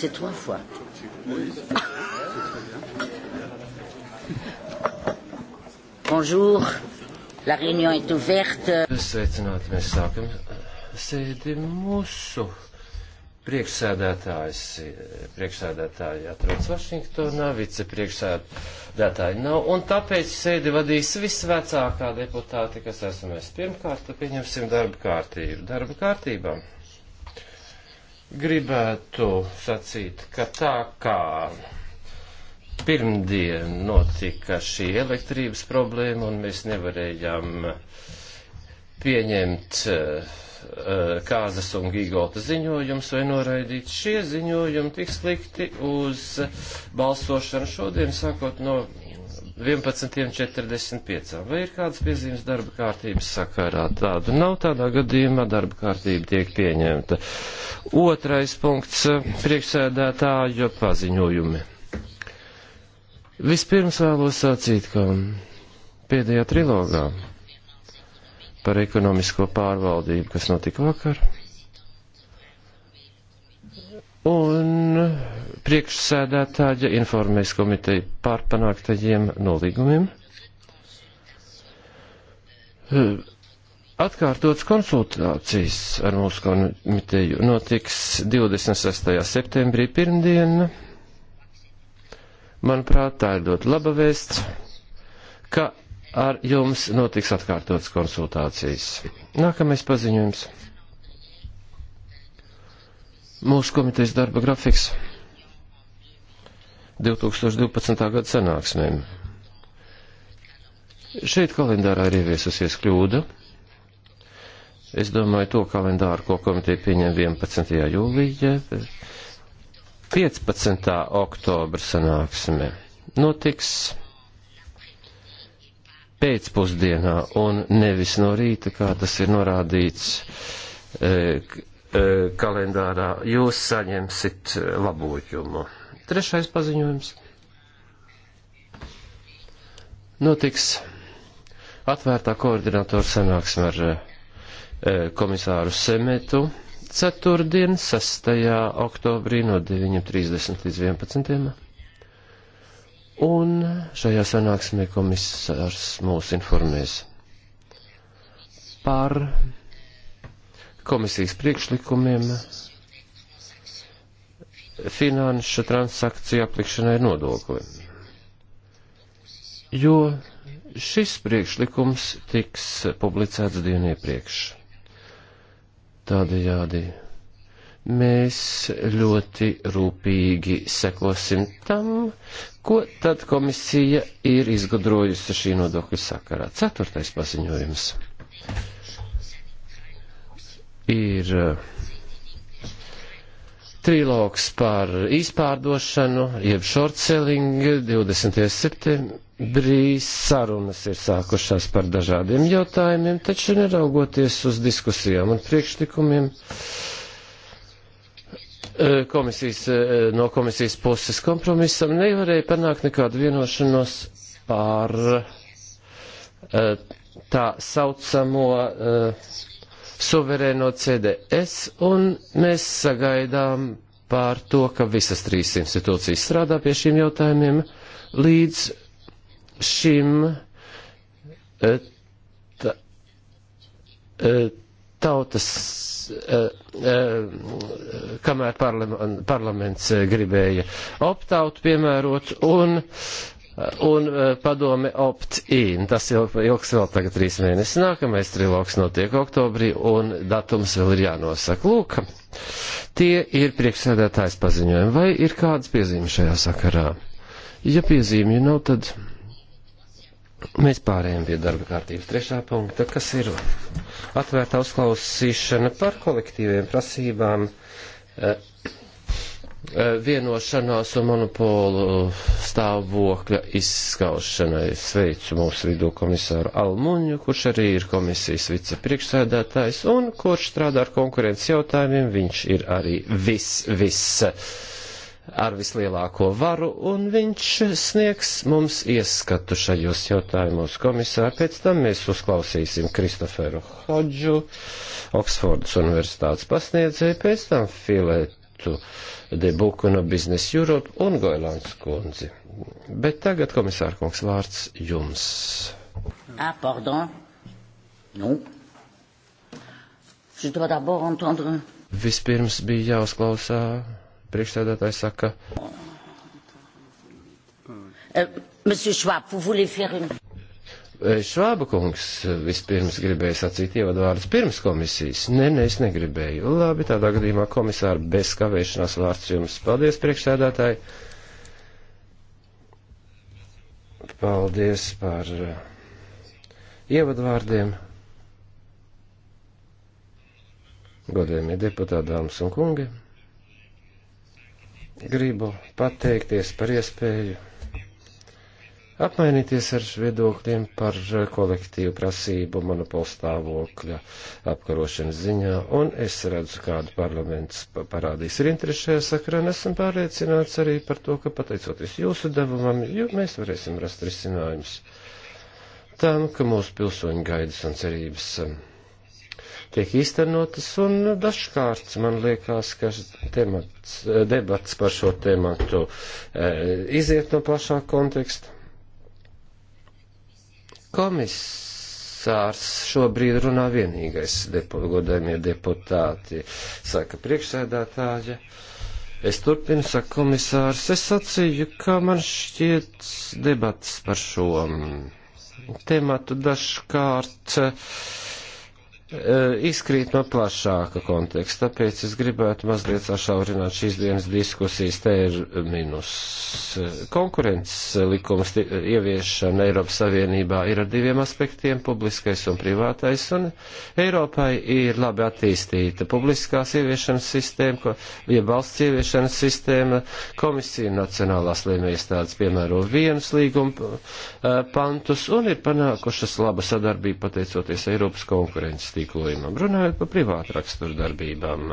C'est trois fois. Oui. Bonjour. La réunion est ouverte. Sveicināti, mēs sākam sēdi mūsu priekšsēdētājs. Priekšsēdētāji atrodas Vašingtonā, vicepriekšsēdētāji nav, un tāpēc sēdi vadīs visvecākā deputāte, kas esmu es pirmkārt, pieņemsim darba kārtību. Darba kārtībā. Gribētu sacīt, ka tā kā pirmdien notika šī elektrības problēma un mēs nevarējām pieņemt uh, Kāzas un Gigolta ziņojums vai noraidīt šie ziņojumi tik slikti uz balsošanu šodien, sākot no 11.45. Vai ir kādas piezīmes darba kārtības sakarā? Tādu nav tādā gadījumā darba kārtība tiek pieņemta. Otrais punkts - priekšsēdētāju paziņojumi. Vispirms vēlos sacīt, ka pēdējā trilogā par ekonomisko pārvaldību, kas notika vakar, un priekšsēdētāja informēs komiteju par panāktajiem nolīgumiem. Atkārtotas konsultācijas ar mūsu komiteju notiks 26. septembrī pirmdien. Manuprāt, tā ir ļoti laba vēsts, ka ar jums notiks atkārtotas konsultācijas. Nākamais paziņojums. Mūsu komitejas darba grafiks. 2012. gada sanāksmēm. Šeit kalendārā ir ieviesusies kļūda. Es domāju, to kalendāru, ko komiteja pieņem 11. jūlijā, 15. oktobra sanāksme notiks pēcpusdienā un nevis no rīta, kā tas ir norādīts e, e, kalendārā. Jūs saņemsit labojumu. Trešais paziņojums notiks atvērtā koordinatora sanāksme ar e, komisāru Semetu ceturtdien, 6. oktobrī no 9.30 līdz 11. Un šajā sanāksmē komisārs mūs informēs par komisijas priekšlikumiem finanšu transakciju aplikšanai nodokli. Jo šis priekšlikums tiks publicēts dienu iepriekš. Tādējādi mēs ļoti rūpīgi sekosim tam, ko tad komisija ir izgudrojusi šī nodokļa sakarā. Ceturtais paziņojums ir uh, trilogs par izpārdošanu, jeb short selling 20. septembrī sarunas ir sākušās par dažādiem jautājumiem, taču neraugoties uz diskusijām un priekšlikumiem, eh, komisijas, eh, no komisijas puses kompromisam nevarēja panākt nekādu vienošanos par eh, tā saucamo uh, suverēno CDS, un mēs sagaidām pār to, ka visas trīs institūcijas strādā pie šiem jautājumiem līdz šim eh, ta, eh, tautas, eh, kamēr parlaments gribēja optautu piemērot, un un e, padome opt-in. Tas jau ilgs vēl tagad trīs mēnesis. Nākamais trilogs notiek oktobrī un datums vēl ir jānosaka. Lūk, tie ir priekšsēdētājs paziņojumi. Vai ir kādas piezīmes šajā sakarā? Ja piezīmju nav, tad mēs pārējām pie darba kārtības trešā punkta, kas ir atvērta uzklausīšana par kolektīviem prasībām. Uh, Eh, vienošanās un monopolu stāvokļa izskaušanai. Sveicu mūsu vidū komisāru Almuņu, kurš arī ir komisijas vicepriekšsēdētājs un kurš strādā ar konkurences jautājumiem. Viņš ir arī viss, viss ar vislielāko varu, un viņš sniegs mums ieskatu šajos jautājumos komisāri. Pēc tam mēs uzklausīsim Kristoferu Hodžu, Oksfordas universitātes pasniedzēju, pēc tam Filet Danutu Debuku no Business Europe un Goilāns kundzi. Bet tagad, komisāra kungs, vārds jums. Ah, pardon. Nu. Je dois d'abord entendre. Vispirms bija jāuzklausā, priekšstādātājs saka. Uh, monsieur Schwab, vous voulez faire une. Eh, Švāba kungs eh, vispirms gribēja sacīt ievadvārdus pirms komisijas. Nē, nē, es negribēju. Labi, tādā gadījumā komisāra bez kavēšanās vārds jums. Paldies, priekšsēdētāji. Paldies par eh, ievadvārdiem. Godējumie deputāti, dāmas un kungi. Gribu pateikties par iespēju apmainīties ar viedokļiem par eh, kolektīvu prasību monopolu stāvokļa apkarošanas ziņā, un es redzu, kādu parlaments parādīs ir interesi šajā sakarā, un esmu pārliecināts arī par to, ka pateicoties jūsu devumam, jo mēs varēsim rast risinājumus tam, ka mūsu pilsoņu gaidas un cerības eh, tiek īstenotas, un dažkārt man liekas, ka temats, eh, debats par šo tēmatu iziet no plašā konteksta komisārs šobrīd runā vienīgais depo, godējumie deputāti, saka priekšsēdētāja. Es turpinu, saka komisārs, es sacīju, ka man šķiet debats par šo tēmatu dažkārt Eh, izkrīt no plašāka konteksta, tāpēc es gribētu mazliet sašaurināt šīs dienas diskusijas terminus. Eh, konkurences likums eh, ieviešana Eiropas Savienībā ir ar diviem aspektiem - publiskais un privātais, un Eiropai ir labi attīstīta publiskās ieviešanas sistēma, ko, ja valsts ieviešanas sistēma, komisija nacionālās lēmējiestādes piemēro vienus līgumu pantus un ir panākušas labu sadarbību pateicoties Eiropas konkurences tīklojumam, runājot par privātu raksturu darbībām.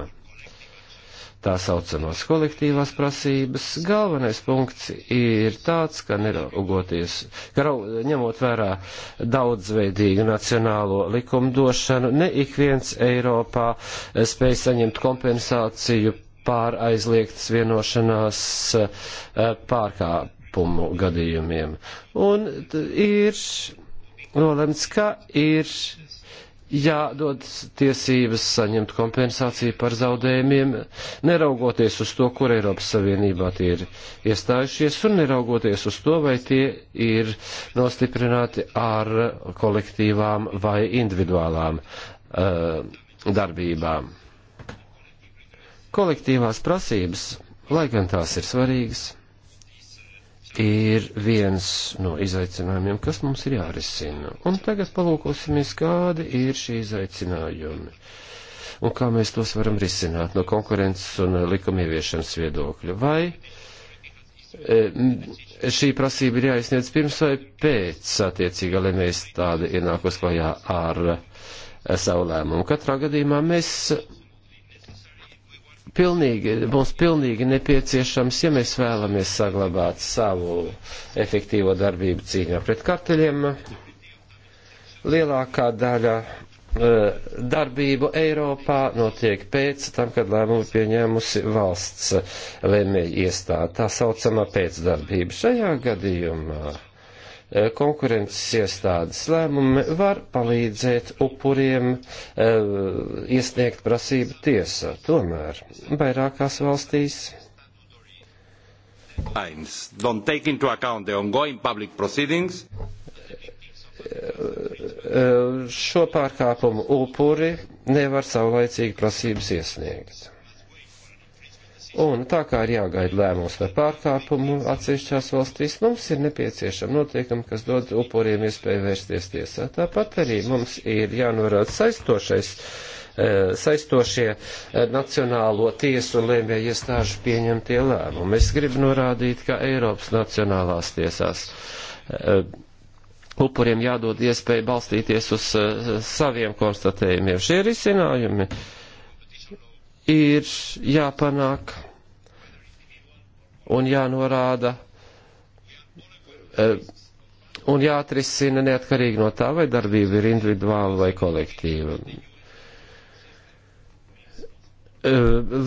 Tā saucamās kolektīvās prasības galvenais punkts ir tāds, ka neraugoties, ka rau, ņemot vērā daudzveidīgu nacionālo likumdošanu, ne ik viens Eiropā spēj saņemt kompensāciju pār aizliegtas vienošanās eh, pārkāpumu gadījumiem. Un ir nolemts, ka ir jādod tiesības saņemt kompensāciju par zaudējumiem, neraugoties uz to, kur Eiropas Savienībā tie ir iestājušies, un neraugoties uz to, vai tie ir nostiprināti ar kolektīvām vai individuālām uh, darbībām. Kolektīvās prasības, lai gan tās ir svarīgas, ir viens no izaicinājumiem, kas mums ir jārisina. Un tagad palūkosimies, kādi ir šie izaicinājumi un kā mēs tos varam risināt no konkurences un likuma ieviešanas viedokļa. Vai e, šī prasība ir jāizsniedz pirms vai pēc attiecīgā, lai mēs tādi ienākos klajā ar e, savu lēmumu. Katrā gadījumā mēs pilnīgi, mums pilnīgi nepieciešams, ja mēs vēlamies saglabāt savu efektīvo darbību cīņā pret karteļiem. Lielākā daļa eh, darbību Eiropā notiek pēc tam, kad lēmumu pieņēmusi valsts lēmēji iestāde, tā saucamā pēcdarbība. Šajā gadījumā Eh, konkurences iestādes lēmumi var palīdzēt upuriem e, iesniegt prasību tiesā. Tomēr vairākās valstīs. Eh, šo pārkāpumu upuri nevar saulaicīgi prasības iesniegt. Un tā kā ir jāgaida lēmums par pārkāpumu atsevišķās valstīs, mums ir nepieciešama notiekuma, kas dod upuriem iespēju vērsties tiesā. Tāpat arī mums ir jānorāda saistošais, eh, saistošie eh, nacionālo tiesu un lēmē iestāžu pieņemtie lēmumi. Es gribu norādīt, ka Eiropas nacionālās tiesās eh, upuriem jādod iespēju balstīties uz saviem konstatējumiem. Šie risinājumi. Ir ir jāpanāk un jānorāda eh, un jāatrisina neatkarīgi no tā, vai darbība ir individuāla vai kolektīva. Eh,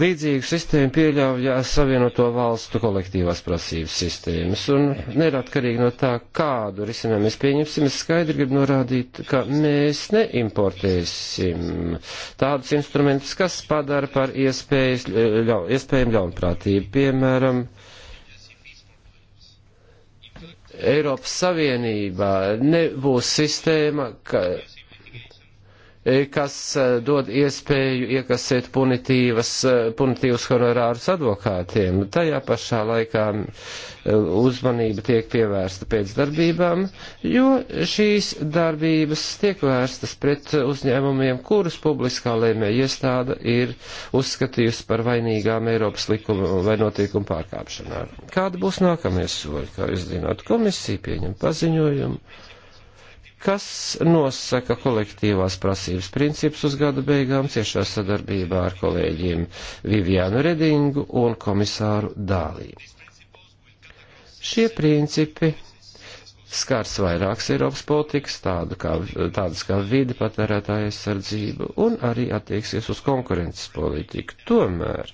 līdzīgu sistēmu pieļauja Savienoto valstu kolektīvās prasības sistēmas. Un neratkarīgi no tā, kādu risinājumu mēs pieņemsim, es skaidri gribu norādīt, ka mēs neimportēsim tādus instrumentus, kas padara par iespējas, ļau, iespējami ļaunprātību. Piemēram, Eiropas Savienībā nebūs sistēma, ka E, kas e, dod iespēju iekasēt punitīvas, e, punitīvas honorārus advokātiem. Tajā pašā laikā uzmanība tiek pievērsta pēc darbībām, jo šīs darbības tiek vērstas pret uzņēmumiem, kurus publiskā lēmē iestāda ir uzskatījusi par vainīgām Eiropas likuma vai notiekuma pārkāpšanā. Kāda būs nākamie soļi, kā jūs zināt? Komisija pieņem paziņojumu kas nosaka kolektīvās prasības principus uz gada beigām ciešā sadarbībā ar kolēģiem Vivianu Redingu un komisāru Dālī. Šie principi skars vairākas Eiropas politikas, tādu kā, tādas kā vidi, patērētāja aizsardzība un arī attieksies uz konkurences politiku. Tomēr,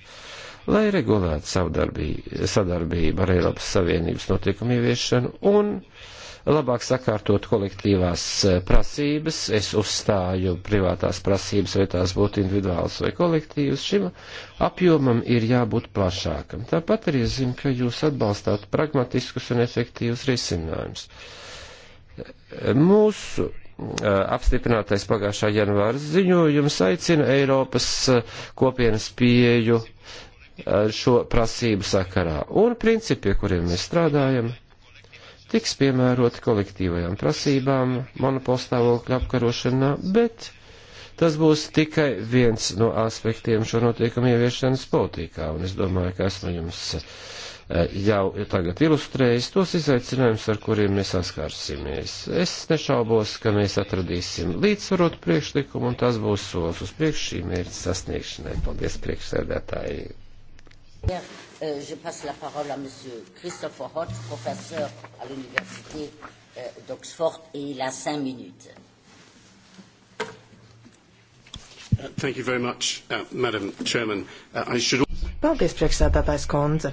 lai regulētu savu darbību, sadarbību ar Eiropas Savienības notikumu ieviešanu un uh, labāk sakārtot kolektīvās e, prasības, es uzstāju privātās prasības, vai tās būtu individuāls vai kolektīvs, šim apjomam ir jābūt plašākam. Tāpat arī es zinu, ka jūs atbalstāt pragmatiskus un efektīvus risinājumus. E, mūsu e, apstiprinātais pagājušā janvāra ziņojums aicina Eiropas kopienas pieju šo prasību sakarā. Un principi, pie kuriem mēs strādājam, tiks piemēroti kolektīvajām prasībām monopolstāvokļa apkarošanā, bet tas būs tikai viens no aspektiem šo notiekumu ieviešanas politikā, un es domāju, ka esmu jums e, jau tagad ilustrējis tos izaicinājumus, ar kuriem mēs saskarsimies. Es nešaubos, ka mēs atradīsim līdzsvarotu priekšlikumu, un tas būs solis uz priekšu šī mērķa sasniegšanai. Paldies, priekšsēdētāji! Yeah. Euh, je passe la parole à Monsieur Christopher Hoth, professeur à l'université euh, d'Oxford, et il a cinq minutes. Thank you very much, uh, Madam Chairman. Uh, I should Paldies, priekšsēdētājs Konze.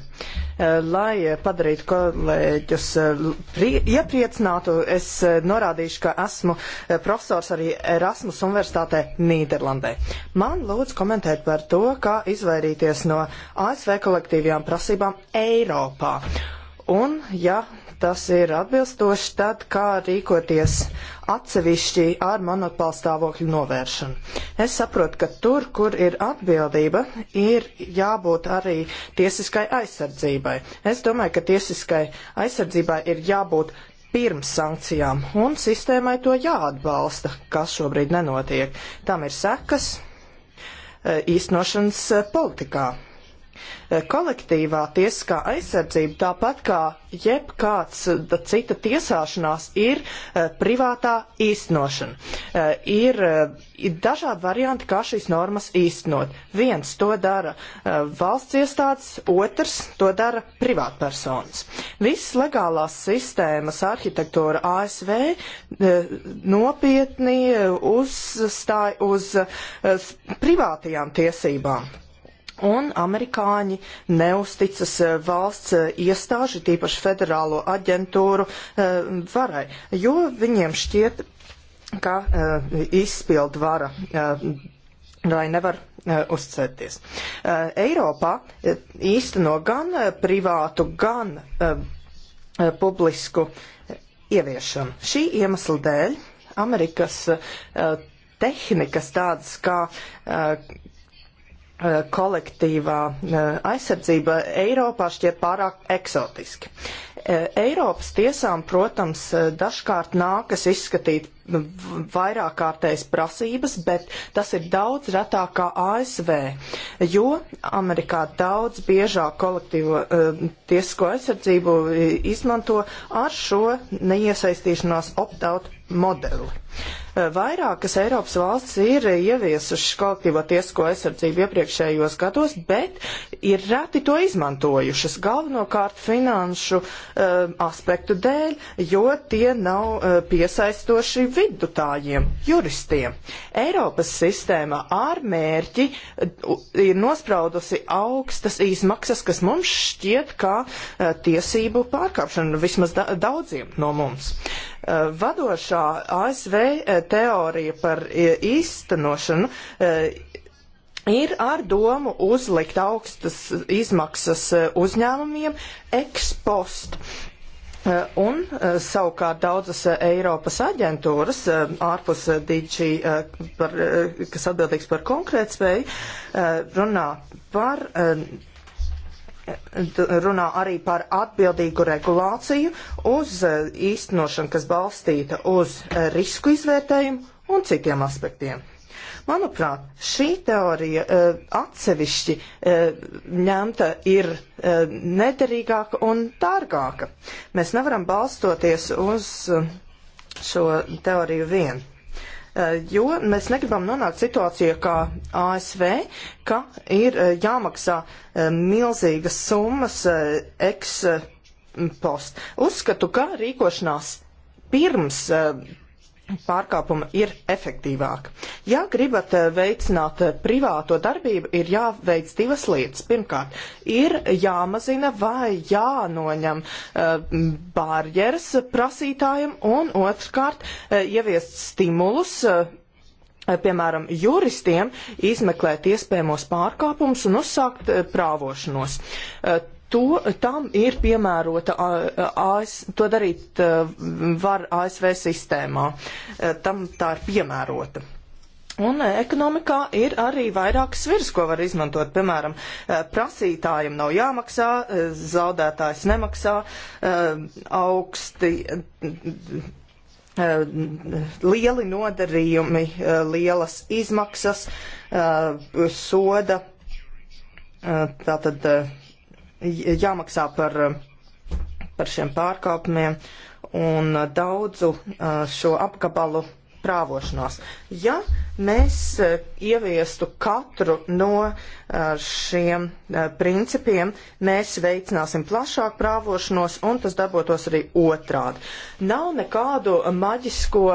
Uh, lai uh, padarītu kolēģus uh, iepriecinātu, es norādīšu, ka esmu profesors arī Erasmus Universitātē Nīderlandē. Man lūdzu komentēt par to, kā izvairīties no ASV kolektīvajām prasībām Eiropā. Un, ja tas ir atbilstoši tad, kā rīkoties atsevišķi ar monopolu stāvokļu novēršanu. Es saprotu, ka tur, kur ir atbildība, ir jābūt arī tiesiskai aizsardzībai. Es domāju, ka tiesiskai aizsardzībai ir jābūt pirms sankcijām, un sistēmai to jāatbalsta, kas šobrīd nenotiek. Tam ir sekas e, īstenošanas e, politikā. Kolektīvā tiesiskā aizsardzība, tāpat kā jebkāds cita tiesāšanās, ir eh, privātā īstenošana. Eh, eh, ir dažādi varianti, kā šīs normas īstenot. Viens to dara valsts iestādes, otrs to dara privātpersonas. Viss legālās sistēmas arhitektūra ASV nopietni uzstāja uz privātajām tiesībām un amerikāņi neusticas eh, valsts eh, iestāžu, tīpaši federālo aģentūru eh, varai, jo viņiem šķiet, ka izpildu vara vai nevar uzcēties. Eiropā īsteno gan privātu, gan publisku ieviešanu. Šī iemesla dēļ Amerikas tehnikas tādas kā Eh, kolektīvā eh, aizsardzība Eiropā šķiet pārāk eksotiski. Eh, Eiropas tiesām, protams, dažkārt nākas izskatīt nu, vairāk kārtējas prasības, bet tas ir daudz retāk kā ASV, jo Amerikā daudz biežāk kolektīvo tiesisko aizsardzību izmanto ar šo neiesaistīšanās opt-out modeli. Uh, Eh, vairākas Eiropas valstis ir ieviesušas kolektīvo tiesisko aizsardzību iepriekšējos gados, bet ir reti to izmantojušas galvenokārt finanšu um, aspektu dēļ, jo tie nav uh, piesaistoši vidutājiem, juristiem. Eiropas sistēma ar mērķi uh, ir nospraudusi augstas izmaksas, kas mums šķiet kā uh, tiesību pārkāpšana vismaz da daudziem no mums. Uh, Eh, vadošā ASV eh, teorija par eh, īstenošanu ir ar domu uzlikt augstas izmaksas uzņēmumiem ekspost. Un savukārt daudzas Eiropas aģentūras ārpus DG, par, kas atbildīgs par konkrētspēju, runā par runā arī par atbildīgu regulāciju uz e, īstenošanu, kas balstīta uz e, risku izvērtējumu un citiem aspektiem. Manuprāt, šī teorija e, atsevišķi ņemta ir nederīgāka un dārgāka. Mēs nevaram balstoties uz šo teoriju vienu. Eh, jo mēs negribam nonākt situācijā kā ASV, ka ir eh, jāmaksā eh, milzīgas summas eks post. Uzskatu, ka rīkošanās pirms pārkāpuma ir efektīvāk. Ja gribat eh, veicināt eh, privāto darbību, ir jāveic divas lietas. Pirmkārt, ir jāmazina vai jānoņem eh, barjeras prasītājiem, un otrkārt, ieviest stimulus piemēram, juristiem izmeklēt iespējamos pārkāpumus un uzsākt prāvošanos to, tam ir piemērota AS, to darīt var ASV sistēmā. Tam tā ir piemērota. Un e, ekonomikā ir arī vairākas virs, ko var izmantot. Piemēram, e, prasītājiem nav jāmaksā, e, zaudētājs nemaksā, augsti lieli nodarījumi, lielas izmaksas, soda, tātad jāmaksā par, par šiem pārkāpumiem un daudzu šo apgabalu prāvošanās. Ja mēs ieviestu katru no šiem principiem, mēs veicināsim plašāku prāvošanos un tas darbotos arī otrādi. Nav nekādu maģisko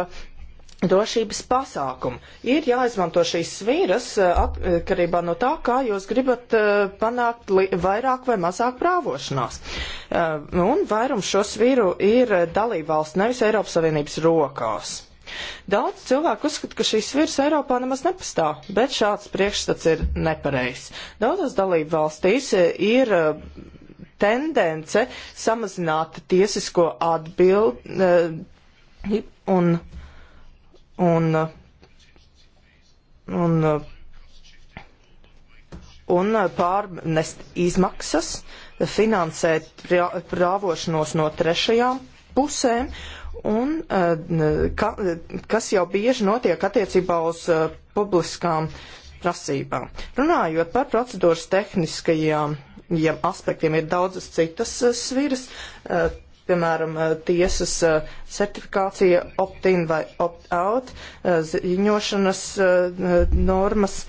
drošības pasākumu. Ir jāizmanto šīs svīras eh, atkarībā no tā, kā jūs gribat eh, panākt vairāk vai mazāk prāvošanās. Eh, un vairums šo svīru ir dalībvalsts, nevis Eiropas Savienības rokās. Daudz cilvēku uzskata, ka šīs svīras Eiropā nemaz nepastāv, bet šāds priekšstats ir nepareizs. Daudzās dalību valstīs ir tendence samazināt tiesisko atbildi un Un, un, un pārnest izmaksas, finansēt prāvošanos no trešajām pusēm, un ka, kas jau bieži notiek attiecībā uz publiskām prasībām. Runājot par procedūras tehniskajām aspektiem, ir daudzas citas eh, sviras eh, piemēram, eh, tiesas eh, certifikācija opt-in vai opt-out, eh, ziņošanas normas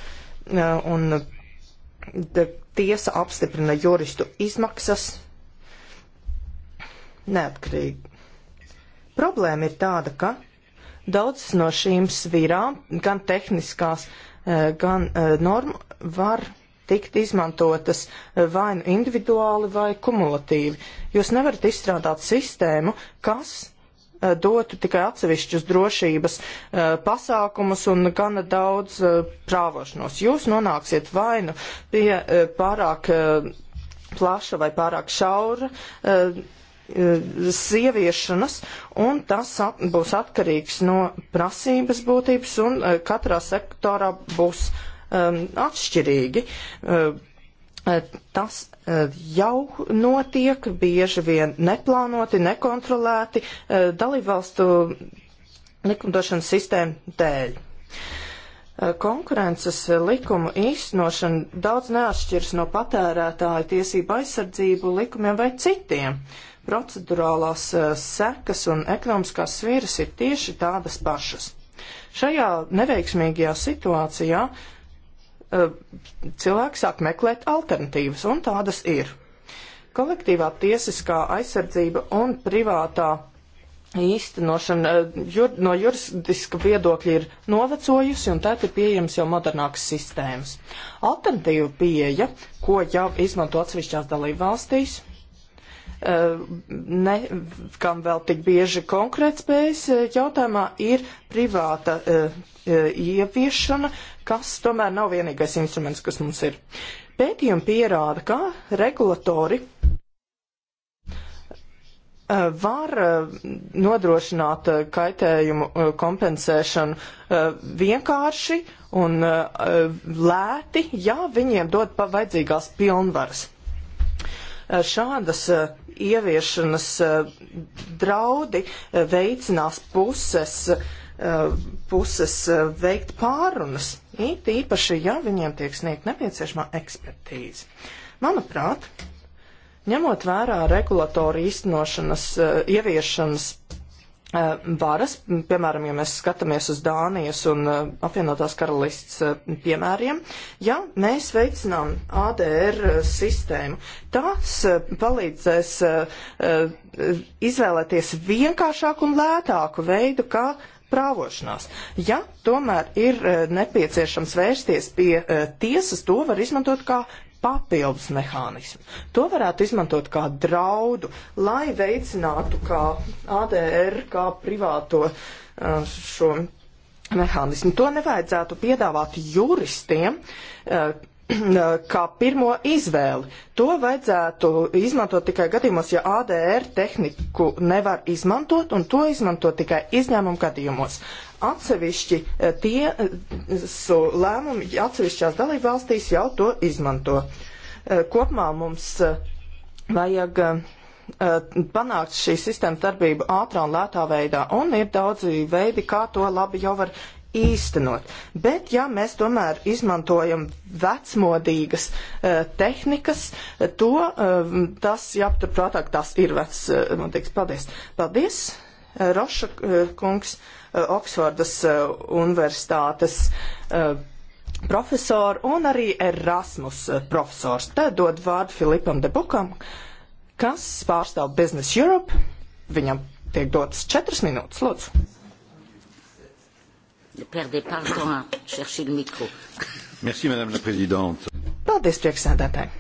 un tiesa apstiprina juristu izmaksas neatkarīgi. Problēma ir tāda, ka daudzas no šīm svirām, gan tehniskās, gan norma, var tikt izmantotas eh, vai nu individuāli vai kumulatīvi. Jūs nevarat izstrādāt sistēmu, kas eh, dotu tikai atsevišķus drošības eh, pasākumus un gana daudz prāvošanos. Jūs nonāksiet vainu pie pārāk plaša vai pārāk šaura sieviešanas, un tas at, būs atkarīgs no prasības būtības, un katrā sektorā būs uh, um, atšķirīgi. Um, Tas uh, jau notiek bieži vien neplānoti, nekontrolēti dalībvalstu likumdošanas sistēmu dēļ. Konkurences likumu īstenošana daudz neatšķiras no patērētāja tiesību aizsardzību likumiem vai citiem. Procedurālās sekas un ekonomiskās svīras ir tieši tādas pašas. Šajā neveiksmīgajā situācijā uh, Eh, cilvēki sāk meklēt alternatīvas, un tādas ir. Kolektīvā tiesiskā aizsardzība un privātā īstenošana eh, jur, no juridiska viedokļa ir novecojusi, un tēt ir pieejams jau modernākas sistēmas. Alternatīva pieeja, ko jau izmanto atsevišķās dalībvalstīs, ne, kam vēl tik bieži konkrētspējas eh, jautājumā, ir privāta eh, eh, ieviešana, kas tomēr nav vienīgais instruments, kas mums ir. Pētījumi pierāda, ka regulatori var nodrošināt kaitējumu kompensēšanu vienkārši un lēti, ja viņiem dod vajadzīgās pilnvaras. Šādas ieviešanas eh, draudi eh, veicinās puses, eh, puses veikt pārunas, it īpaši, ja viņiem tiek sniegt nepieciešamā ekspertīze. Manuprāt, ņemot vērā regulatoru īstenošanas, ieviešanas Eh, varas, piemēram, ja mēs skatāmies uz Dānijas un eh, apvienotās karalists eh, piemēriem, ja mēs veicinām ADR sistēmu, tas palīdzēs izvēlēties vienkāršāku un lētāku veidu, kā prāvošanās. Ja tomēr ir nepieciešams vērsties pie tiesas, to var izmantot kā papildus mehānismu. To varētu izmantot kā draudu, lai veicinātu kā ADR, kā privāto uh, šo mehānismu. To nevajadzētu piedāvāt juristiem uh, uh, kā pirmo izvēli. To vajadzētu izmantot tikai gadījumos, ja ADR tehniku nevar izmantot, un to izmantot tikai izņēmumu gadījumos atsevišķi eh, tie eh, su lēmumi atsevišķās dalībvalstīs jau to izmanto. Eh, kopumā mums vajag panākt šī sistēma darbību ātrā un lētā veidā, un ir daudzi veidi, kā to labi jau var īstenot. Bet, ja mēs tomēr izmantojam vecmodīgas eh, tehnikas, to eh, tas jāpaturprātāk, tas ir vecmodīgs. Eh, Paldies! Paldies, Roša kungs! Eh, Oksfordas eh, universitātes eh, profesoru un arī Erasmus profesors. Tad dod vārdu Filipam Debukam, kas pārstāv Business Europe. Viņam tiek dotas četras minūtes, lūdzu. Merci, Madame la Présidente. Paldies, priekšsēdētāji.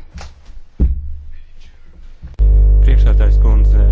Priekšsēdētājs kundze,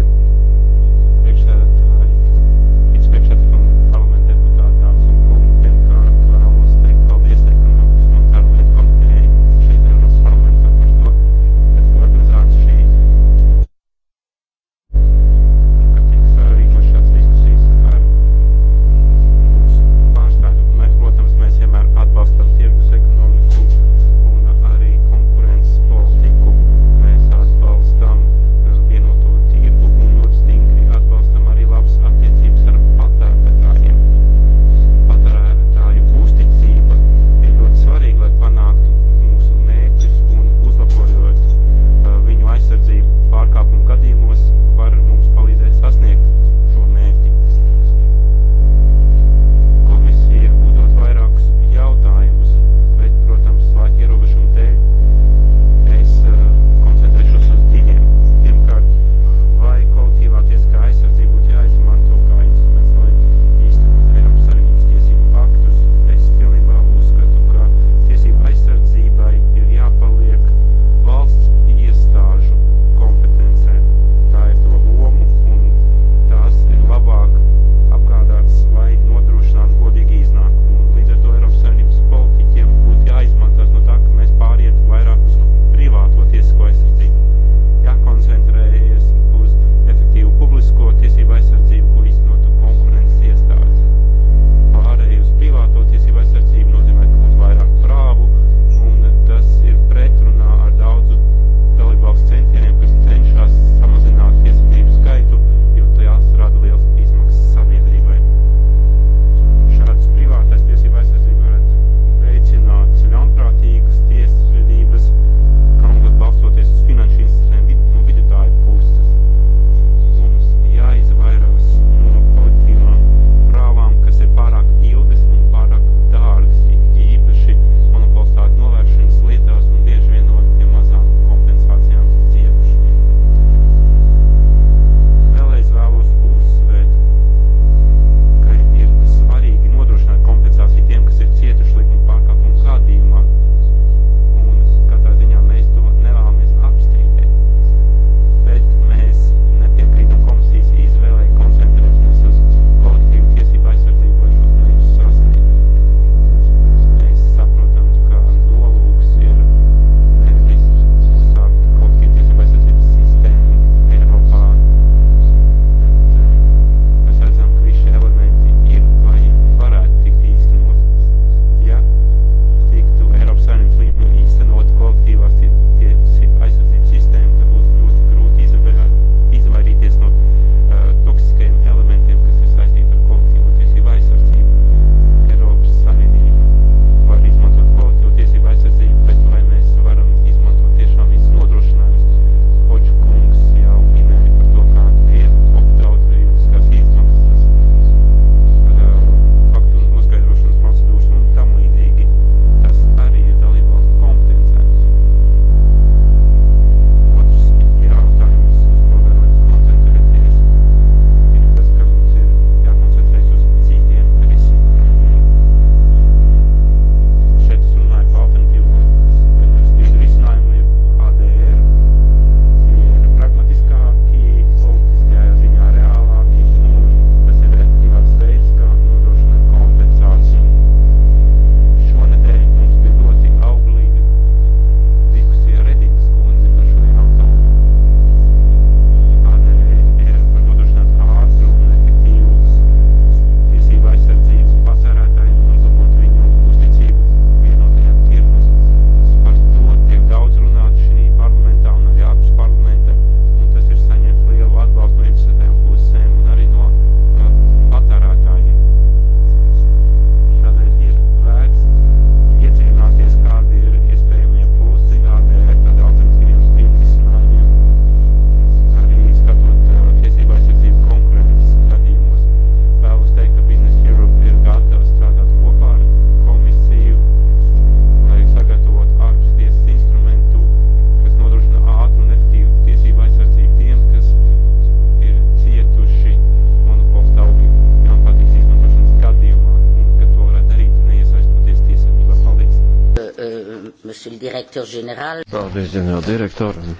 direktor ģenerāli. Paldies, ģenerāldirektoram.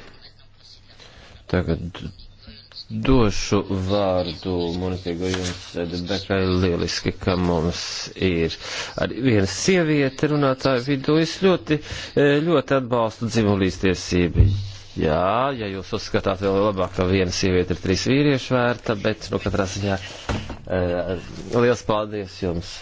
Tagad došu vārdu Monikai jums, bet lieliski, ka mums ir arī viena sieviete runātāja vidū. Es ļoti, ļoti atbalstu dzimulīstiesību. Jā, ja jūs uzskatāt vēl labāk, ka viena sieviete ir trīs vīriešu vērta, bet, nu, katrā ziņā, eh, liels paldies jums!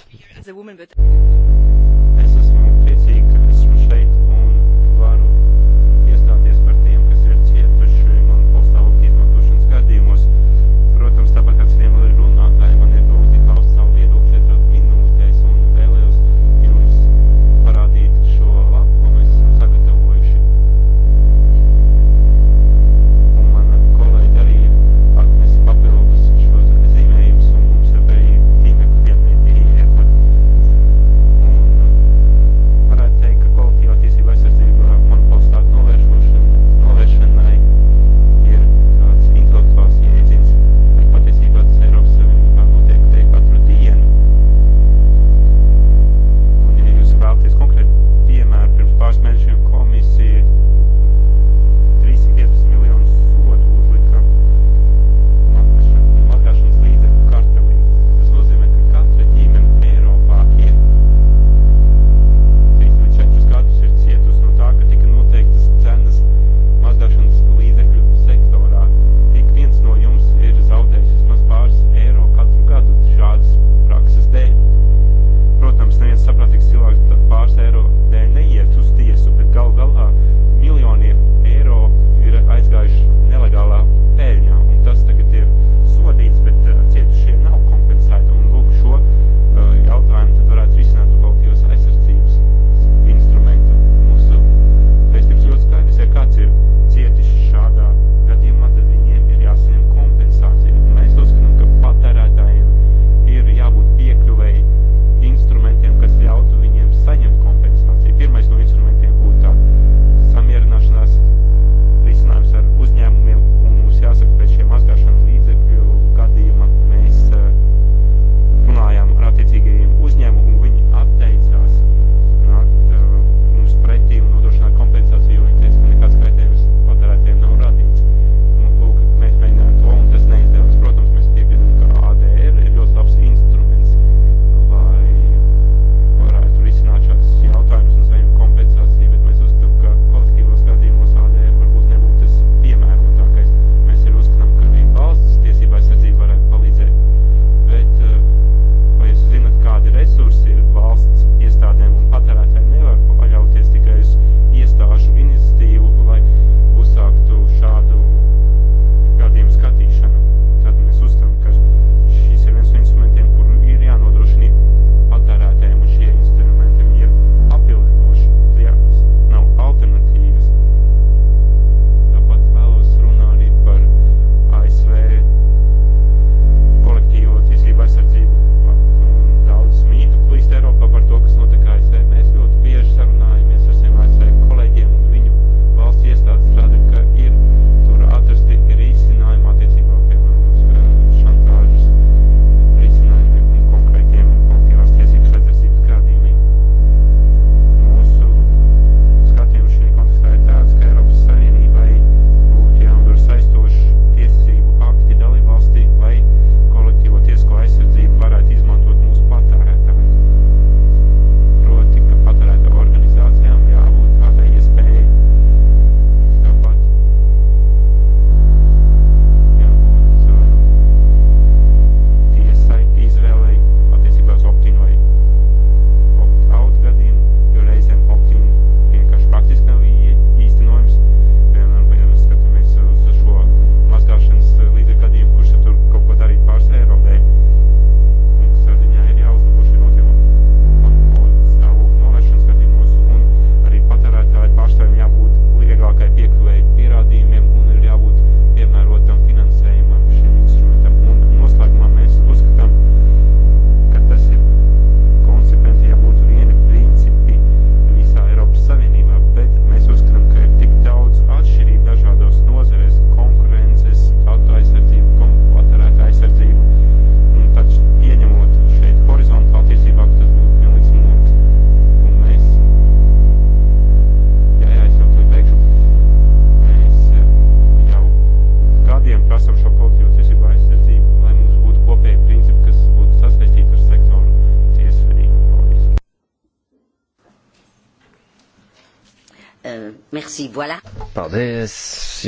Voilà. Paldies!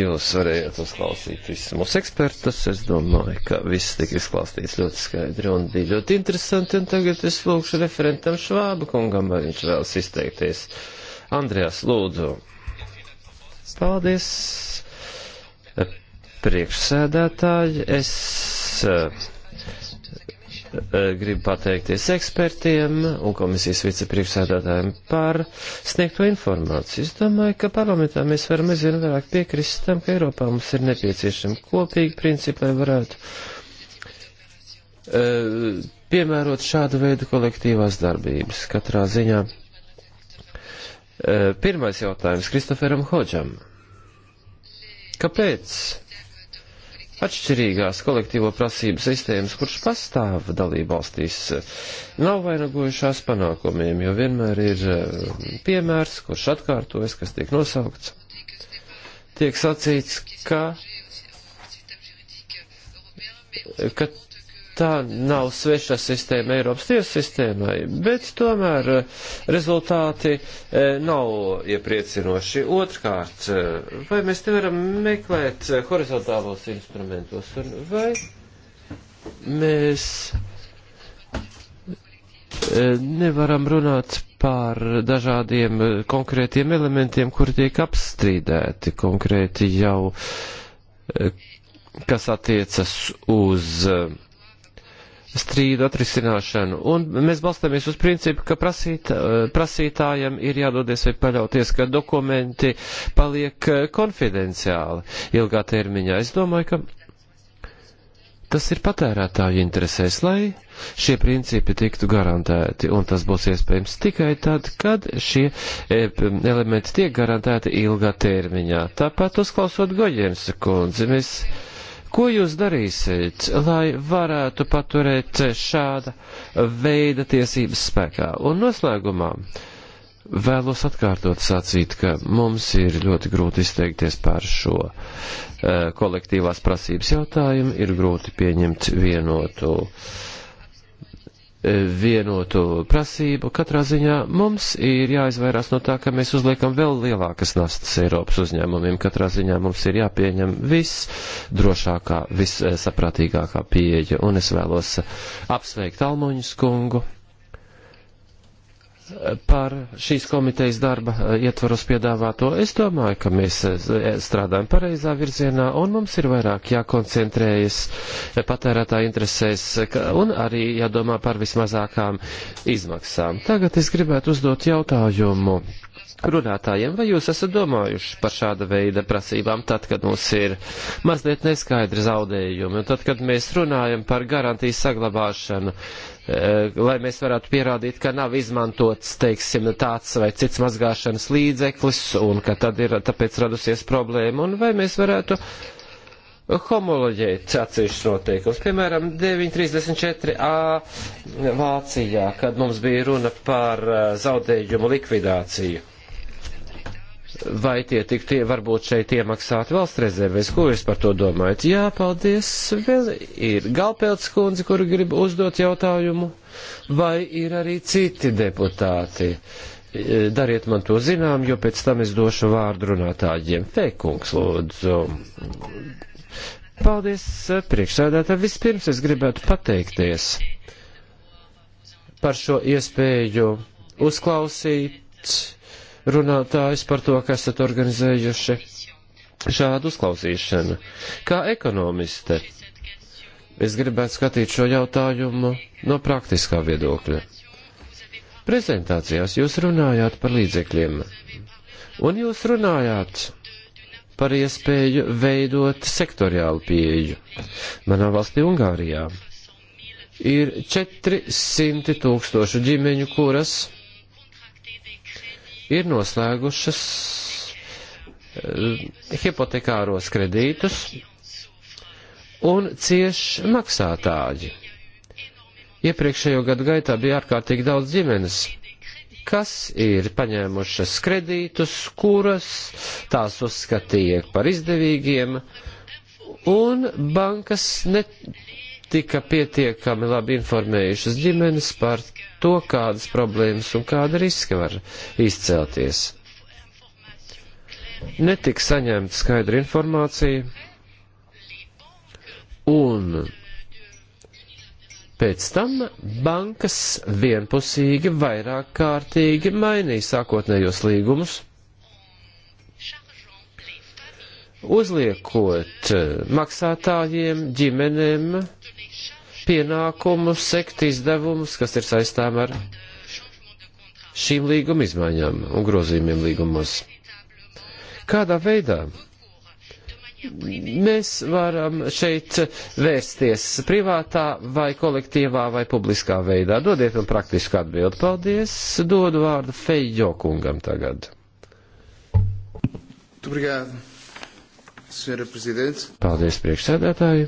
Jūs varējāt uzklausīt visus mūsu ekspertus. Es domāju, ka viss tika izklāstīts ļoti skaidri un bija ļoti interesanti. Un tagad es lūgšu referentam Švābu kungam, vai viņš vēlas izteikties. Andrejās, lūdzu. Paldies! Priekšsēdētāji, es Eh, gribu pateikties ekspertiem un komisijas vicepriekšsēdētājiem par sniegto informāciju. Es domāju, ka parlamentā mēs varam aizvien vairāk piekrist tam, ka Eiropā mums ir nepieciešami kopīgi principi, lai varētu uh, piemērot šādu veidu kolektīvās darbības. Katrā ziņā uh, pirmais jautājums Kristoferam Hodžam. Kāpēc? atšķirīgās kolektīvo prasību sistēmas, kurš pastāv dalībvalstīs, nav vainagojušās panākumiem, jo vienmēr ir eh, piemērs, kurš atkārtojas, kas tiek nosaukts. Tiek sacīts, ka, ka tā nav sveša sistēma Eiropas tiesu sistēmai, bet tomēr eh, rezultāti eh, nav iepriecinoši. Otrkārt, eh, vai mēs te varam meklēt horizontālos instrumentos, un vai mēs nevaram runāt par dažādiem konkrētiem elementiem, kuri tiek apstrīdēti konkrēti jau, kas attiecas uz uh, strīdu atrisināšanu. Un mēs balstāmies uz principu, ka prasīt, eh, prasītājam ir jādodies vai paļauties, ka dokumenti paliek eh, konfidenciāli ilgā termiņā. Es domāju, ka tas ir patērētāju interesēs, lai šie principi tiktu garantēti, un tas būs iespējams tikai tad, kad šie eh, elementi tiek garantēti ilgā termiņā. Tāpat uzklausot Goģēnas kundzi, mēs Ko jūs darīsiet, lai varētu paturēt šāda veida tiesības spēkā? Un noslēgumā vēlos atkārtot sacīt, ka mums ir ļoti grūti izteikties par šo e, kolektīvās prasības jautājumu, ir grūti pieņemt vienotu. E, vienotu prasību. Katrā ziņā mums ir jāizvairās no tā, ka mēs uzliekam vēl lielākas nastas Eiropas uzņēmumiem. Katrā ziņā mums ir jāpieņem viss drošākā, vissaprātīgākā pieeja. Un es vēlos apsveikt Almoņas kungu par šīs komitejas darba eh, ietvaros piedāvāto. Es domāju, ka mēs eh, eh, strādājam pareizā virzienā un mums ir vairāk jākoncentrējas patērētā interesēs un arī jādomā par vismazākām izmaksām. Tagad es gribētu uzdot jautājumu. Runātājiem, vai jūs esat domājuši par šāda veida prasībām tad, kad mums ir mazliet neskaidri zaudējumi, un tad, kad mēs runājam par garantijas saglabāšanu, uh, Eh, lai mēs varētu pierādīt, ka nav izmantots, teiksim, tāds vai cits mazgāšanas līdzeklis un ka tad ir tāpēc radusies problēma un vai mēs varētu homoloģēt atsevišķus noteikumus. Piemēram, 934a Vācijā, kad mums bija runa par eh, zaudējumu likvidāciju vai tie tik tie varbūt šeit iemaksāti valsts rezervēs. Ko jūs par to domājat? Jā, paldies. Vēl ir Galpēlts kundze, kuru grib uzdot jautājumu, vai ir arī citi deputāti. E, dariet man to zinām, jo pēc tam es došu vārdu runātājiem. Feikungs, lūdzu. Paldies, priekšsēdētāji. Vispirms es gribētu pateikties par šo iespēju uzklausīt runātājs par to, ka esat organizējuši šādu uzklausīšanu. Kā ekonomiste, es gribētu skatīt šo jautājumu no praktiskā viedokļa. Prezentācijās jūs runājāt par līdzekļiem, un jūs runājāt par iespēju veidot sektoriālu pieeju. Manā valstī Ungārijā ir 400 tūkstošu ģimeņu, kuras ir noslēgušas eh, hipotekāros kredītus un cieš maksātāji. Iepriekšējo gadu gaitā bija ārkārtīgi daudz ģimenes, kas ir paņēmušas kredītus, kuras tās uzskatīja par izdevīgiem, un bankas ne, tika pietiekami labi informējušas ģimenes par to, kādas problēmas un kāda riska var izcelties. Netika saņemta skaidra informācija, un pēc tam bankas vienpusīgi vairāk kārtīgi mainīja sākotnējos līgumus, uzliekot maksātājiem, ģimenēm pienākumu sekt izdevumus, kas ir saistām ar šīm līguma izmaiņām un grozījumiem līgumos. Kādā veidā mēs varam šeit vērsties privātā vai kolektīvā vai publiskā veidā? Dodiet man praktisku atbildi. Paldies. Dodu vārdu Fejo kungam tagad. Obrigado, Sra. Prezidents. Paldies, priekšsēdētāji.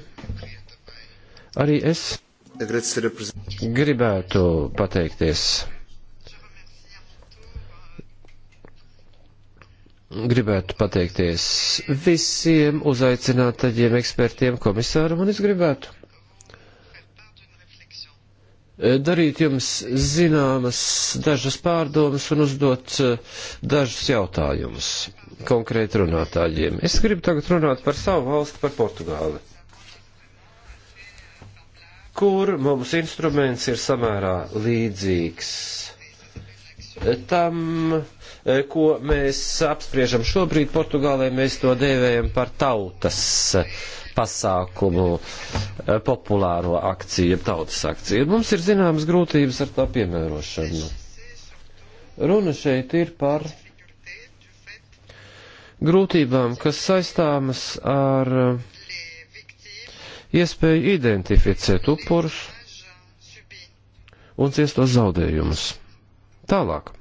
Arī es gribētu pateikties. Gribētu pateikties visiem uzaicinātajiem ekspertiem, komisāram, un es gribētu darīt jums zināmas dažas pārdomas un uzdot eh, dažus jautājumus konkrēti runātājiem. Es gribu tagad runāt par savu valsti, par Portugāli kur mums instruments ir samērā līdzīgs tam, e, ko mēs apspriežam šobrīd Portugālē, mēs to dēvējam par tautas pasākumu, e, populāro akciju, tautas akciju. Mums ir zināmas grūtības ar tā piemērošanu. Runa šeit ir par grūtībām, kas saistāmas ar uh, iespēju identificēt upurus un ciestos zaudējumus. Tālāk.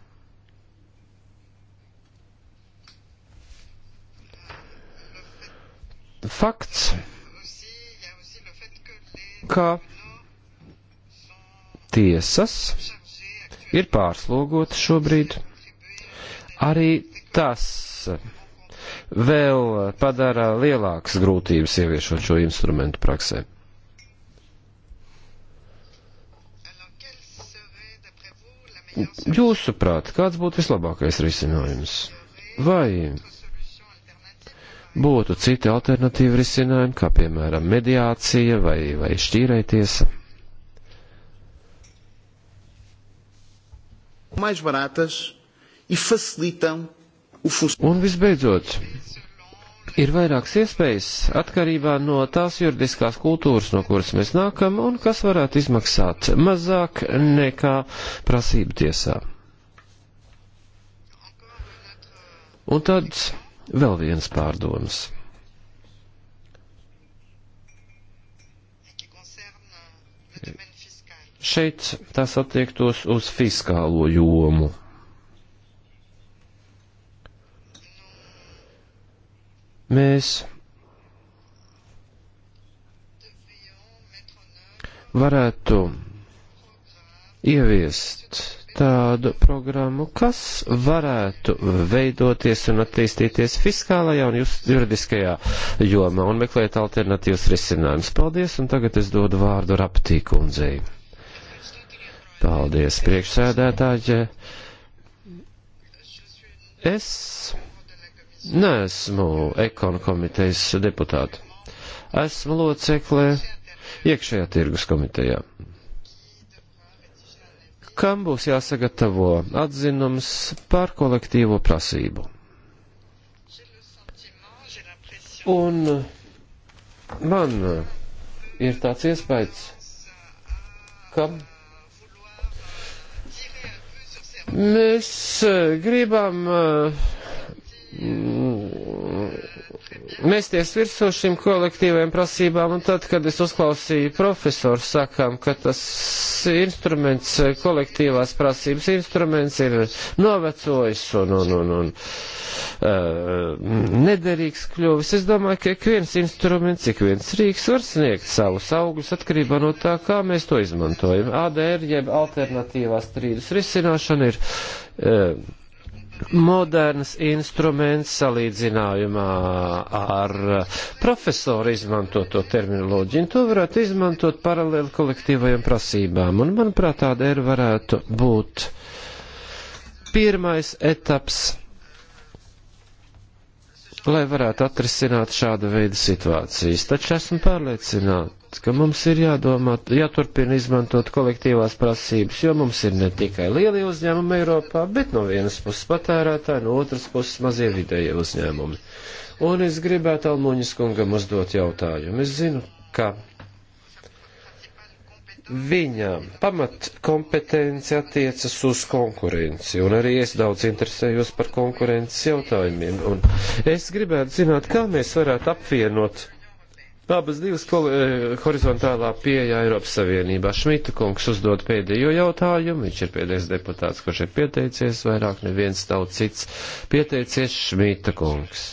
Fakts, ka tiesas ir pārslogotas šobrīd. Arī tas vēl padara lielākas grūtības ieviešot šo instrumentu praksē. Jūsuprāt, kāds būtu vislabākais risinājums? Vai būtu citi alternatīvi risinājumi, kā piemēram mediācija vai, vai šķīrai tiesa? Mais baratas e facilitam Un visbeidzot, ir vairākas iespējas atkarībā no tās juridiskās kultūras, no kuras mēs nākam, un kas varētu izmaksāt mazāk nekā prasība tiesā. Un tad vēl viens pārdoms. Šeit tas attiektos uz fiskālo jomu. mēs varētu ieviest tādu programmu, kas varētu veidoties un attīstīties fiskālajā un juridiskajā jomā un meklēt alternatīvas risinājumus. Paldies, un tagad es dodu vārdu Raptī kundzei. Paldies, priekšsēdētāji. Es neesmu ekonu komitejas deputāta. Esmu loceklē iekšējā tirgus komitejā. Kam būs jāsagatavo atzinums par kolektīvo prasību? Un man ir tāds iespējas, ka mēs gribam uh, mēsties virsū šīm kolektīvajām prasībām, un tad, kad es uzklausīju profesoru sakām, ka tas instruments, kolektīvās prasības instruments ir novecojis un, un, un, un uh, nederīgs kļuvis, es domāju, ka ik viens instruments, ik viens rīks var sniegt savus augļus atkarībā no tā, kā mēs to izmantojam. ADR jeb alternatīvās strīdus risināšana ir uh, moderns instruments salīdzinājumā ar profesoru izmantoto terminoloģiju, un to varētu izmantot paralēli kolektīvajām prasībām. Un, manuprāt, tāda ir varētu būt pirmais etaps, lai varētu atrisināt šāda veida situācijas. Taču esmu pārliecināts ka mums ir jādomā, jāturpina izmantot kolektīvās prasības, jo mums ir ne tikai lieli uzņēmumi Eiropā, bet no vienas puses patērētāji, no otras puses mazie vidējie uzņēmumi. Un es gribētu Almuņas kungam uzdot jautājumu. Es zinu, ka viņa pamatkompetence attiecas uz konkurenci, un arī es daudz interesējos par konkurences jautājumiem. Un es gribētu zināt, kā mēs varētu apvienot Abas divas eh, horizontālā pieeja Eiropas Savienībā. Šmita kungs uzdod pēdējo jautājumu, viņš ir pēdējais deputāts, kurš ir pieteicies, vairāk neviens nav cits pieteicies Šmita kungs.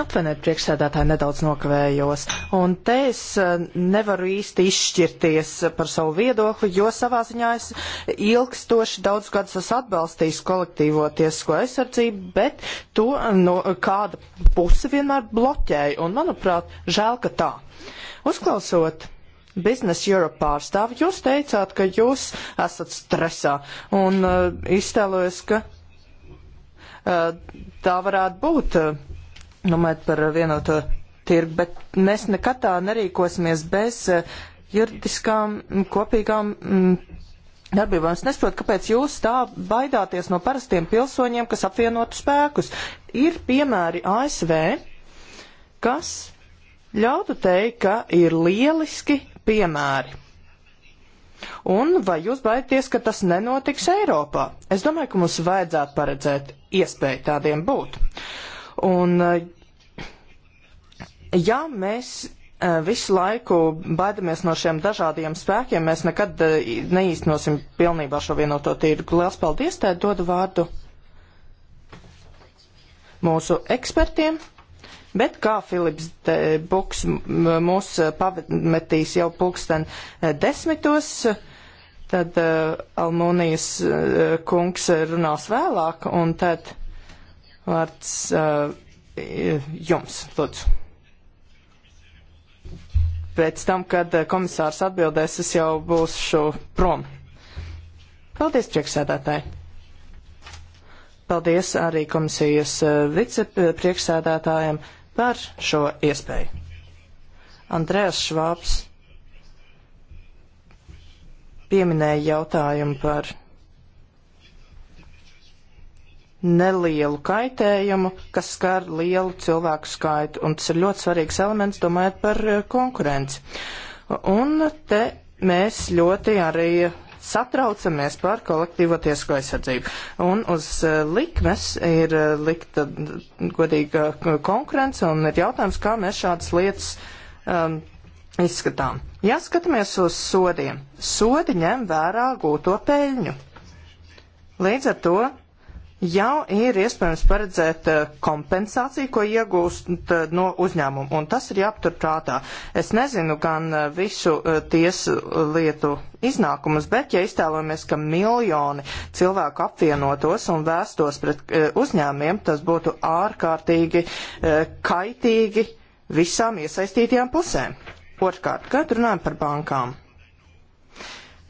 Apvienojiet priekšsēdētāji nedaudz nokavējos, un te es eh, nevaru īsti izšķirties eh, par savu viedokli, jo savā ziņā es ilgstoši daudz gadus esmu atbalstījis kolektīvo tiesisko aizsardzību, bet to eh, no kāda puse vienmēr bloķēja, un manuprāt, žēl, ka tā. Uzklausot Business Europe pārstāvi, jūs teicāt, ka jūs esat stresā, un uh, iztēlojos, ka uh, tā varētu būt. Uh, domājot par vienoto tirgu, bet mēs nekad tā nerīkosimies bez eh, juridiskām kopīgām mm, darbībām. Es nesaprotu, kāpēc jūs tā baidāties no parastiem pilsoņiem, kas apvienotu spēkus. Ir piemēri ASV, kas ļautu teikt, ka ir lieliski piemēri. Un vai jūs baidieties, ka tas nenotiks Eiropā? Es domāju, ka mums vajadzētu paredzēt iespēju tādiem būt. Uh, Un eh, ja mēs eh, visu laiku baidamies no šiem dažādiem spēkiem, mēs nekad eh, neīstenosim pilnībā šo vienoto tirgu. Lielas paldies, tēt dodu vārdu mūsu ekspertiem. Bet kā Filips Buks mūs pametīs jau pulksten desmitos, tad uh, Almonijas uh, kungs runās vēlāk, un tad Vārds uh, jums, lūdzu. Pēc tam, kad uh, komisārs atbildēs, es jau būšu prom. Paldies, priekšsēdētāji. Paldies arī komisijas uh, vicepriekšsēdētājiem uh, par šo iespēju. Andrēs Švāps pieminēja jautājumu par nelielu kaitējumu, kas skar lielu cilvēku skaitu, un tas ir ļoti svarīgs elements, domājot par eh, konkurenci. Un te mēs ļoti arī satraucamies par kolektīvo tiesko aizsardzību. Un uz uh, likmes ir uh, likta godīga uh, konkurence un ir jautājums, kā mēs šādas lietas um, izskatām. Ja skatāmies uz sodiem, sodi ņem vērā gūto peļņu. Līdz ar to jau ir iespējams paredzēt eh, kompensāciju, ko iegūst eh, no uzņēmuma, un tas ir jāaptur prātā. Es nezinu gan eh, visu tiesu lietu iznākumus, bet ja iztēlojamies, ka miljoni cilvēku apvienotos un vēstos pret uzņēmiem, tas būtu ārkārtīgi kaitīgi visām iesaistītajām pusēm. Otrkārt, kad runājam par bankām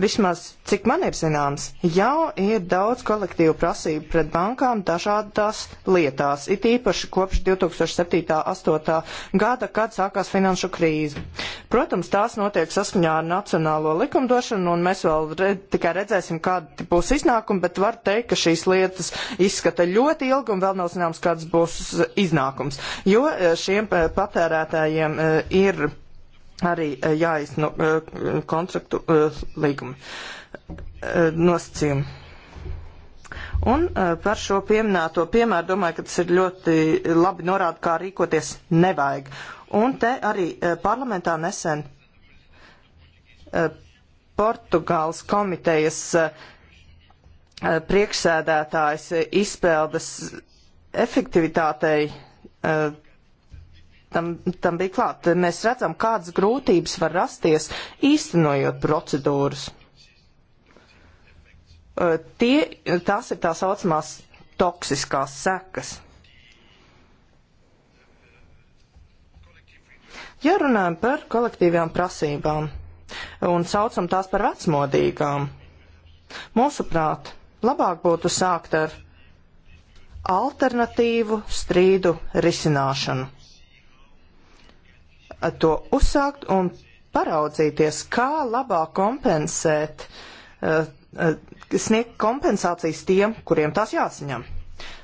vismaz cik man ir zināms, jau ir daudz kolektīvu prasību pret bankām dažādās lietās, it īpaši kopš 2007.-2008. gada, kad sākās finanšu krīze. Protams, tās notiek saskaņā ar nacionālo likumdošanu, un mēs vēl red, tikai redzēsim, kāda būs iznākuma, bet var teikt, ka šīs lietas izskata ļoti ilgi un vēl nav zināms, kāds būs iznākums, jo eh, šiem eh, patērētājiem eh, ir arī eh, jāizno nu, eh, kontraktu eh, līgumi nosacījumi. Un par šo pieminēto piemēru domāju, ka tas ir ļoti labi norāda, kā rīkoties nevajag. Un te arī parlamentā nesen Portugāles komitejas priekšsēdētājs izpeldas efektivitātei tam, tam bija klāt. Mēs redzam, kādas grūtības var rasties īstenojot procedūras. Tie, tās ir tā saucamās toksiskās sekas. Ja runājam par kolektīvām prasībām un saucam tās par vecmodīgām, mūsuprāt, labāk būtu sākt ar alternatīvu strīdu risināšanu to uzsākt un paraudzīties, kā labāk kompensēt, eh, eh, sniegt kompensācijas tiem, kuriem tās jāsaņem.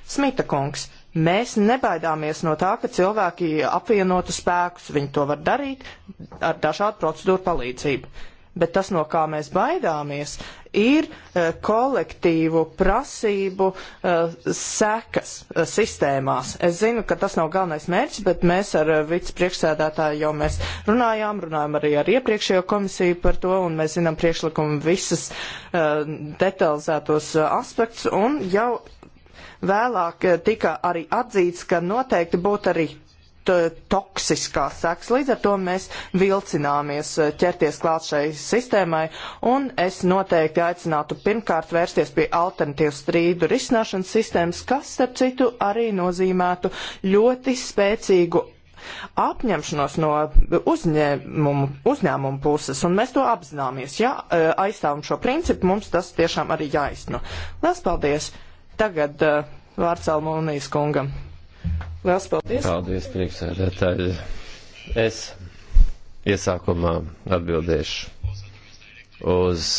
Smita kungs, mēs nebaidāmies no tā, ka cilvēki apvienotu spēkus, viņi to var darīt ar dažādu procedūru palīdzību bet tas, no kā mēs baidāmies, ir uh, kolektīvu prasību uh, sekas uh, sistēmās. Es zinu, ka tas nav galvenais mērķis, bet mēs ar vicepriekšsēdētāju jau mēs runājām, runājām arī ar iepriekšējo komisiju par to, un mēs zinām priekšlikumu visas detalizētos aspektus, un jau vēlāk tika arī atzīts, ka noteikti būtu arī Eh, toksiskās sekas. Līdz ar to mēs vilcināmies eh, ķerties klāt šai sistēmai, un es noteikti aicinātu pirmkārt vērsties pie alternatīvas strīdu risināšanas sistēmas, kas, starp citu, arī nozīmētu ļoti spēcīgu apņemšanos no uzņēmumu, uzņēmumu puses, un mēs to apzināmies. Ja eh, aizstāvam šo principu, mums tas tiešām arī jāizno. Lielas paldies! Tagad uh, vārds Almonijas kungam. Lielas paldies! Paldies, priekšsēdētāji! Es iesākumā atbildēšu uz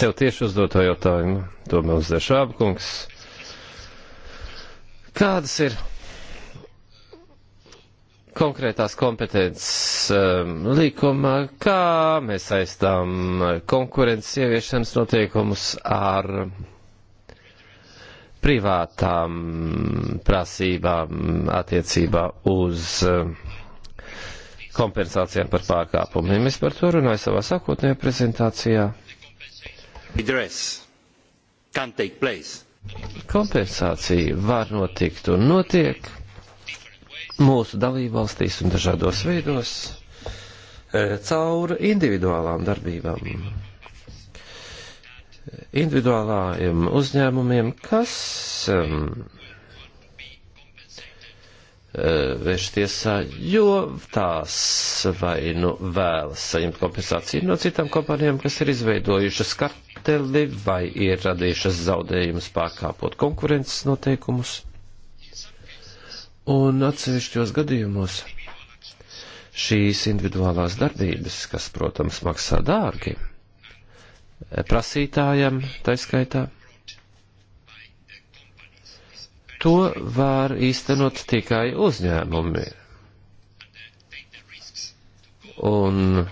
sev tieši uzdoto jautājumu. To man uzdev Šābkungs. Kādas ir konkrētās kompetences um, likumā, kā mēs saistām konkurences ieviešanas noteikumus ar privātām prasībām attiecībā uz eh, kompensācijām par pārkāpumiem. Es par to runāju savā sākotnējā prezentācijā. Kompensācija var notikt un notiek mūsu dalībvalstīs un dažādos veidos eh, caur individuālām darbībām individuālājiem uzņēmumiem, kas um, uh, vērš tiesā, jo tās vai nu vēlas saņemt kompensāciju no citām kompānijām, kas ir izveidojušas karteli vai ir radījušas zaudējumus pārkāpot konkurences noteikumus. Un atsevišķos gadījumos šīs individuālās darbības, kas, protams, maksā dārgi, prasītājam taiskaitā. To var īstenot tikai uzņēmumi. Un e,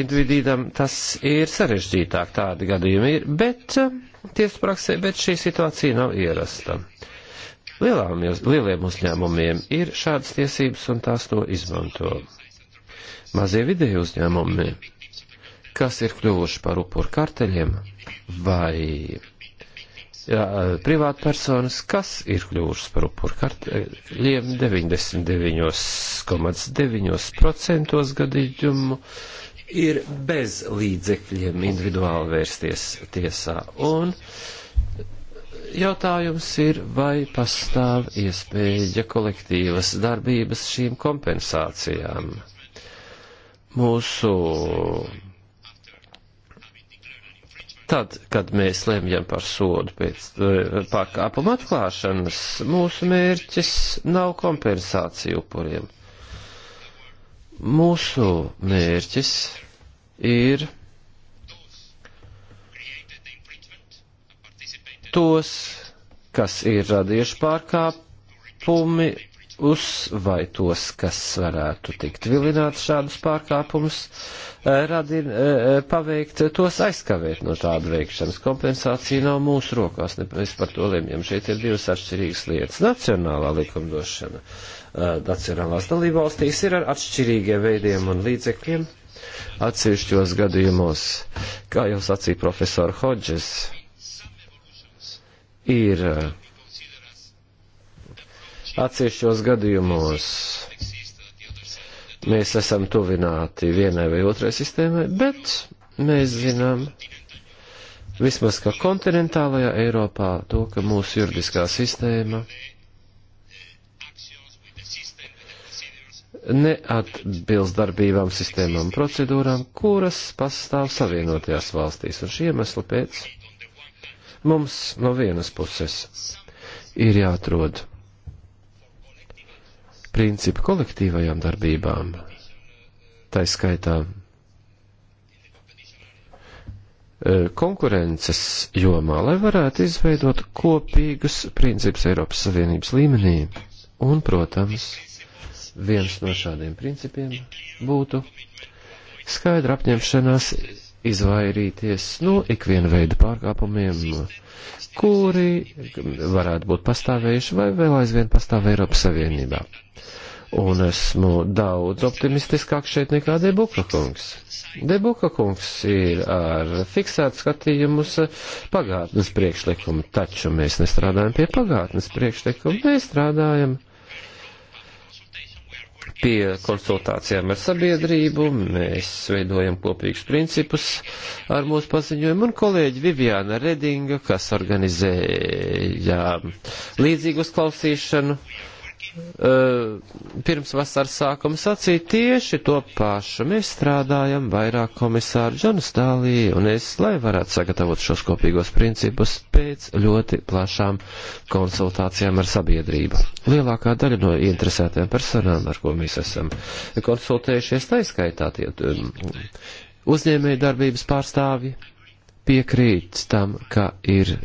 individam tas ir sarežģītāk, tādi gadījumi ir, bet e, tiespraksē, bet šī situācija nav ierasta. Lielām, lieliem uzņēmumiem ir šādas tiesības un tās to izmanto. Mazie vidēji uzņēmumi kas ir kļuvuši par upuru karteļiem, vai jā, privātpersonas, kas ir kļuvušas par upuru karteļiem 99,9% gadījumu ir bez līdzekļiem individuāli vērsties tiesā. Un jautājums ir, vai pastāv iespēja kolektīvas darbības šīm kompensācijām. Mūsu Tad, kad mēs lemjam par sodu pēc eh, pārkāpuma atklāšanas, mūsu mērķis nav kompensācija upuriem. Mūsu mērķis ir tos, kas ir radījuši pārkāpumi, uz vai tos, kas varētu tikt vilināt šādus pārkāpumus, eh, radina, eh, eh, paveikt tos aizkavēt no tāda veikšanas. Kompensācija nav mūsu rokās, ne, mēs par to lemjam. Šeit ir divas atšķirīgas lietas. Nacionālā likumdošana nacionālās dalībvalstīs ir ar atšķirīgiem veidiem un līdzekļiem. Atsevišķos gadījumos, kā jau sacīja profesora Hodžes, ir uh, Atsevišķos gadījumos mēs esam tuvināti vienai vai otrai sistēmai, bet mēs zinām, vismaz kā kontinentālajā Eiropā, to, ka mūsu juridiskā sistēma neatbilst darbībām, sistēmām, procedūrām, kuras pastāv savienotajās valstīs. Un šī iemesla pēc mums no vienas puses ir jāatrod principu kolektīvajām darbībām, tā skaitā e, konkurences jomā, lai varētu izveidot kopīgus principus Eiropas Savienības līmenī. Un, protams, viens no šādiem principiem būtu skaidra apņemšanās izvairīties no nu, ikviena veida pārkāpumiem, kuri varētu būt pastāvējuši vai vēl aizvien pastāv Eiropas Savienībā. Un esmu daudz optimistiskāk šeit nekā Debuka kungs. Debuka kungs ir ar fiksētu skatījumu uz pagātnes priekšlikumu, taču mēs nestrādājam pie pagātnes priekšlikumu, mēs strādājam pie pie konsultācijām ar sabiedrību, mēs veidojam kopīgus principus ar mūsu paziņojumu, un kolēģi Viviana Redinga, kas organizēja līdzīgu klausīšanu, uh, Eh, pirms vasaras sākuma sacīja tieši to pašu. Mēs strādājam vairāk komisāru Džonu Stālī un es, lai varētu sagatavot šos kopīgos principus pēc ļoti plašām konsultācijām ar sabiedrību. Lielākā daļa no interesētajām personām, ar ko mēs esam konsultējušies, taiskaitā tie um, uzņēmēji darbības pārstāvji piekrīt tam, ka ir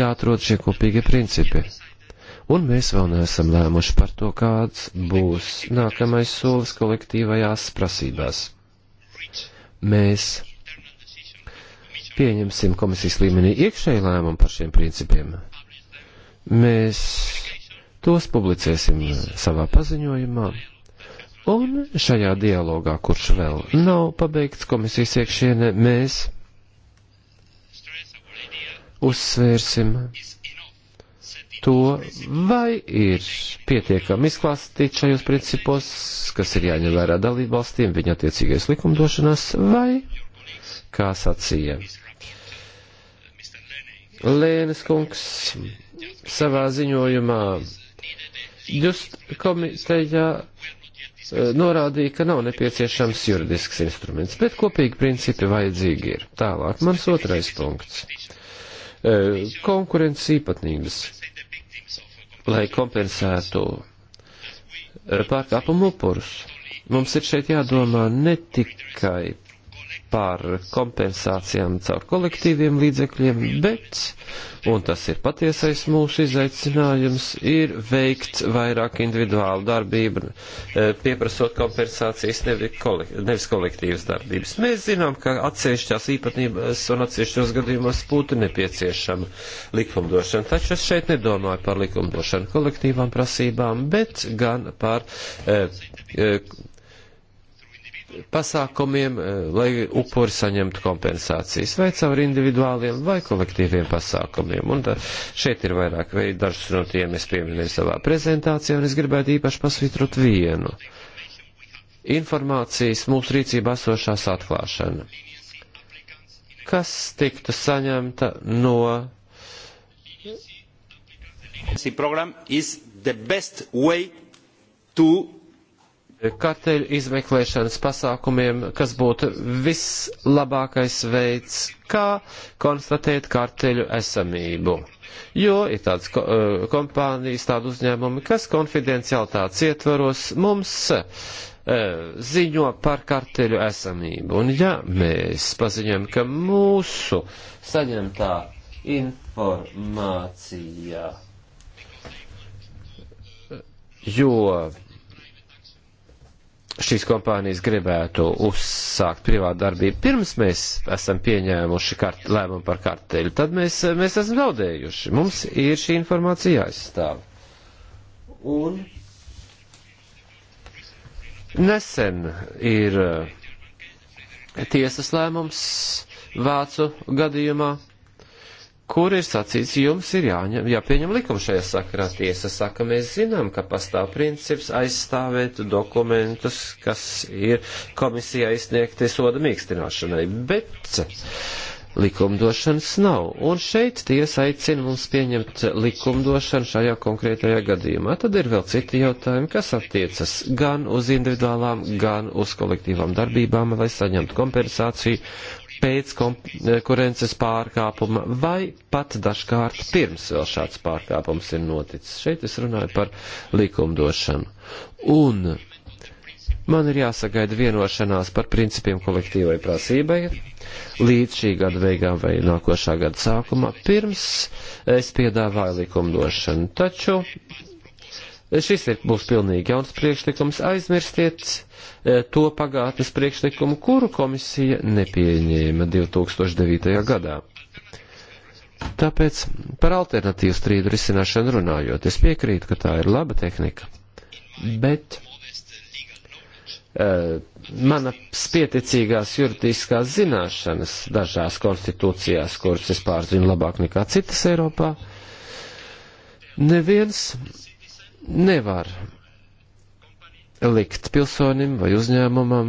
jāatrod šie kopīgie principi un mēs vēl neesam lēmuši par to, kāds būs nākamais solis kolektīvajās prasībās. Mēs pieņemsim komisijas līmenī iekšēju lēmumu par šiem principiem. Mēs tos publicēsim savā paziņojumā, un šajā dialogā, kurš vēl nav pabeigts komisijas iekšienē, mēs uzsvērsim to, vai ir pietiekami izklāstīt šajos principos, kas ir jāņem vērā dalību valstīm, viņa attiecīgais likumdošanas, vai, kā sacīja Lēnes kungs savā ziņojumā, just komitejā eh, norādīja, ka nav nepieciešams juridisks instruments, bet kopīgi principi vajadzīgi ir. Tālāk, mans otrais punkts. Eh, Konkurences īpatnības lai kompensētu pārkāpumu upurus. Mums ir šeit jādomā ne tikai par kompensācijām caur kolektīviem līdzekļiem, bet, un tas ir patiesais mūsu izaicinājums, ir veikt vairāk individuālu darbību, eh, pieprasot kompensācijas nevis kolektīvas darbības. Mēs zinām, ka atsevišķās īpatnības un atsevišķos gadījumos būtu nepieciešama likumdošana, taču es šeit nedomāju par likumdošanu kolektīvām prasībām, bet gan par. Eh, eh, pasākumiem, eh, lai upuri saņemtu kompensācijas, vai caur individuāliem vai kolektīviem pasākumiem. Un tā, eh, šeit ir vairāk veidi, dažus no tiem es pieminēju savā prezentācijā, un es gribētu īpaši pasvitrot vienu. Informācijas mūsu rīcībā esošās atklāšana. Kas tiktu saņemta no. The program is the best way to karteļu izmeklēšanas pasākumiem, kas būtu vislabākais veids, kā konstatēt karteļu esamību. Jo ir tādas eh, kompānijas, tādi uzņēmumi, kas konfidenciālitātes ietvaros mums eh, ziņo par karteļu esamību. Un ja mēs paziņojam, ka mūsu saņemtā informācija, jo šīs kompānijas gribētu uzsākt privātu darbību pirms mēs esam pieņēmuši kart, lēmumu par karteļu, tad mēs, mēs esam zaudējuši. Mums ir šī informācija jāizstāv. Un nesen ir eh, tiesas lēmums Vācu gadījumā kur ir sacīts, jums ir jāņem, jāpieņem likums šajā sakarā. Tiesa saka, mēs zinām, ka pastāv princips aizstāvēt dokumentus, kas ir komisijā izsniegti soda mīkstināšanai, bet likumdošanas nav. Un šeit tiesa aicina mums pieņemt likumdošanu šajā konkrētajā gadījumā. Tad ir vēl citi jautājumi, kas attiecas gan uz individuālām, gan uz kolektīvām darbībām, lai saņemtu kompensāciju pēc konkurences eh, pārkāpuma vai pat dažkārt pirms vēl šāds pārkāpums ir noticis. Šeit es runāju par likumdošanu. Un man ir jāsagaida vienošanās par principiem kolektīvai prasībai līdz šī gada beigām vai nākošā gada sākumā, pirms es piedāvāju likumdošanu. Taču Šis ir būs pilnīgi jauns priekšlikums. Aizmirstiet eh, to pagātnes priekšlikumu, kuru komisija nepieņēma 2009. gadā. Tāpēc par alternatīvu strīdu risināšanu runājot, es piekrītu, ka tā ir laba tehnika, bet uh, mana spieticīgās juridiskās zināšanas dažās konstitūcijās, kuras es pārzinu labāk nekā citas Eiropā, neviens nevar likt pilsonim vai uzņēmumam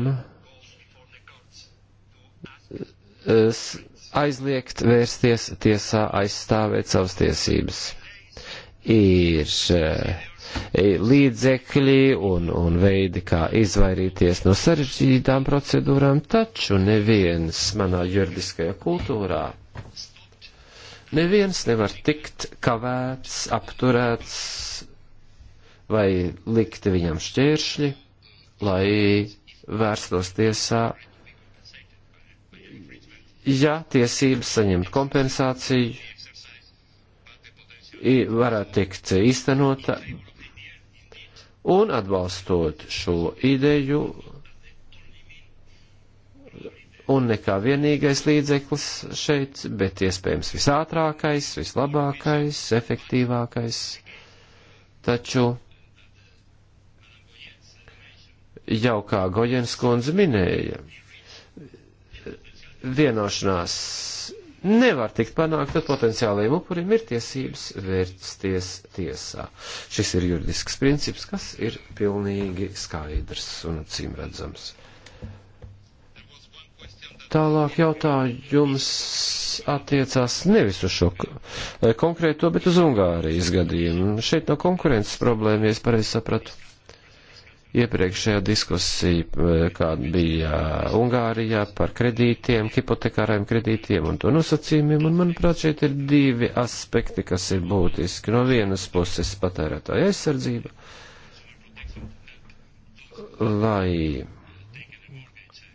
aizliegt vērsties tiesā, aizstāvēt savas tiesības. Eh, ir līdzekļi un, un veidi, kā izvairīties no sarežģītām procedūrām, taču neviens manā juridiskajā kultūrā, neviens nevar tikt kavēts, apturēts vai likt viņam šķēršļi, lai vērstos tiesā, ja tiesības saņemt kompensāciju varētu tikt īstenota, un atbalstot šo ideju, un nekā vienīgais līdzeklis šeit, bet iespējams visātrākais, vislabākais, efektīvākais, taču jau kā Gojens kundze minēja, vienošanās nevar tikt panākt, tad potenciālajiem upurim ir tiesības vērsties tiesā. Šis ir juridisks princips, kas ir pilnīgi skaidrs un cīmredzams. Tālāk jautājums attiecās nevis uz šo konkrēto, bet uz Ungārijas gadījumu. Šeit nav no konkurences problēma, ja es pareizi sapratu iepriekšējā diskusija, eh, kāda bija Ungārijā par kredītiem, hipotekārajiem kredītiem un to nosacījumiem, un manuprāt, šeit ir divi aspekti, kas ir būtiski. No vienas puses patērētāja aizsardzība, lai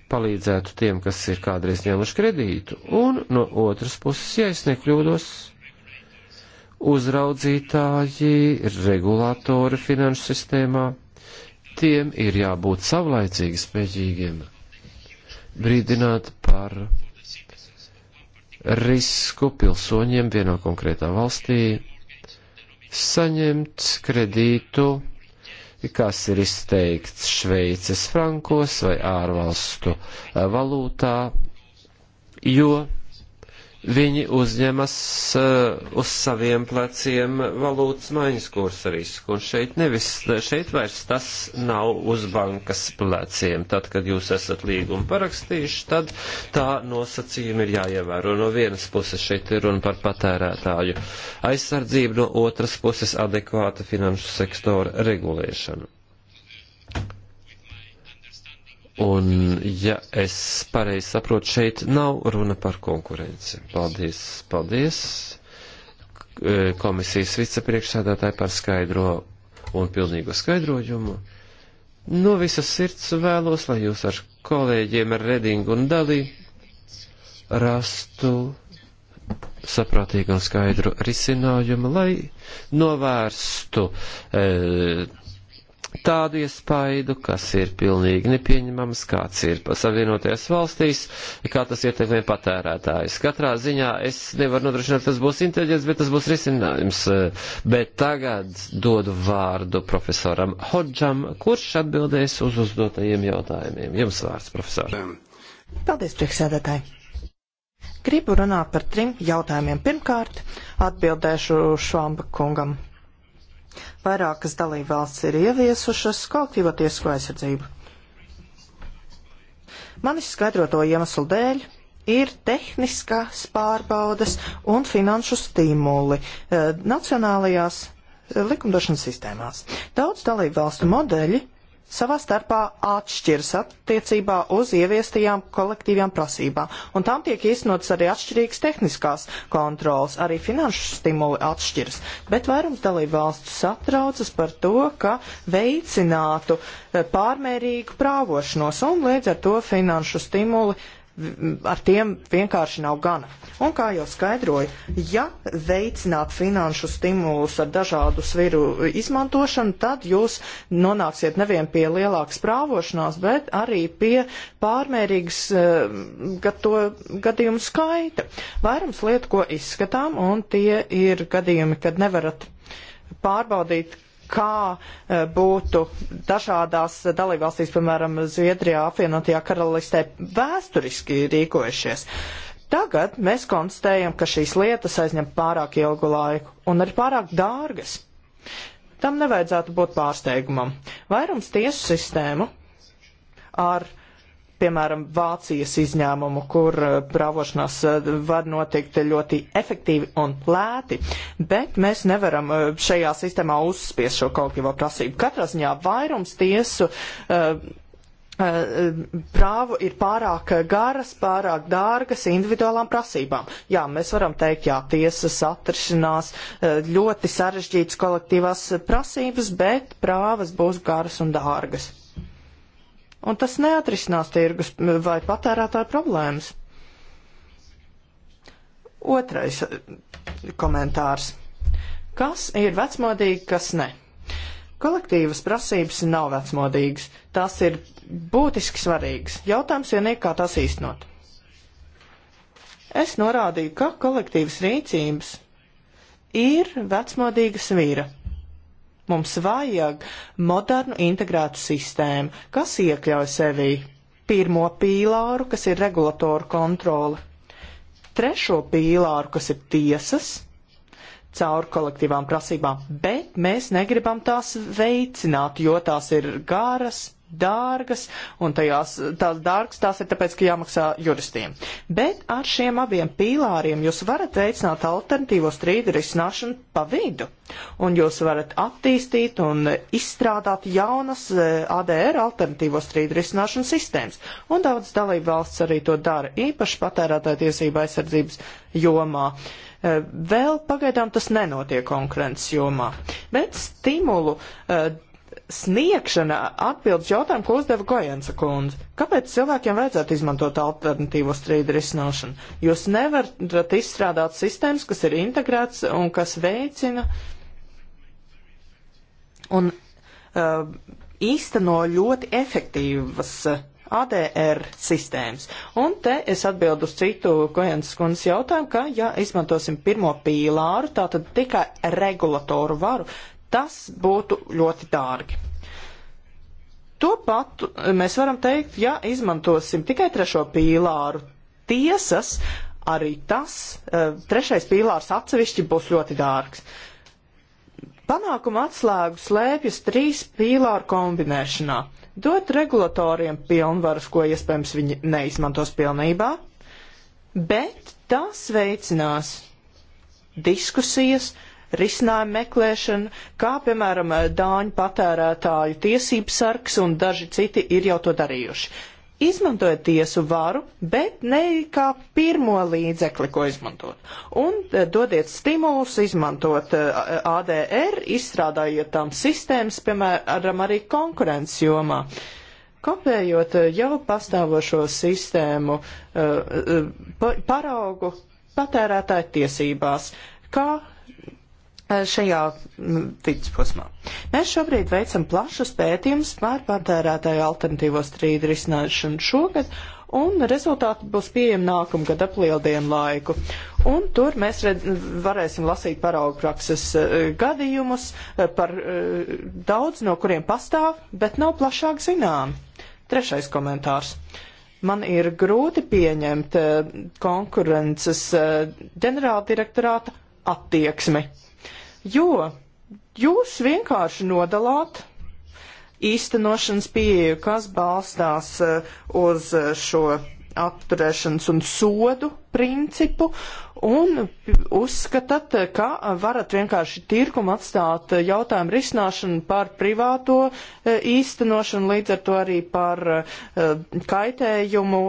palīdzētu tiem, kas ir kādreiz ņēmuši kredītu, un no otras puses, ja es nekļūdos, uzraudzītāji, regulātori finanšu sistēmā tiem ir jābūt savlaicīgi spēcīgiem, brīdināt par risku pilsoņiem vienā konkrētā valstī saņemt kredītu, kas ir izteikts Šveices frankos vai ārvalstu eh, valūtā, jo viņi uzņemas uh, uz saviem pleciem valūtas maiņas kursa risku. Un šeit, nevis, šeit vairs tas nav uz bankas pleciem. Tad, kad jūs esat līgumu parakstījuši, tad tā nosacījumi ir jāievēro. No vienas puses šeit ir runa par patērētāju aizsardzību, no otras puses adekvāta finanšu sektora regulēšanu. Un, ja es pareizi saprotu, šeit nav runa par konkurenci. Paldies, paldies e, komisijas vicepriekšsēdētāji par skaidro un pilnīgu skaidrojumu. No visas sirds vēlos, lai jūs ar kolēģiem ar Redingu un Dali rastu saprātīgu un skaidru risinājumu, lai novērstu e, tādu iespaidu, kas ir pilnīgi nepieņemams, kāds ir savienoties valstīs, kā tas ietekmē patērētājus. Katrā ziņā es nevaru nodrošināt, tas būs inteliģents, bet tas būs risinājums. Bet tagad dodu vārdu profesoram Hodžam, kurš atbildēs uz uzdotajiem jautājumiem. Jums vārds, profesor. Paldies, priekšsēdētāji. Gribu runāt par trim jautājumiem. Pirmkārt, atbildēšu Švamba kungam Vairākas dalībvalsts ir ieviesušas kolektīvo tiesisko aizsardzību. Manis skaidroto iemeslu dēļ ir tehniskās pārbaudas un finanšu stimuli eh, nacionālajās eh, likumdošanas sistēmās. Daudz dalībvalstu modeļi savā starpā atšķiras attiecībā uz ieviestajām kolektīvām prasībām, un tām tiek īstenotas arī atšķirīgas tehniskās kontrolas, arī finanšu stimuli atšķiras, bet vairums dalību valstu satraucas par to, ka veicinātu eh, pārmērīgu prāvošanos, un līdz ar to finanšu stimuli uh, ar tiem vienkārši nav gana. Un kā jau skaidroju, ja veicināt finanšu stimulus ar dažādu sviru izmantošanu, tad jūs nonāksiet nevien pie lielākas prāvošanās, bet arī pie pārmērīgas uh, gadījumu skaita. Vairums lietu, ko izskatām, un tie ir gadījumi, kad nevarat pārbaudīt, kā eh, būtu dažādās dalībvalstīs, piemēram, Zviedrijā, apvienotajā karalistē, vēsturiski rīkojušies. Tagad mēs konstatējam, ka šīs lietas aizņem pārāk ilgu laiku un ir pārāk dārgas. Tam nevajadzētu būt pārsteigumam. Vairums tiesu sistēmu ar uh, piemēram, Vācijas izņēmumu, kur eh, brāvošanās eh, var notikt ļoti efektīvi un lēti, bet mēs nevaram eh, šajā sistēmā uzspies šo kolektīvo prasību. Katrā ziņā vairums tiesu prāvu ir pārāk garas, pārāk dārgas individuālām prasībām. Jā, mēs varam teikt, jā, tiesas atrašanās ļoti sarežģītas kolektīvās prasības, bet prāvas būs garas un dārgas un tas neatrisinās tirgus vai patērētāju problēmas. Otrais eh, komentārs. Kas ir vecmodīgi, kas ne? Kolektīvas prasības nav vecmodīgas, tās ir būtiski svarīgas. Jautājums vien ir, kā tās īstenot. Es norādīju, ka kolektīvas rīcības ir vecmodīgas vīra. Mums vajag modernu integrētu sistēmu, kas iekļauj sevī pirmo pīlāru, kas ir regulatoru kontrole, trešo pīlāru, kas ir tiesas, caur kolektīvām prasībām, bet mēs negribam tās veicināt, jo tās ir garas, dārgas, un tajās, tās dārgas tās ir tāpēc, ka jāmaksā juristiem. Bet ar šiem abiem pīlāriem jūs varat veicināt alternatīvo strīdu risināšanu pa vidu, un jūs varat attīstīt un izstrādāt jaunas e, ADR alternatīvo strīdu risināšanas sistēmas, un daudz dalību valsts arī to dara, īpaši patērētāja tiesība aizsardzības jomā. E, vēl pagaidām tas nenotiek konkurences jomā, bet stimulu uh, sniegšana atbildes jautājumu, ko uzdeva Gojansa kundze. Kāpēc cilvēkiem vajadzētu izmantot alternatīvo strīdu risināšanu? Jūs nevarat izstrādāt sistēmas, kas ir integrēts un kas veicina un uh, īsteno ļoti efektīvas uh, ADR sistēmas. Un te es atbildu uz citu Gojanas kundas jautājumu, ka, ja izmantosim pirmo pīlāru, tātad tikai regulatoru varu, Tas būtu ļoti dārgi. To patu mēs varam teikt, ja izmantosim tikai trešo pīlāru tiesas, arī tas eh, trešais pīlārs atsevišķi būs ļoti dārgs. Panākuma atslēgu slēpjas trīs pīlāru kombinēšanā. Dot regulatoriem pilnvaras, ko iespējams viņi neizmantos pilnībā, bet tas veicinās diskusijas, uh, risinājumu meklēšanu, kā piemēram Dāņu patērētāju tiesību sargs un daži citi ir jau to darījuši. Izmantojiet tiesu varu, bet ne kā pirmo līdzekli, ko izmantot. Un eh, dodiet stimulus izmantot eh, ADR, izstrādājiet tam sistēmas, piemēram, arī konkurences jomā kopējot eh, jau pastāvošo sistēmu paraugu patērētāju tiesībās, kā Eh, šajā mm, vidusposmā. Mēs šobrīd veicam plašus pētījumus par patērētāju alternatīvo strīdu risināšanu šogad, un rezultāti būs pieejami nākamgad ap lieldienu laiku. Un tur mēs redz, varēsim lasīt paraugu prakses uh, gadījumus, uh, par uh, daudz no kuriem pastāv, bet nav plašāk zinām. Trešais komentārs. Man ir grūti pieņemt konkurences ģenerāldirektorāta attieksmi. Uh, jo jūs vienkārši nodalāt īstenošanas pieeju, kas balstās eh, uz eh, šo apturēšanas un sodu principu un uzskatāt, eh, ka varat vienkārši tirkumu atstāt jautājumu risināšanu par privāto īstenošanu, līdz ar to arī par kaitējumu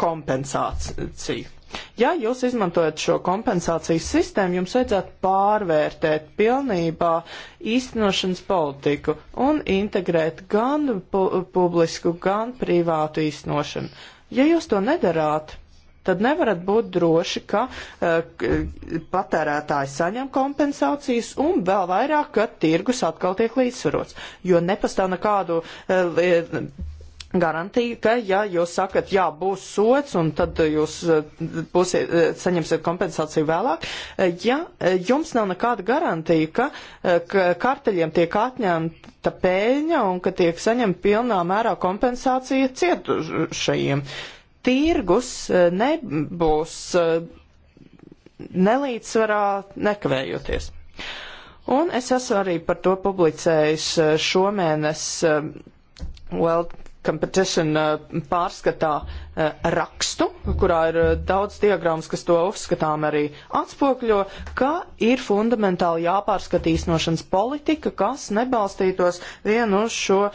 kompensāciju. Ja jūs izmantojat šo kompensācijas sistēmu, jums vajadzētu pārvērtēt pilnībā īstenošanas politiku un integrēt gan pu publisku, gan privātu īstenošanu. Ja jūs to nedarāt, tad nevarat būt droši, ka uh, patērētāji saņem kompensācijas un vēl vairāk, ka tirgus atkal tiek līdzsvarots, jo nepastāv nekādu uh, garantija, ka ja jūs sakat, jā, būs sots un tad jūs eh, būsiet, eh, saņemsiet kompensāciju vēlāk, eh, ja jums nav nekāda garantija, ka, ka karteļiem tiek atņemta pēļņa un ka tiek saņemta pilnā mērā kompensācija cietušajiem. Tirgus nebūs nelīdzsvarā nekavējoties. Un es esmu arī par to publicējis šomēnes World Competition uh, pārskatā uh, rakstu, kurā ir uh, daudz diagrammas, kas to uzskatām arī atspokļo, ka ir fundamentāli jāpārskata īstenošanas politika, kas nebalstītos vien uz šo uh,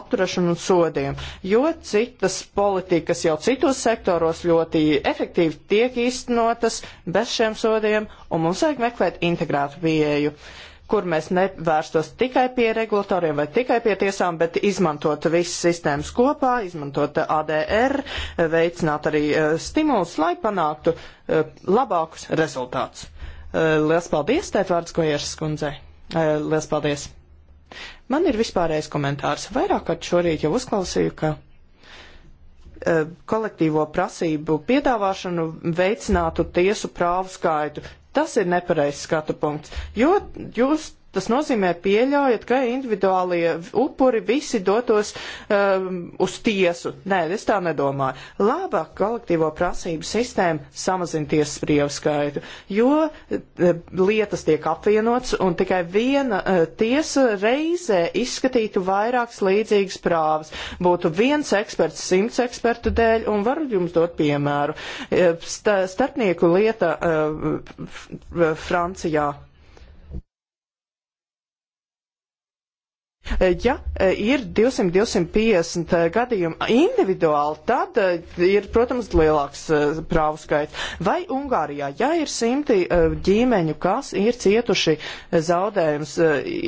apturēšanu un sodiem, jo citas politikas jau citos sektoros ļoti efektīvi tiek īstenotas bez šiem sodiem, un mums vajag meklēt integrētu pieeju. Uh, kur mēs nevērstos tikai pie regulatoriem vai tikai pie tiesām, bet izmantot visas sistēmas kopā, izmantot ADR, veicināt arī e, stimulus, lai panāktu e, labākus rezultātus. E, Lielas paldies, tēt vārds Gojeras kundzei. Lielas paldies. Man ir vispārējais komentārs. Vairāk kārt šorīt jau uzklausīju, ka kolektīvo prasību piedāvāšanu veicinātu tiesu prāvu skaitu. Tas ir nepareizs skatu punkts, jo jūs Tas nozīmē, pieļaujat, ka individuālie upuri visi dotos um, uz tiesu. Nē, es tā nedomāju. Labāk kolektīvo prasību sistēma samazina tiesasprievu skaitu, jo eh, lietas tiek apvienots un tikai viena uh, tiesa reizē izskatītu vairākas līdzīgas prāvas. Būtu viens eksperts simts ekspertu dēļ un varu jums dot piemēru. Eh, St starpnieku lieta uh, Francijā Ja e, ir 200-250 e, gadījumi individuāli, tad e, ir, protams, lielāks prāvu skaits. Vai Ungārijā, ja ir simti ģimeņu, kas ir cietuši zaudējums,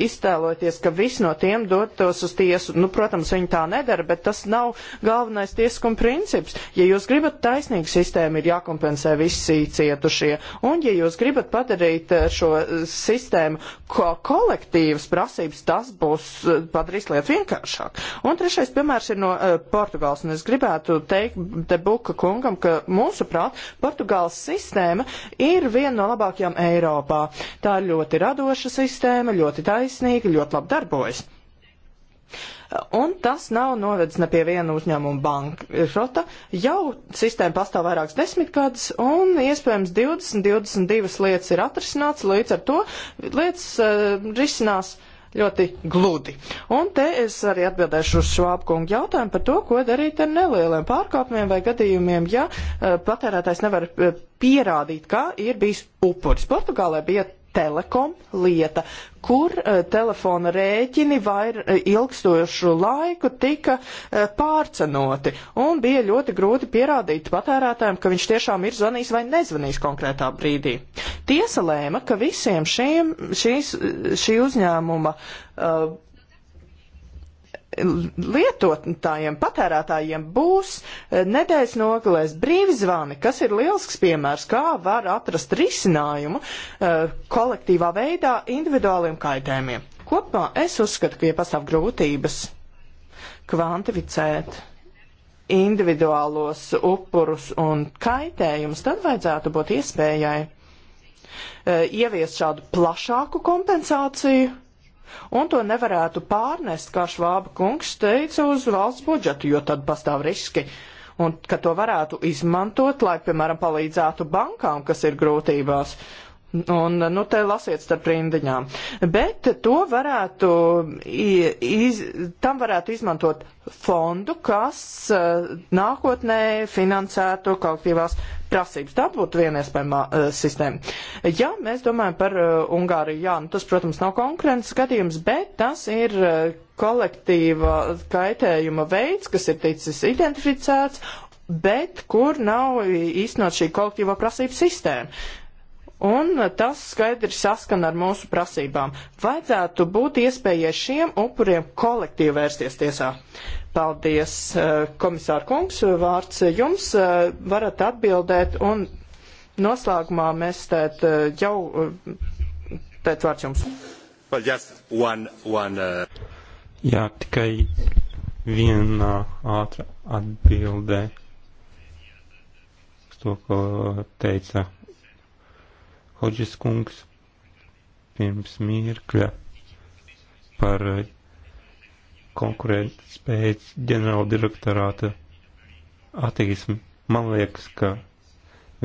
iztēloties, ka visi no tiem dotos uz tiesu, nu, protams, viņi tā nedara, bet tas nav galvenais tiesiskuma princips. Ja jūs gribat taisnīgu sistēmu, ir jākompensē visi cietušie. Un, ja jūs gribat padarīt šo sistēmu ko kolektīvas prasības, tas būs padarīs lietu vienkāršāk. Un trešais piemērs ir no uh, Portugāles, un es gribētu teikt te Buka kungam, ka mūsuprāt, Portugāles sistēma ir viena no labākajām Eiropā. Tā ir ļoti radoša sistēma, ļoti taisnīga, ļoti labi darbojas. Un tas nav novedis ne pie viena uzņēmuma bankrota. Jau sistēma pastāv vairākas desmitgadus, un iespējams 20, 22 lietas ir atrisināts, līdz ar to lietas uh, risinās uh, ļoti gludi. Un te es arī atbildēšu uz Švābkungu jautājumu par to, ko darīt ar nelieliem pārkāpumiem vai gadījumiem, ja eh, patērētājs nevar eh, pierādīt, ka ir bijis upuris. Portugālē bija telekom lieta, kur eh, telefona rēķini vair eh, ilgstošu laiku tika eh, pārcenoti, un bija ļoti grūti pierādīt patērētājiem, ka viņš tiešām ir zvanījis vai nezvanījis konkrētā brīdī. Tiesa lēma, ka visiem šiem, šīs, šī uzņēmuma uh, lietotājiem, patērētājiem būs eh, nedēļas nogalēs brīvzvani, kas ir lielisks piemērs, kā var atrast risinājumu eh, kolektīvā veidā individuāliem kaitējumiem. Kopumā es uzskatu, ka, ja pastāv grūtības kvantificēt individuālos upurus un kaitējumus, tad vajadzētu būt iespējai eh, ieviest šādu plašāku kompensāciju un to nevarētu pārnest, kā Švāba kungs teica, uz valsts budžetu, jo tad pastāv riski. Un ka to varētu izmantot, lai, piemēram, palīdzētu bankām, kas ir grūtībās. Un, nu, te lasiet starp rindiņām. Bet to varētu, iz, tam varētu izmantot fondu, kas e, nākotnē finansētu kolektīvās prasības. Tā būtu viena iespējama e, sistēma. Ja mēs domājam par e, Ungāriju, jā, nu, tas, protams, nav konkurences gadījums, bet tas ir kolektīva kaitējuma veids, kas ir ticis identificēts bet kur nav īstenot šī kolektīvā prasība sistēma un tas skaidri saskan ar mūsu prasībām. Vajadzētu būt iespējai šiem upuriem kolektīvi vērsties tiesā. Paldies, eh, komisār kungs, vārds jums, eh, varat atbildēt un noslēgumā mēs tēt eh, jau, tēt vārds jums. Well, just one, one, uh... Jā, tikai viena ātra atbilde to, ko teica Hoģis kungs pirms mirkļa par konkurētspējas ģenerāla direktorāta attieksmi. Man liekas, ka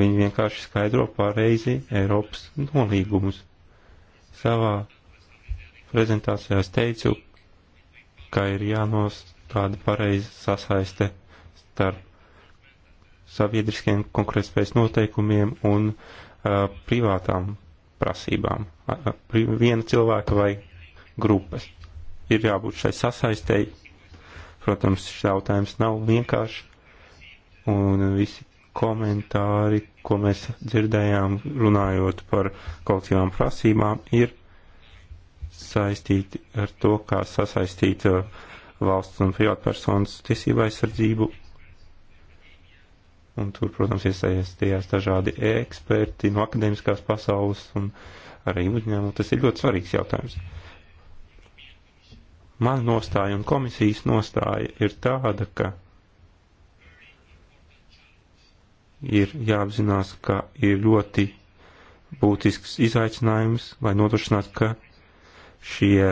viņi vienkārši skaidro pārreizi Eiropas nolīgumus. Savā prezentācijā es teicu, ka ir jānostāda pareiza sasaiste starp sabiedriskiem konkurētspējas noteikumiem un uh, privātām prasībām, viena cilvēka vai grupas. Ir jābūt šai sasaistēji. Protams, šis jautājums nav vienkārši, un visi komentāri, ko mēs dzirdējām runājot par kolektīvām prasībām, ir saistīti ar to, kā sasaistīt valsts un privātpersonas tiesību aizsardzību Un tur, protams, iesaistījās dažādi eksperti no akadēmiskās pasaules un arī uzņēmumu. Tas ir ļoti svarīgs jautājums. Man nostāja un komisijas nostāja ir tāda, ka ir jāapzinās, ka ir ļoti būtisks izaicinājums, lai nodrošinātu, ka šie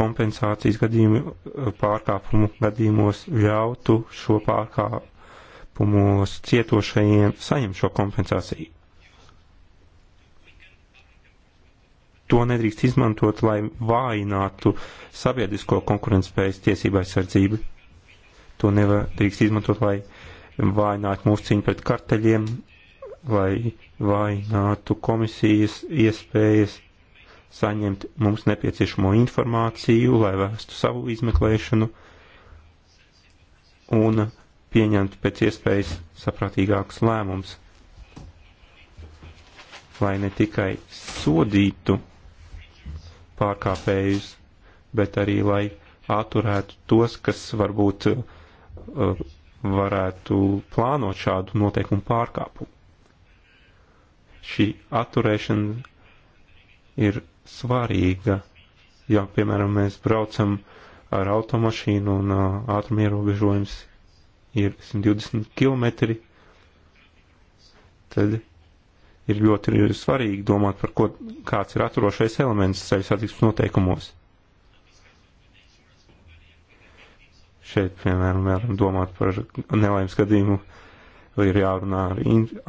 kompensācijas gadījumi pārkāpumu gadījumos ļautu šo pārkāpumu pārkāpumos cietošajiem saņem šo kompensāciju. To nedrīkst izmantot, lai vājinātu sabiedrisko konkurentspējas tiesību aizsardzību. To nedrīkst izmantot, lai vājinātu mūsu cīņu pret karteļiem, lai vājinātu komisijas iespējas saņemt mums nepieciešamo informāciju, lai vēstu savu izmeklēšanu un uh, pieņemtu pēc iespējas saprātīgākus lēmumus, lai ne tikai sodītu pārkāpējus, bet arī lai atturētu tos, kas varbūt uh, varētu plānot šādu noteikumu pārkāpumu. Šī atturēšana ir svarīga, ja, piemēram, mēs braucam ar automašīnu un uh, ātruma ierobežojums ir 120 km, tad ir ļoti ir svarīgi domāt par ko, kāds ir atturošais elements ceļu satiksmes noteikumos. Šeit, piemēram, varam domāt par nelaimes gadījumu, vai ir jārunā ar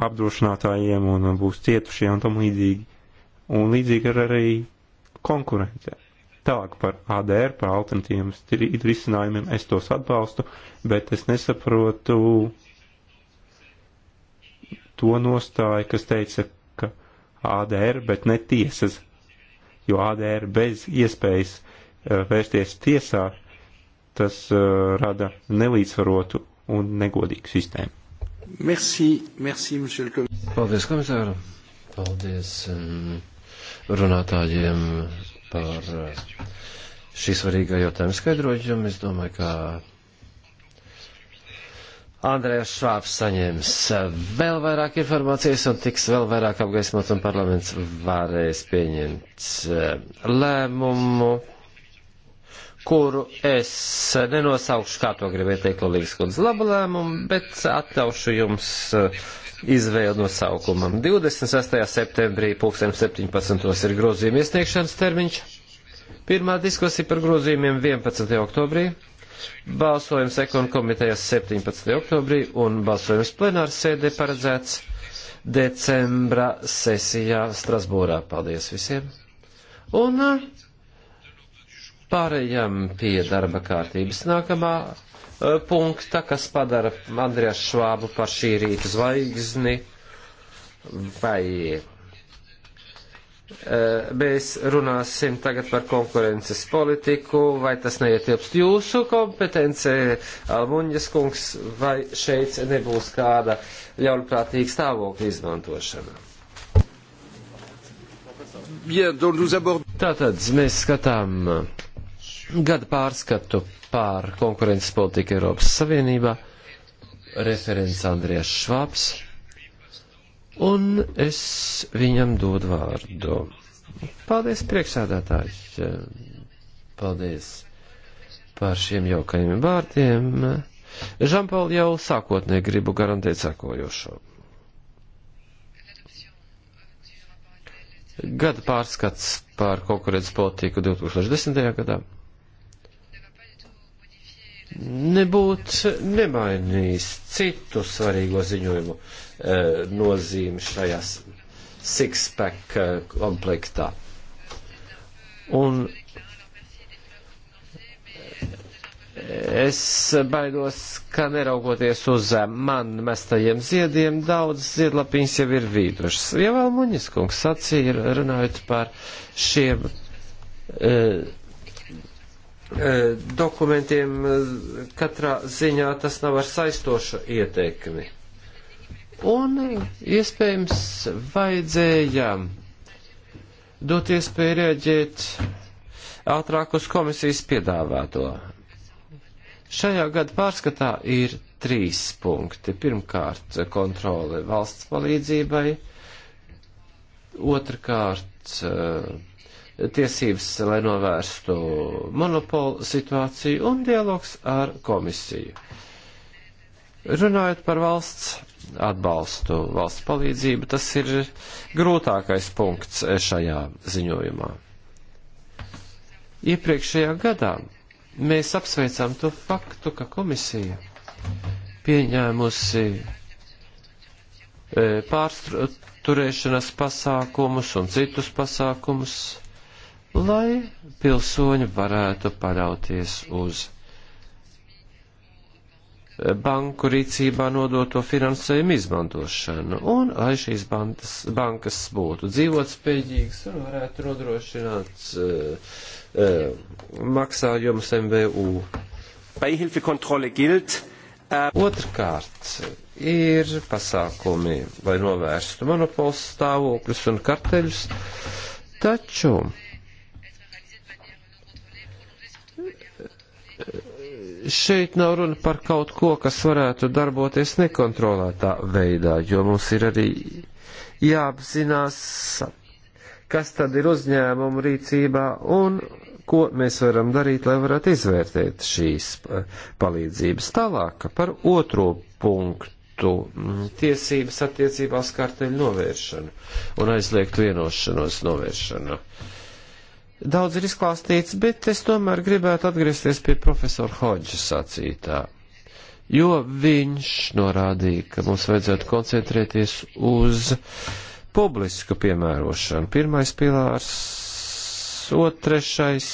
apdrošinātājiem un būs cietušie un tam līdzīgi. Un līdzīgi ar arī konkurencei. Tālāk par ADR, par alternatīviem risinājumiem es tos atbalstu, bet es nesaprotu to nostāju, kas teica, ka ADR, bet ne tiesas, jo ADR bez iespējas eh, vērsties tiesā, tas eh, rada nelīdzsvarotu un negodīgu sistēmu. Merci, merci, monsieur le commissaire. Paldies, komisāram. Paldies mm, runātājiem par eh, šī svarīgā jautājuma skaidrojumu. Es domāju, ka Andrēs Švāps saņems eh, vēl vairāk informācijas un tiks vēl vairāk apgaismots un parlaments varēs pieņemt eh, lēmumu kuru es nenosaukšu, kā to gribēja teikt Lolīgas kundze, labu lēmumu, bet atļaušu jums uh, izvēli nosaukumam. 26. septembrī 2017. ir grozījuma iesniegšanas termiņš. Pirmā diskusija par grozījumiem 11. oktobrī, balsojums ekonu komitejas 17. oktobrī un balsojums plenārs sēdē paredzēts decembra sesijā Strasbūrā. Paldies visiem! Un uh, pārējām pie darba kārtības nākamā punkta, kas padara Andrijas Švābu par šī rīta zvaigzni, vai mēs runāsim tagad par konkurences politiku, vai tas neietilpst jūsu kompetencē, Almuņas kungs, vai šeit nebūs kāda ļaunprātīga stāvokļa izmantošana. Tātad mēs skatām gada pārskatu pār konkurences politiku Eiropas Savienībā, referents Andrijas Švāps, un es viņam dodu vārdu. Paldies, priekšsēdētāji! Paldies par šiem jaukajiem vārdiem. Žampaul jau sākotnē gribu garantēt sakojošo. Gada pārskats par konkurences politiku 2010. gadā nebūt nemainījis citu svarīgo ziņojumu eh, nozīmi šajās six-pack eh, komplektā. Un es baidos, ka neraugoties uz eh, man mestajiem ziediem, daudz ziedlapiņas jau ir vīdušas. Ievēl ja Muņas kungs sacīja, runājot par šiem. Uh, E, dokumentiem e, katrā ziņā tas nav ar saistošu ieteikumi. Un iespējams vajadzēja dot iespēju rēģēt ātrāk uz komisijas piedāvāto. Šajā gada pārskatā ir trīs punkti. Pirmkārt, kontrole valsts palīdzībai. Otrkārt, uh, tiesības, lai novērstu monopolu situāciju un dialogs ar komisiju. Runājot par valsts atbalstu, valsts palīdzību, tas ir grūtākais punkts šajā ziņojumā. Iepriekšējā gadā mēs apsveicām to faktu, ka komisija pieņēmusi e, pārsturēšanas pasākumus un citus pasākumus lai pilsoņi varētu paļauties uz banku rīcībā nodoto finansējumu izmantošanu, un lai šīs bantas, bankas būtu dzīvotspējīgas un varētu nodrošināt uh, uh, maksājumus MVU. Beihilfekontrole gilt. Uh... Otrkārt, ir pasākumi, lai novērstu monopols stāvokļus un karteļus, taču šeit nav runa par kaut ko, kas varētu darboties nekontrolētā veidā, jo mums ir arī jāapzinās, kas tad ir uzņēmumu rīcībā un ko mēs varam darīt, lai varētu izvērtēt šīs eh, palīdzības. Tālāk par otro punktu mm, tiesības attiecībās kārteļu novēršanu un aizliegt vienošanos novēršanu. Uh, daudz ir izklāstīts, bet es tomēr gribētu atgriezties pie profesora Hodža sacītā, jo viņš norādīja, ka mums vajadzētu koncentrēties uz publisku piemērošanu. Pirmais pilārs, otrešais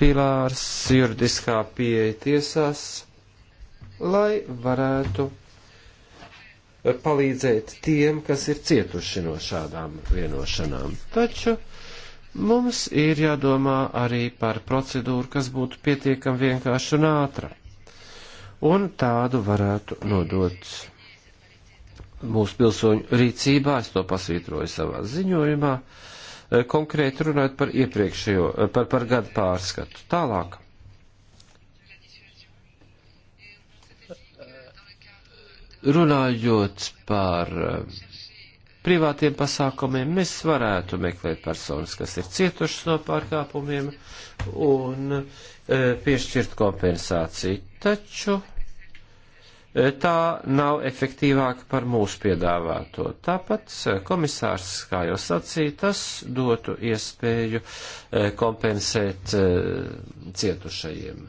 pilārs, juridiskā pieeja tiesās, lai varētu palīdzēt tiem, kas ir cietuši no šādām vienošanām. Taču Mums ir jādomā arī par procedūru, kas būtu pietiekami vienkārša un ātra. Un tādu varētu nodot mūsu pilsoņu rīcībā, es to pasvītroju savā ziņojumā, eh, konkrēti runājot par iepriekšējo, eh, par, par gadu pārskatu. Tālāk. Runājot par uh, privātiem pasākumiem mēs varētu meklēt personas, kas ir cietušas no pārkāpumiem un e, piešķirt kompensāciju. Taču e, tā nav efektīvāka par mūsu piedāvāto. Tāpat e, komisārs, kā jau sacīja, tas dotu iespēju e, kompensēt cietušajiem.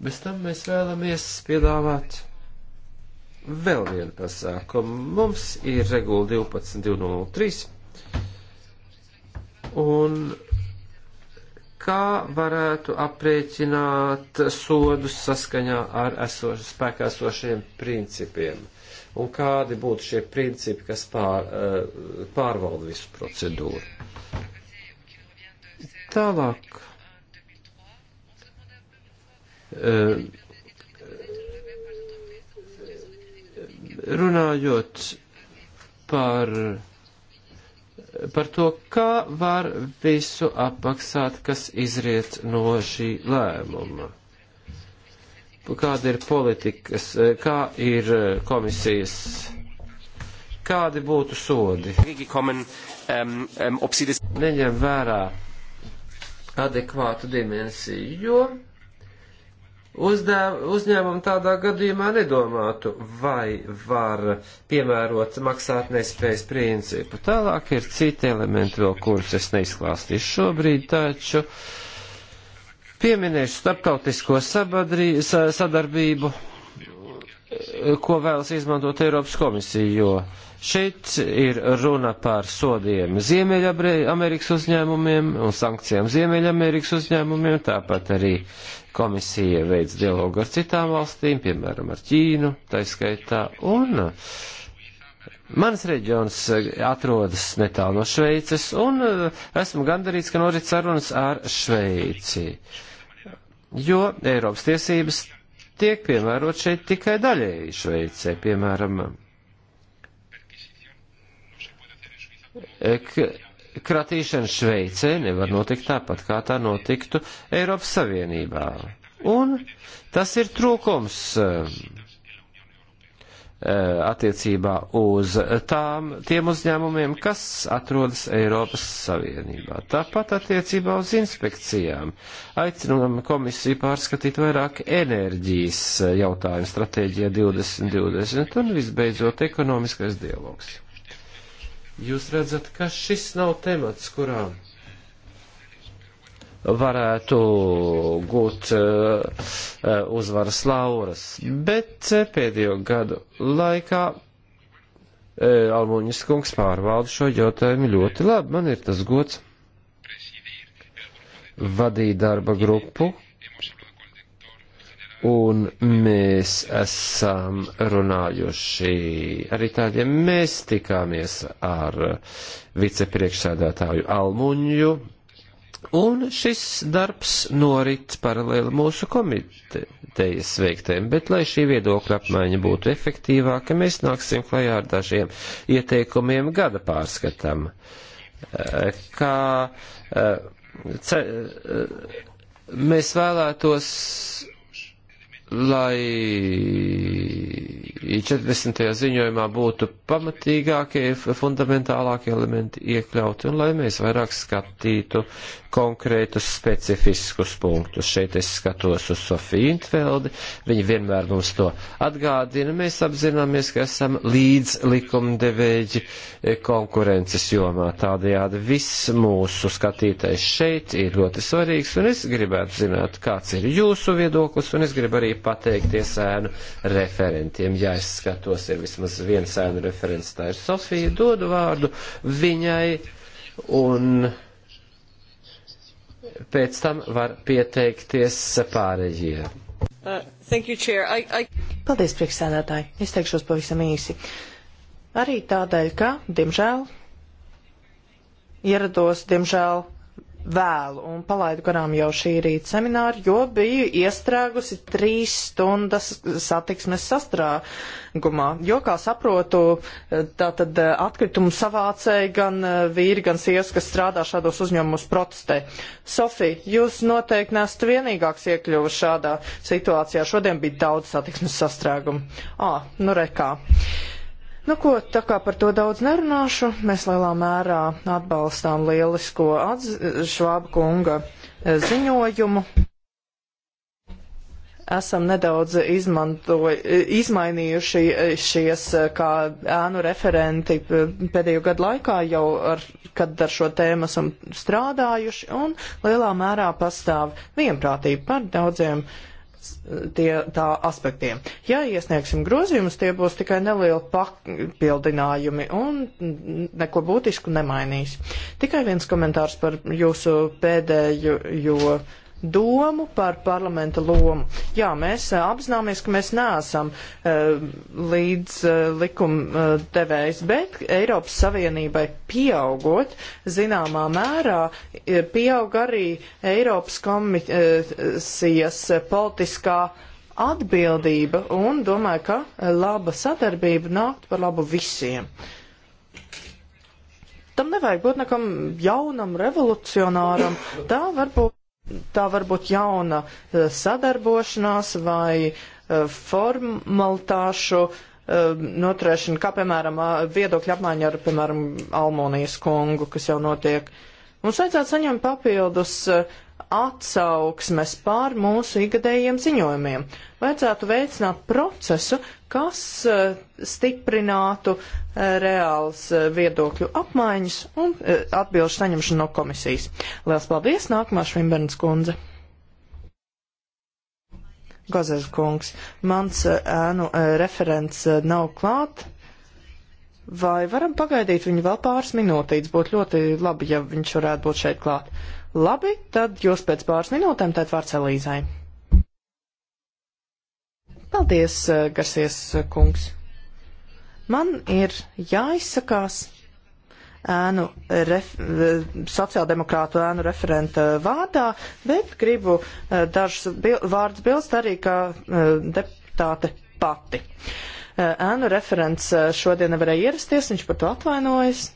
Bez tam mēs vēlamies piedāvāt vēl vienu pasākumu. Mums ir regula 12.203. Un kā varētu aprēķināt sodus saskaņā ar esošu, spēkā esošiem principiem? Un kādi būtu šie principi, kas pār, eh, pārvalda visu procedūru? Tālāk. Uh, Runājot par, par to, kā var visu apmaksāt, kas izriet no šī lēmuma kāda ir politikas, kā ir komisijas, kādi būtu sodi. Neņem vērā adekvātu dimensiju, jo Uzdev, uzņēmumi tādā gadījumā nedomātu, vai var piemērot maksāt nespējas principu. Tālāk ir citi elementi vēl, kurus es neizklāstīšu šobrīd, taču pieminēšu starptautisko sabadrī, sa, sadarbību, ko vēlas izmantot Eiropas komisija, jo šeit ir runa par sodiem Ziemeļamerikas uzņēmumiem un sankcijām Ziemeļamerikas uzņēmumiem, tāpat arī Komisija veids dialogu ar citām valstīm, piemēram, ar Ķīnu, taiskaitā, un eh, mans reģions eh, atrodas netālu no Šveices, un eh, esmu gandarīts, ka norit sarunas ar Šveici, jo Eiropas tiesības tiek piemērot šeit tikai daļēji Šveicē, piemēram. Ek, kratīšana Šveicē nevar notikt tāpat, kā tā notiktu Eiropas Savienībā. Un tas ir trūkums eh, eh, attiecībā uz tām, tiem uzņēmumiem, kas atrodas Eiropas Savienībā. Tāpat attiecībā uz inspekcijām. Aicinām komisiju pārskatīt vairāk enerģijas jautājumu stratēģijā 2020 un visbeidzot ekonomiskais dialogs. Jūs redzat, ka šis nav temats, kurā varētu gūt uh, uzvaras lauras, bet eh, pēdējo gadu laikā uh, Almuņas kungs pārvalda šo jautājumu ļoti labi. Man ir tas gods vadīt darba grupu, un mēs esam runājuši ar itāļiem. Mēs tikāmies ar vicepriekšsēdētāju Almuņu, un šis darbs norit paralēli mūsu komitejas veiktēm, bet lai šī viedokļa apmaiņa būtu efektīvāka, mēs nāksim klajā ar dažiem ieteikumiem gada pārskatam. Eh, kā eh, ce, eh, mēs vēlētos lai 40. ziņojumā būtu pamatīgākie, fundamentālākie elementi iekļauti un lai mēs vairāk skatītu konkrētus specifiskus punktus. Šeit es skatos uz Sofiju Intveldi, viņa vienmēr mums to atgādina. Mēs apzināmies, ka esam līdz likumdevēji eh, konkurences jomā. Tādējādi viss mūsu skatītais šeit ir ļoti svarīgs, un es gribētu zināt, kāds ir jūsu viedoklis, un es gribu arī pateikties ēnu referentiem. Ja es skatos, ir vismaz viens ēnu referents, tā ir Sofija, dodu vārdu viņai, un pēc tam var pieteikties pārējie. Uh, you, Chair. I, I... Paldies, priekšsēdētāji. Es teikšos pavisam īsi. Arī tādēļ, ka, diemžēl, ierados, diemžēl, vēlu un palaidu garām jau šī rīta semināru, jo biju iestrēgusi trīs stundas satiksmes sastrāgumā. Jo, kā saprotu, tātad eh, atkritumu savācēji gan eh, vīri, gan sievas, kas strādā šādos uzņēmumus protestē. Sofija, jūs noteikti nesat vienīgāks iekļuvis šādā situācijā. Šodien bija daudz satiksmes sastrāgumu. Ā, nu rekā. Uh, Nu, ko tā kā par to daudz nerunāšu, mēs lielā mērā atbalstām lielisko atz Švāba kunga e, ziņojumu. Esam nedaudz izmantoj, e, izmainījuši e, šies kā ēnu referenti pēdējo gadu laikā jau, ar, kad ar šo tēmu esam strādājuši, un lielā mērā pastāv vienprātība par daudziem uh, tie, tā aspektiem. Ja iesniegsim grozījumus, tie būs tikai nelieli papildinājumi un neko būtisku nemainīs. Tikai viens komentārs par jūsu pēdējo domu par parlamenta lomu. Jā, mēs eh, apzināmies, ka mēs neesam eh, līdz eh, likuma devējs, bet Eiropas Savienībai pieaugot, zināmā mērā pieaug arī Eiropas komisijas politiskā atbildība un domāju, ka laba sadarbība nākt par labu visiem tam nevajag būt nekam jaunam, revolucionāram. Tā varbūt tā varbūt jauna eh, sadarbošanās vai eh, formalitāšu eh, noturēšana, kā piemēram viedokļa apmaiņa ar, piemēram, Almonijas kungu, kas jau notiek. Mums vajadzētu saņemt papildus atsauksmes pār mūsu ikgadējiem ziņojumiem. Vajadzētu veicināt procesu, kas eh, stiprinātu eh, reāls eh, viedokļu apmaiņas un atbilžu saņemšanu no komisijas. Lielas paldies! Nākamā Švimbernas kundze. Gazes kungs, mans ēnu referents nav klāt. Vai varam pagaidīt viņu vēl pāris minūtītes? Būtu ļoti labi, ja viņš varētu būt šeit klāt. Labi, tad jūs pēc pāris minūtēm tēt vārds Elīzai. Paldies, eh, Garsies eh, kungs. Man ir jāizsakās ēnu ref, eh, sociāldemokrātu ēnu referenta vārdā, bet gribu dažus bil, vārdus bilst arī kā deputāte pati. Ēnu referents šodien nevarēja ierasties, viņš par to atvainojas.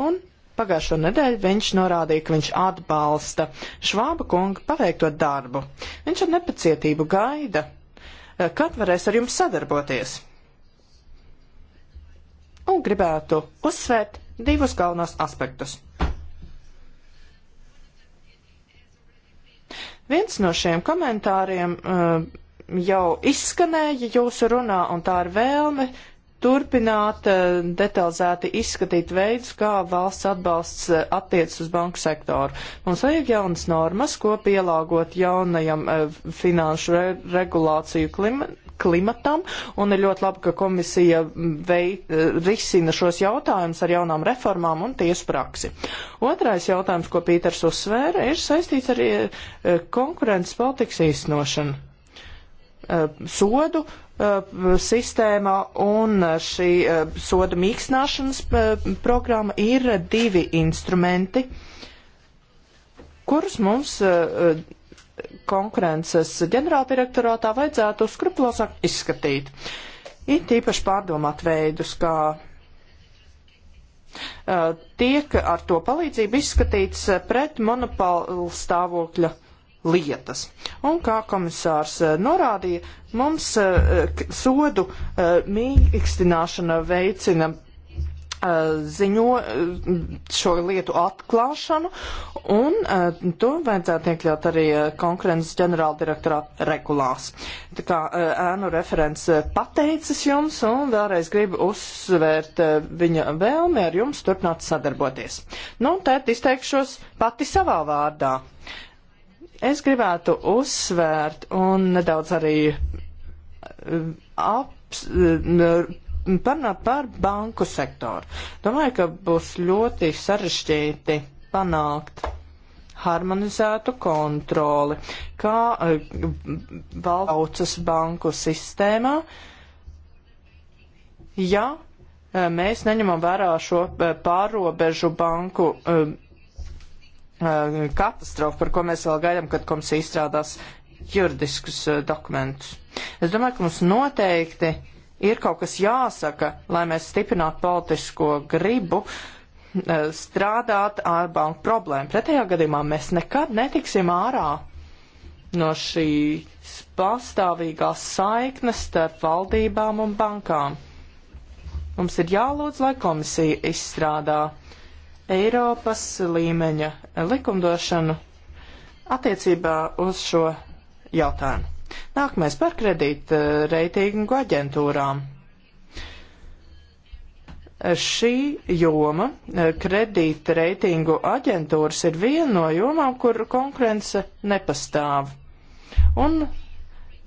Un pagājušo nedēļu viņš norādīja, ka viņš atbalsta Švāba kunga paveikto darbu. Viņš ar nepacietību gaida kad varēs ar jums sadarboties. Un gribētu uzsvērt divus galvenos aspektus. Viens no šiem komentāriem uh, jau izskanēja jūsu runā, un tā ir vēlme turpināt eh, detalizēti izskatīt veidus, kā valsts atbalsts eh, attiecas uz banku sektoru. Mums vajag jaunas normas, ko pielāgot jaunajam eh, finanšu re regulāciju klimatam klimatam, un ir ļoti labi, ka komisija mm, vei, risina šos jautājumus ar jaunām reformām un tiesu praksi. Otrais jautājums, ko Pīters uzsvēra, ir saistīts ar konkurences politikas īstenošanu. Eh, sodu eh, sistēmā un šī eh, soda mīkstināšanas programma ir divi instrumenti, kurus mums konkurences ģenerāldirektorātā vajadzētu skrupulosāk izskatīt. Ir tīpaši pārdomāt veidus, kā tiek ar to palīdzību izskatīts pret monopolu stāvokļa lietas. Un kā komisārs eh, norādīja, mums eh, sodu eh, mīkstināšana veicina ziņo šo lietu atklāšanu, un to vajadzētu iekļaut arī konkurences ģenerāldirektorā regulās. Tā kā ēnu referents pateicis jums, un vēlreiz gribu uzsvērt viņa vēlmi ar jums turpināt sadarboties. Nu, tēt izteikšos pati savā vārdā. Es gribētu uzsvērt un nedaudz arī eh, aps, eh, parunāt par banku sektoru. Domāju, ka būs ļoti sarežģīti panākt harmonizētu kontroli, kā eh, valsts banku sistēmā, ja mēs neņemam vērā šo pārobežu banku Uh, katastrofa, par ko mēs vēl gaidām, kad komisija izstrādās juridiskus uh, dokumentus. Es domāju, ka mums noteikti ir kaut kas jāsaka, lai mēs stiprinātu politisko gribu uh, strādāt ar banku problēmu. Pretējā gadījumā mēs nekad netiksim ārā no šīs pastāvīgās saiknes starp valdībām un bankām. Mums ir jālūdz, lai komisija izstrādā uh, Eiropas līmeņa likumdošanu attiecībā uz šo jautājumu. Nākamais par kredīta eh, reitingu aģentūrām. Šī joma, eh, kredīta reitingu aģentūras, ir viena no jomām, kur konkurence nepastāv. Un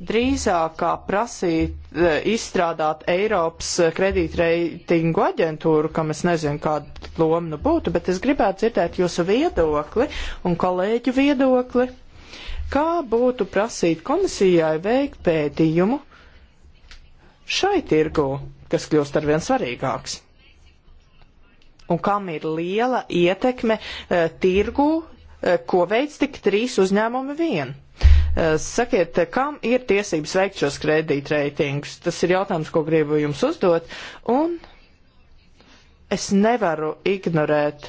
drīzāk kā prasīt eh, izstrādāt Eiropas eh, kredītreitingu aģentūru, kam es nezinu, kāda loma nu būtu, bet es gribētu dzirdēt jūsu viedokli un kolēģu viedokli. Kā būtu prasīt komisijai veikt pētījumu šai tirgu, kas kļūst arvien svarīgāks? Un kam ir liela ietekme e, tirgu, e, ko veids tik trīs uzņēmumi vien? Eh, sakiet, eh, kam ir tiesības veikt šos kredītreitingus? Tas ir jautājums, ko gribu jums uzdot, un es nevaru ignorēt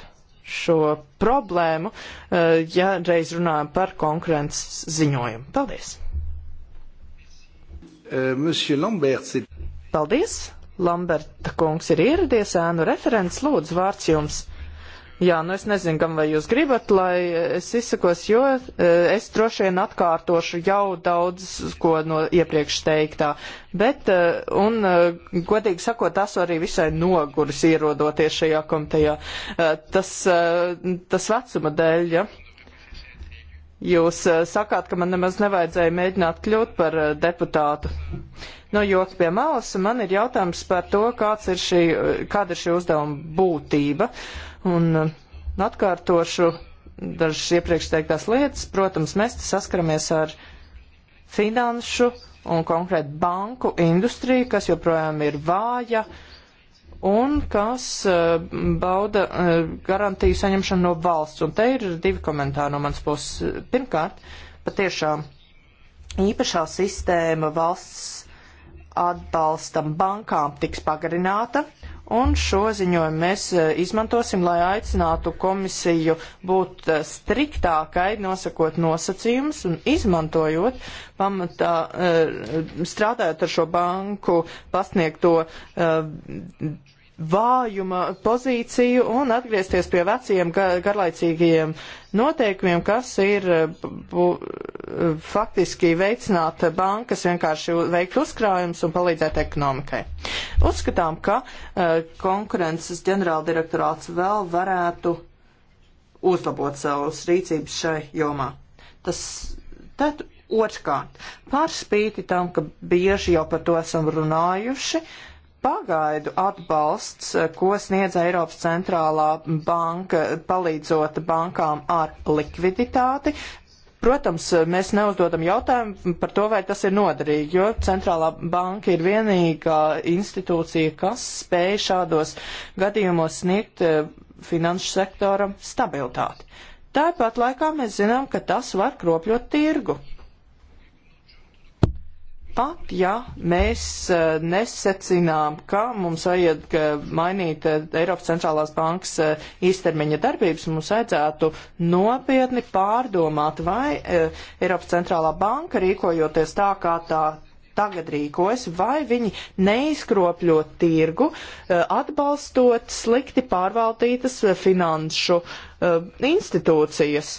šo problēmu, eh, ja reiz runājam par konkurences ziņojumu. Paldies! Lambert, Paldies! Lamberta kungs ir ieradies, ēnu referents, lūdzu, vārds jums. Jā, nu es nezinu, kam vai jūs gribat, lai es izsakos, jo e, es droši vien atkārtošu jau daudz ko no iepriekš teiktā. Bet, e, un e, godīgi sakot, tas arī visai noguris ierodoties šajā komitejā. Tas, tas vecuma dēļ, ja. Jūs sakāt, ka man nemaz nevajadzēja mēģināt kļūt par deputātu. No nu, joka pie malas man ir jautājums par to, kāds ir šī, kāda ir šī uzdevuma būtība. Uh, Un uh, atkārtošu dažas iepriekš teiktās lietas. Protams, mēs saskaramies ar finanšu un konkrēti banku industriju, kas joprojām ir vāja un kas uh, bauda uh, garantiju saņemšanu no valsts. Un te ir divi komentāri no manas puses. Pirmkārt, patiešām īpašā sistēma valsts atbalstam bankām tiks pagarināta Un šo ziņojumu mēs e, izmantosim, lai aicinātu komisiju būt e, striktākai, nosakot nosacījumus un izmantojot pamatā, e, strādājot ar šo banku pasniegto vājuma pozīciju un atgriezties pie veciem garlaicīgajiem noteikumiem, kas ir eh, bu, faktiski veicināt bankas vienkārši veikt uzkrājumus un palīdzēt ekonomikai. Uzskatām, ka uh, konkurences ģenerāldirektorāts vēl varētu uzlabot savus rīcības šai jomā. Tas tad otrkārt, pārspīti tam, ka bieži jau par to esam runājuši, uh, pagaidu atbalsts, eh, ko sniedz Eiropas centrālā banka, palīdzot bankām ar likviditāti. Protams, mēs neuzdodam jautājumu par to, vai tas ir noderīgi, jo centrālā banka ir vienīgā institūcija, kas spēj šādos gadījumos sniegt eh, finanšu sektoram stabilitāti. Tāpat laikā mēs zinām, ka tas var kropļot tirgu. Pat ja mēs eh, nesacinām, ka mums vajag eh, mainīt eh, Eiropas centrālās bankas īstermiņa darbības, mums vajadzētu nopietni pārdomāt, vai Eiropas centrālā banka rīkojoties tā, kā tā tagad rīkojas, vai viņi neizkropļo tirgu, atbalstot slikti pārvaldītas finanšu institūcijas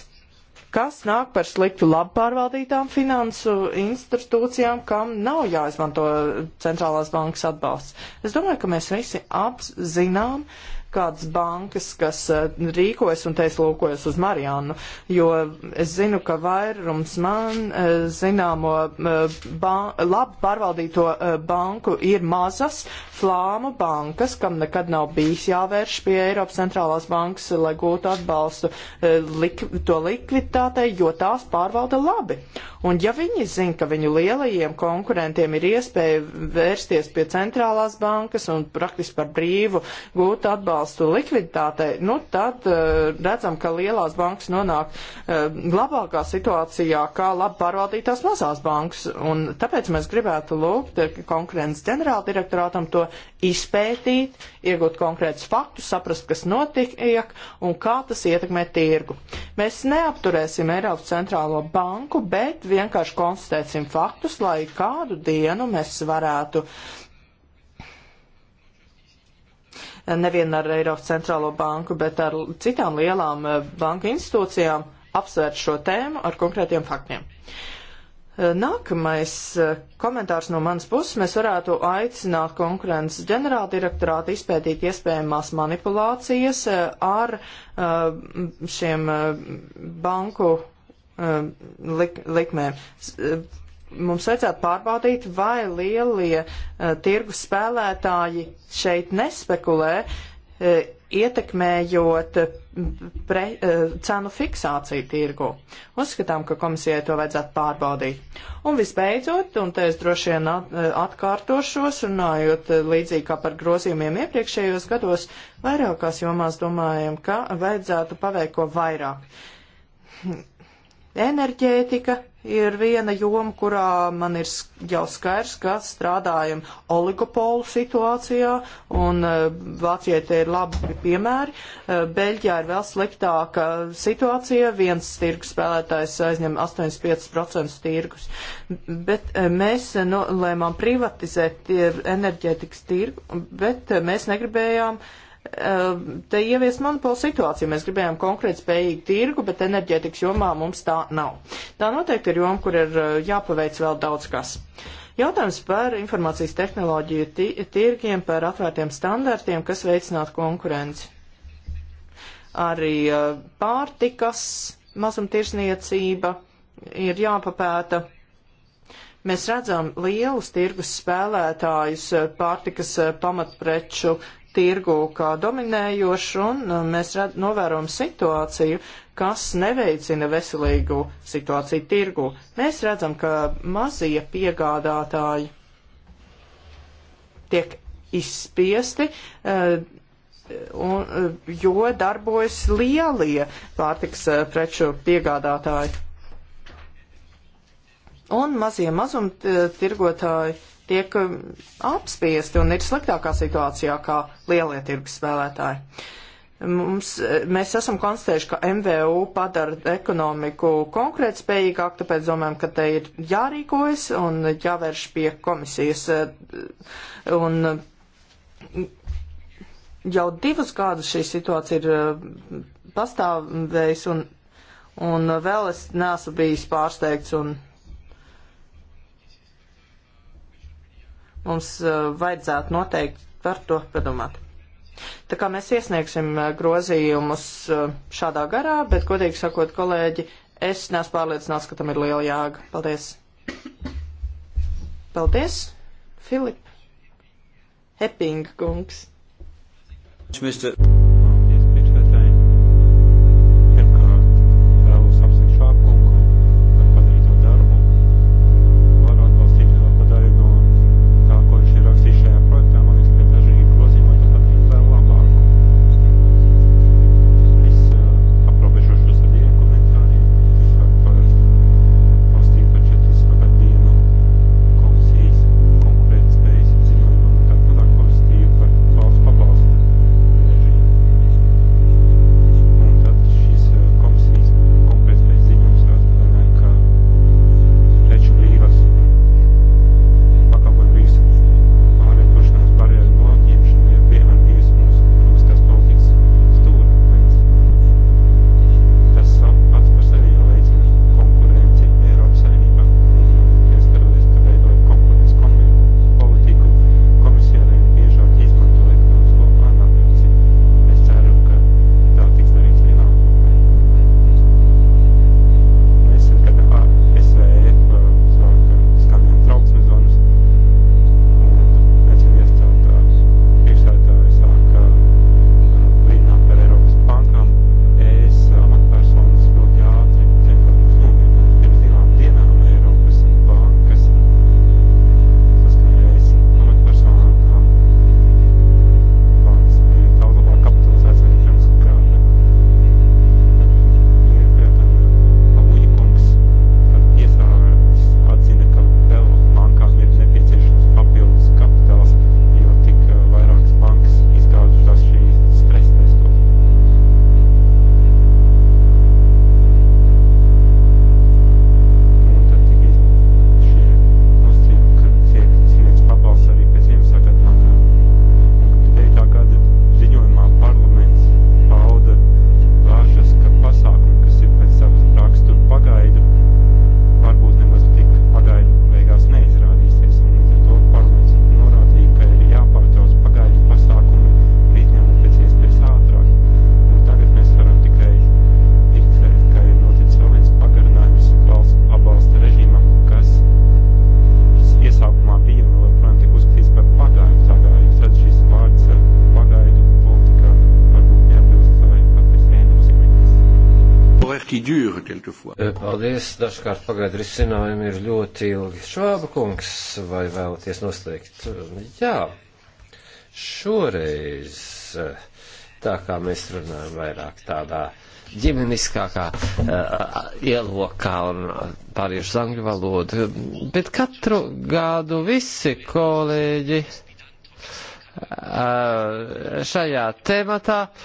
kas nāk par sliktu labpārvaldītām finansu institūcijām, kam nav jāizmanto centrālās bankas atbalsts. Es domāju, ka mēs visi apzinām, uh, kādas bankas, kas eh, rīkojas, un te es lūkojos uz Mariannu, jo es zinu, ka vairums man eh, zināmo eh, ban labi pārvaldīto banku ir mazas flāmu bankas, kam nekad nav bijis jāvērš pie Eiropas centrālās bankas, lai gūtu atbalstu lik to likviditātei, jo tās pārvalda labi. Un ja viņi zina, ka viņu lielajiem konkurentiem ir iespēja vērsties pie centrālās bankas un praktiski par brīvu gūt atbalstu, atbalstu likviditātei, nu tad uh, redzam, ka lielās bankas nonāk uh, labākā situācijā, kā labi pārvaldītās mazās bankas. Un tāpēc mēs gribētu lūgt konkurences ģenerāldirektorātam to izpētīt, iegūt konkrētus faktus, saprast, kas notiek un kā tas ietekmē tirgu. Mēs neapturēsim Eiropas centrālo banku, bet vienkārši konstatēsim faktus, lai kādu dienu mēs varētu nevien ar Eiropas centrālo banku, bet ar citām lielām eh, banku institūcijām apsvērt šo tēmu ar konkrētiem faktiem. Eh, nākamais eh, komentārs no manas puses. Mēs varētu aicināt konkurences ģenerāldirektorātu izpētīt iespējamās manipulācijas ar šiem banku lik, likmēm mums vajadzētu pārbaudīt, vai lielie eh, tirgus spēlētāji šeit nespekulē, eh, ietekmējot eh, pre, cenu fiksāciju tirgu. Uzskatām, ka komisijai to vajadzētu pārbaudīt. Un visbeidzot, un te es droši vien atkārtošos, runājot līdzīgi kā par grozījumiem iepriekšējos gados, vairākās jomās domājam, ka vajadzētu paveikt ko vairāk Enerģētika ir viena joma, kurā man ir jau skairs, ka strādājam oligopolu situācijā, un e, Vācijai te ir labi piemēri. E, Beļģijā ir vēl sliktāka situācija, viens tirgus spēlētājs aizņem 85% tirgus, bet e, mēs nolēmām privatizēt enerģētikas tirgu, bet mēs negribējām uh, Ehm, te ievies monopola situāciju. Mēs gribējām konkrēti spējīgu tirgu, bet enerģētikas jomā mums tā nav. Tā noteikti ir joma, kur ir eh, jāpaveic vēl daudz kas. Jautājums par informācijas tehnoloģiju tirgiem, par atvērtiem standartiem, kas veicinātu konkurenci. Arī eh, pārtikas mazumtirsniecība ir jāpapēta. Mēs redzam lielus tirgus spēlētājus eh, pārtikas pamatpreču tirgu kā dominējošu, un uh, mēs novērojam situāciju, kas neveicina veselīgu situāciju tirgu. Mēs redzam, ka mazie piegādātāji tiek izspiesti, uh, un, uh, jo darbojas lielie pārtiks preču piegādātāji. Un mazie mazumtirgotāji tiek um, apspiesti un ir sliktākā situācijā kā lielie tirgus spēlētāji. Mums, mēs esam konstatējuši, ka MVU padara ekonomiku konkurētspējīgāku, tāpēc domājam, ka te ir jārīkojas un jāvērš pie komisijas. Un jau divus gadus šī situācija ir uh, pastāvējusi un, un vēl es neesmu bijis pārsteigts. Un, Mums eh, vajadzētu noteikti par to padomāt. Tā kā mēs iesniegsim eh, grozījumus eh, šādā garā, bet, godīgi sakot, kolēģi, es neesmu pārliecināts, ka tam ir liela jāga. Paldies! Paldies, Filip! Hepping kungs! Mr. Paldies, dažkārt pagaidu risinājumi ir ļoti ilgi. Švāba kungs, vai vēlaties noslēgt? Jā, šoreiz, tā kā mēs runājam vairāk tādā ģimeniskākā uh, ielokā un pāriešu angļu valodu, bet katru gadu visi kolēģi uh, šajā tematā uh,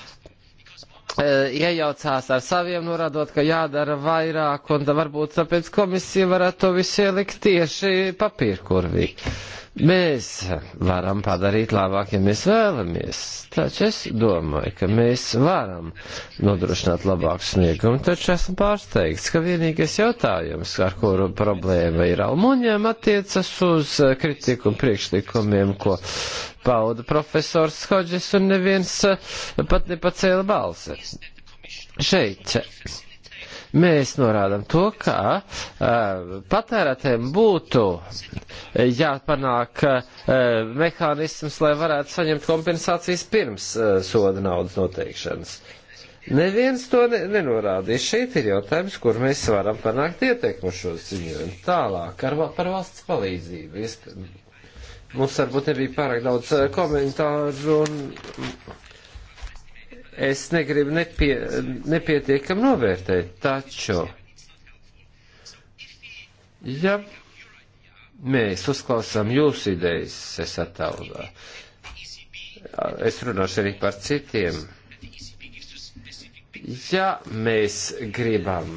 E, iejaucās ar saviem, norādot, ka jādara vairāk, un varbūt tāpēc komisija varētu to visu ielikt tieši papīrkurvī. Mēs varam padarīt labāk, ja mēs vēlamies. Taču es domāju, ka mēs varam nodrošināt labāku sniegumu, taču esmu pārsteigts, ka vienīgais jautājums, ar kuru problēma ir almuņiem, attiecas uz kritiku un priekšlikumiem, ko pauda profesors Hodžis un neviens pat nepacēla balsi. Šeit Mēs norādam to, ka uh, patērētēm būtu jāpanāk uh, mehānisms, lai varētu saņemt kompensācijas pirms uh, soda naudas noteikšanas. Neviens to ne, nenorādīja. Šeit ir jautājums, kur mēs varam panākt ietekmu šo ziņojumu. Tālāk ar, par valsts palīdzību. Mums varbūt nebija pārāk daudz komentāru un es negribu nepie, nepietiekam novērtēt, taču, ja mēs uzklausām jūsu idejas, es atalgā, es runāšu arī par citiem. Ja mēs gribam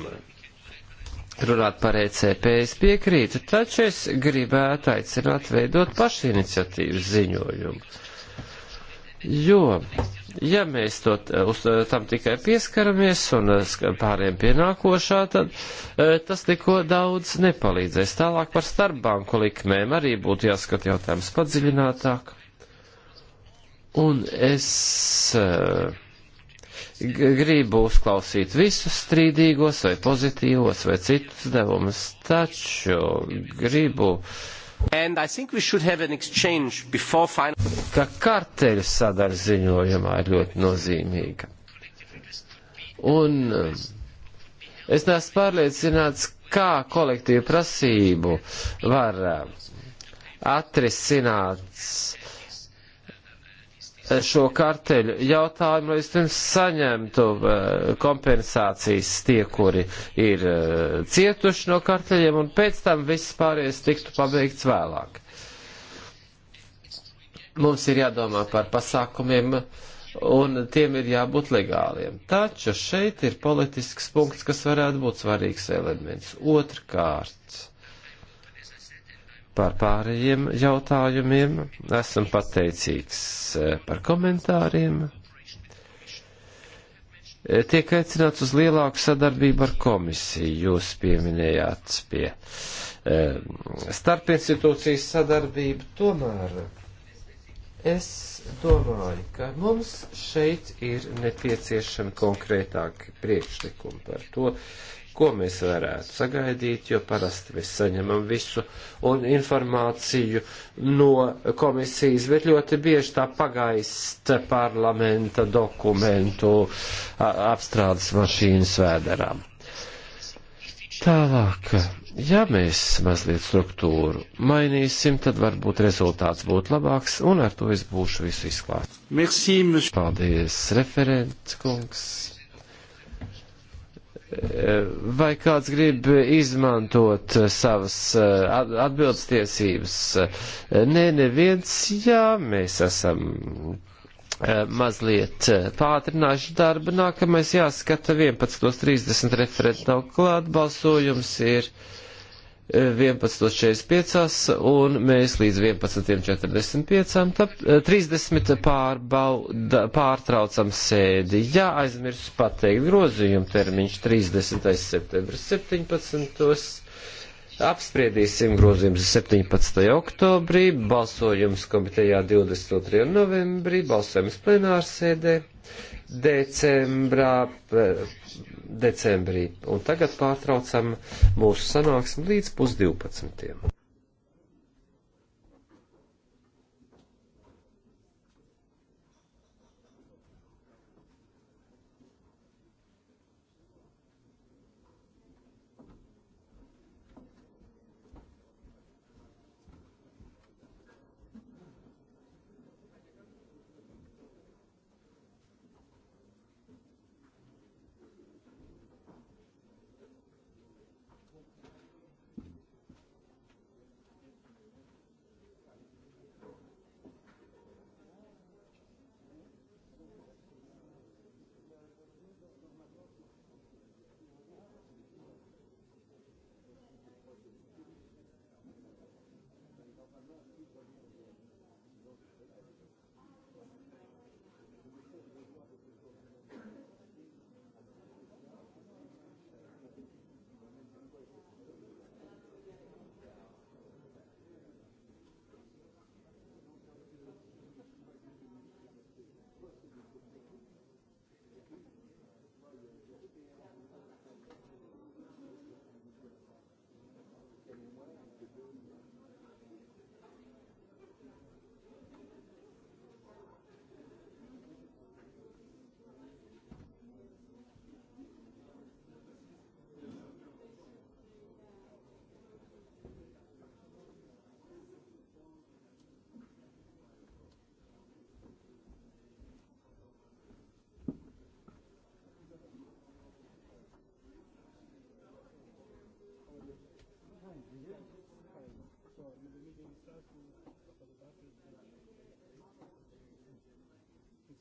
runāt par ECP, es piekrītu, taču es gribētu aicināt veidot pašiniciatīvas ziņojumu. Jo Ja mēs to, eh, uz, eh, tam tikai pieskaramies un eh, pāriem pie nākošā, tad tas neko daudz nepalīdzēs. Tālāk par starpbanku likmēm arī būtu jāskat jautājums padziļinātāk. Un es gribu uzklausīt visus strīdīgos vai pozitīvos vai citus devumus, taču gribu uh, ka karteļu sadaļa ziņojumā ir ļoti nozīmīga. Un um, es neesmu pārliecināts, kā kolektīvu prasību var um, atrisināt šo karteļu jautājumu, lai vispirms saņemtu eh, kompensācijas tie, kuri ir eh, cietuši no karteļiem, un pēc tam viss pārējais tiktu pabeigts vēlāk. Mums ir jādomā par pasākumiem, un tiem ir jābūt legāliem. Taču šeit ir politisks punkts, kas varētu būt svarīgs elements. Otrkārt par pārējiem jautājumiem. Esam pateicīgs e, par komentāriem. E, tiek aicināts uz lielāku sadarbību ar komisiju. Jūs pieminējāt pie e, starpinstitūcijas sadarbību. Tomēr es domāju, ka mums šeit ir nepieciešami konkrētāki priekšlikumi par to, ko mēs varētu sagaidīt, jo parasti mēs saņemam visu un informāciju no komisijas, bet ļoti bieži tā pagaist parlamenta dokumentu apstrādes mašīnas vēderā. Tālāk, ja mēs mazliet struktūru mainīsim, tad varbūt rezultāts būtu labāks, un ar to es būšu visu izklāt. Merci, monsieur. Paldies, referent kungs vai kāds grib izmantot eh, savas eh, atbildes tiesības. Eh, nē, neviens, jā, mēs esam mazliet pātrināšu darbu. Nākamais jāskata 11.30 referenta nav klāt, balsojums ir. 11.45 un mēs līdz 11.45 tap, 30 eh, pārbauda, pārtraucam sēdi. Jā, aizmirsu pateikt grozījumu termiņš 30. septembris 17. Apspriedīsim grozījumus 17. oktobrī, balsojums komitejā 22. novembrī, balsojums plenārsēdē, decembrā decembrī. Un tagad pārtraucam mūsu sanāksmi līdz pusdivpadsmitiem.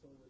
it's always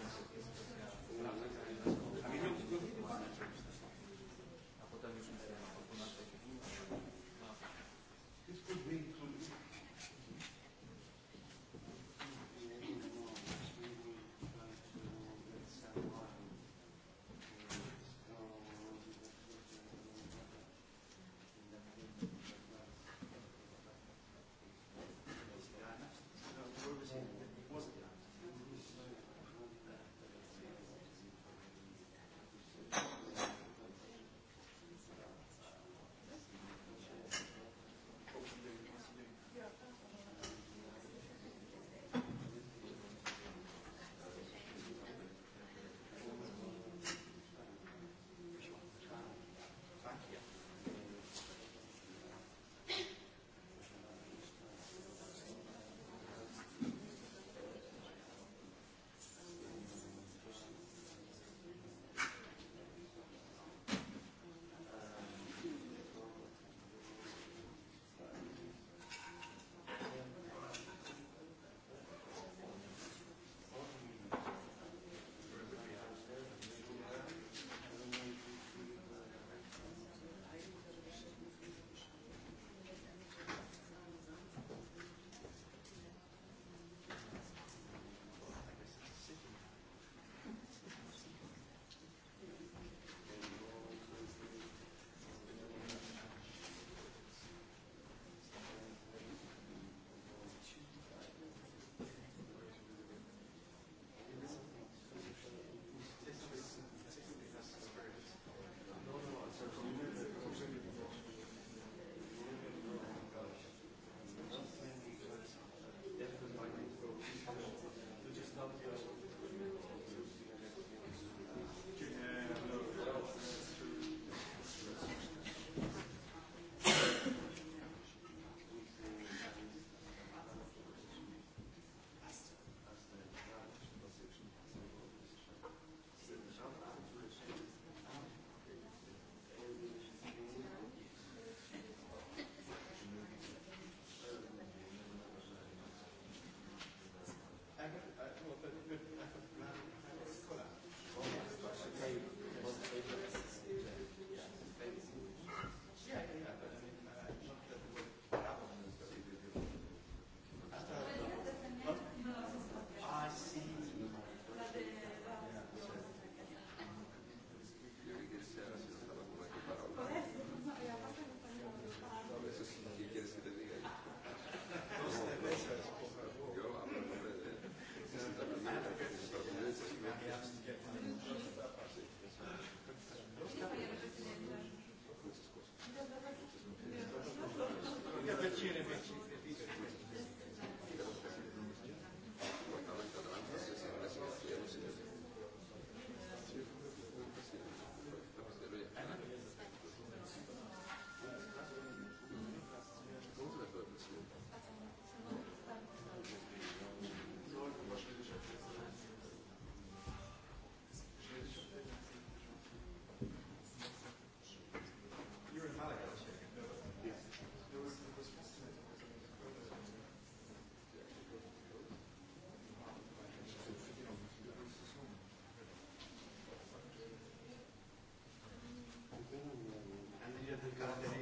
características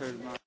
Helme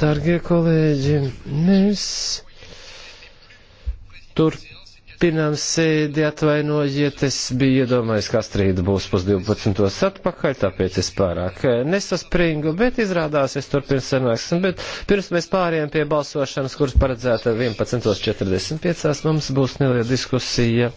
Dargie kolēģi, mēs turpinām sēdi, atvainojiet, es biju iedomājies, ka strīda būs pusdivpadsmitos atpakaļ, tāpēc es pārāk eh, nesaspringu, bet izrādās es turpinu sanāksim, bet pirms mēs pāriem pie balsošanas, kuras paredzēta 11.45, mums būs neliela diskusija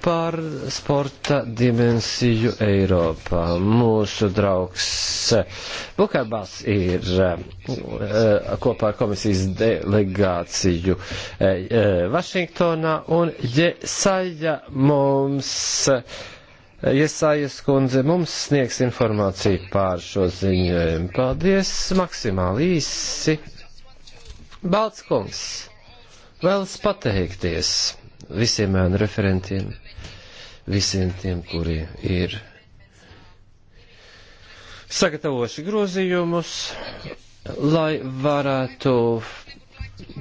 par sporta dimensiju Eiropā. Mūsu draugs eh, Bukarbās ir eh, kopā ar komisijas delegāciju eh, Vašingtonā un Jesaja mums. Iesājas kundze mums sniegs informāciju pār šo ziņojumu. Paldies, maksimāli īsi. Balts kungs vēlas pateikties visiem mēnu referentiem visiem tiem, kuri ir sagatavojuši grozījumus, lai varētu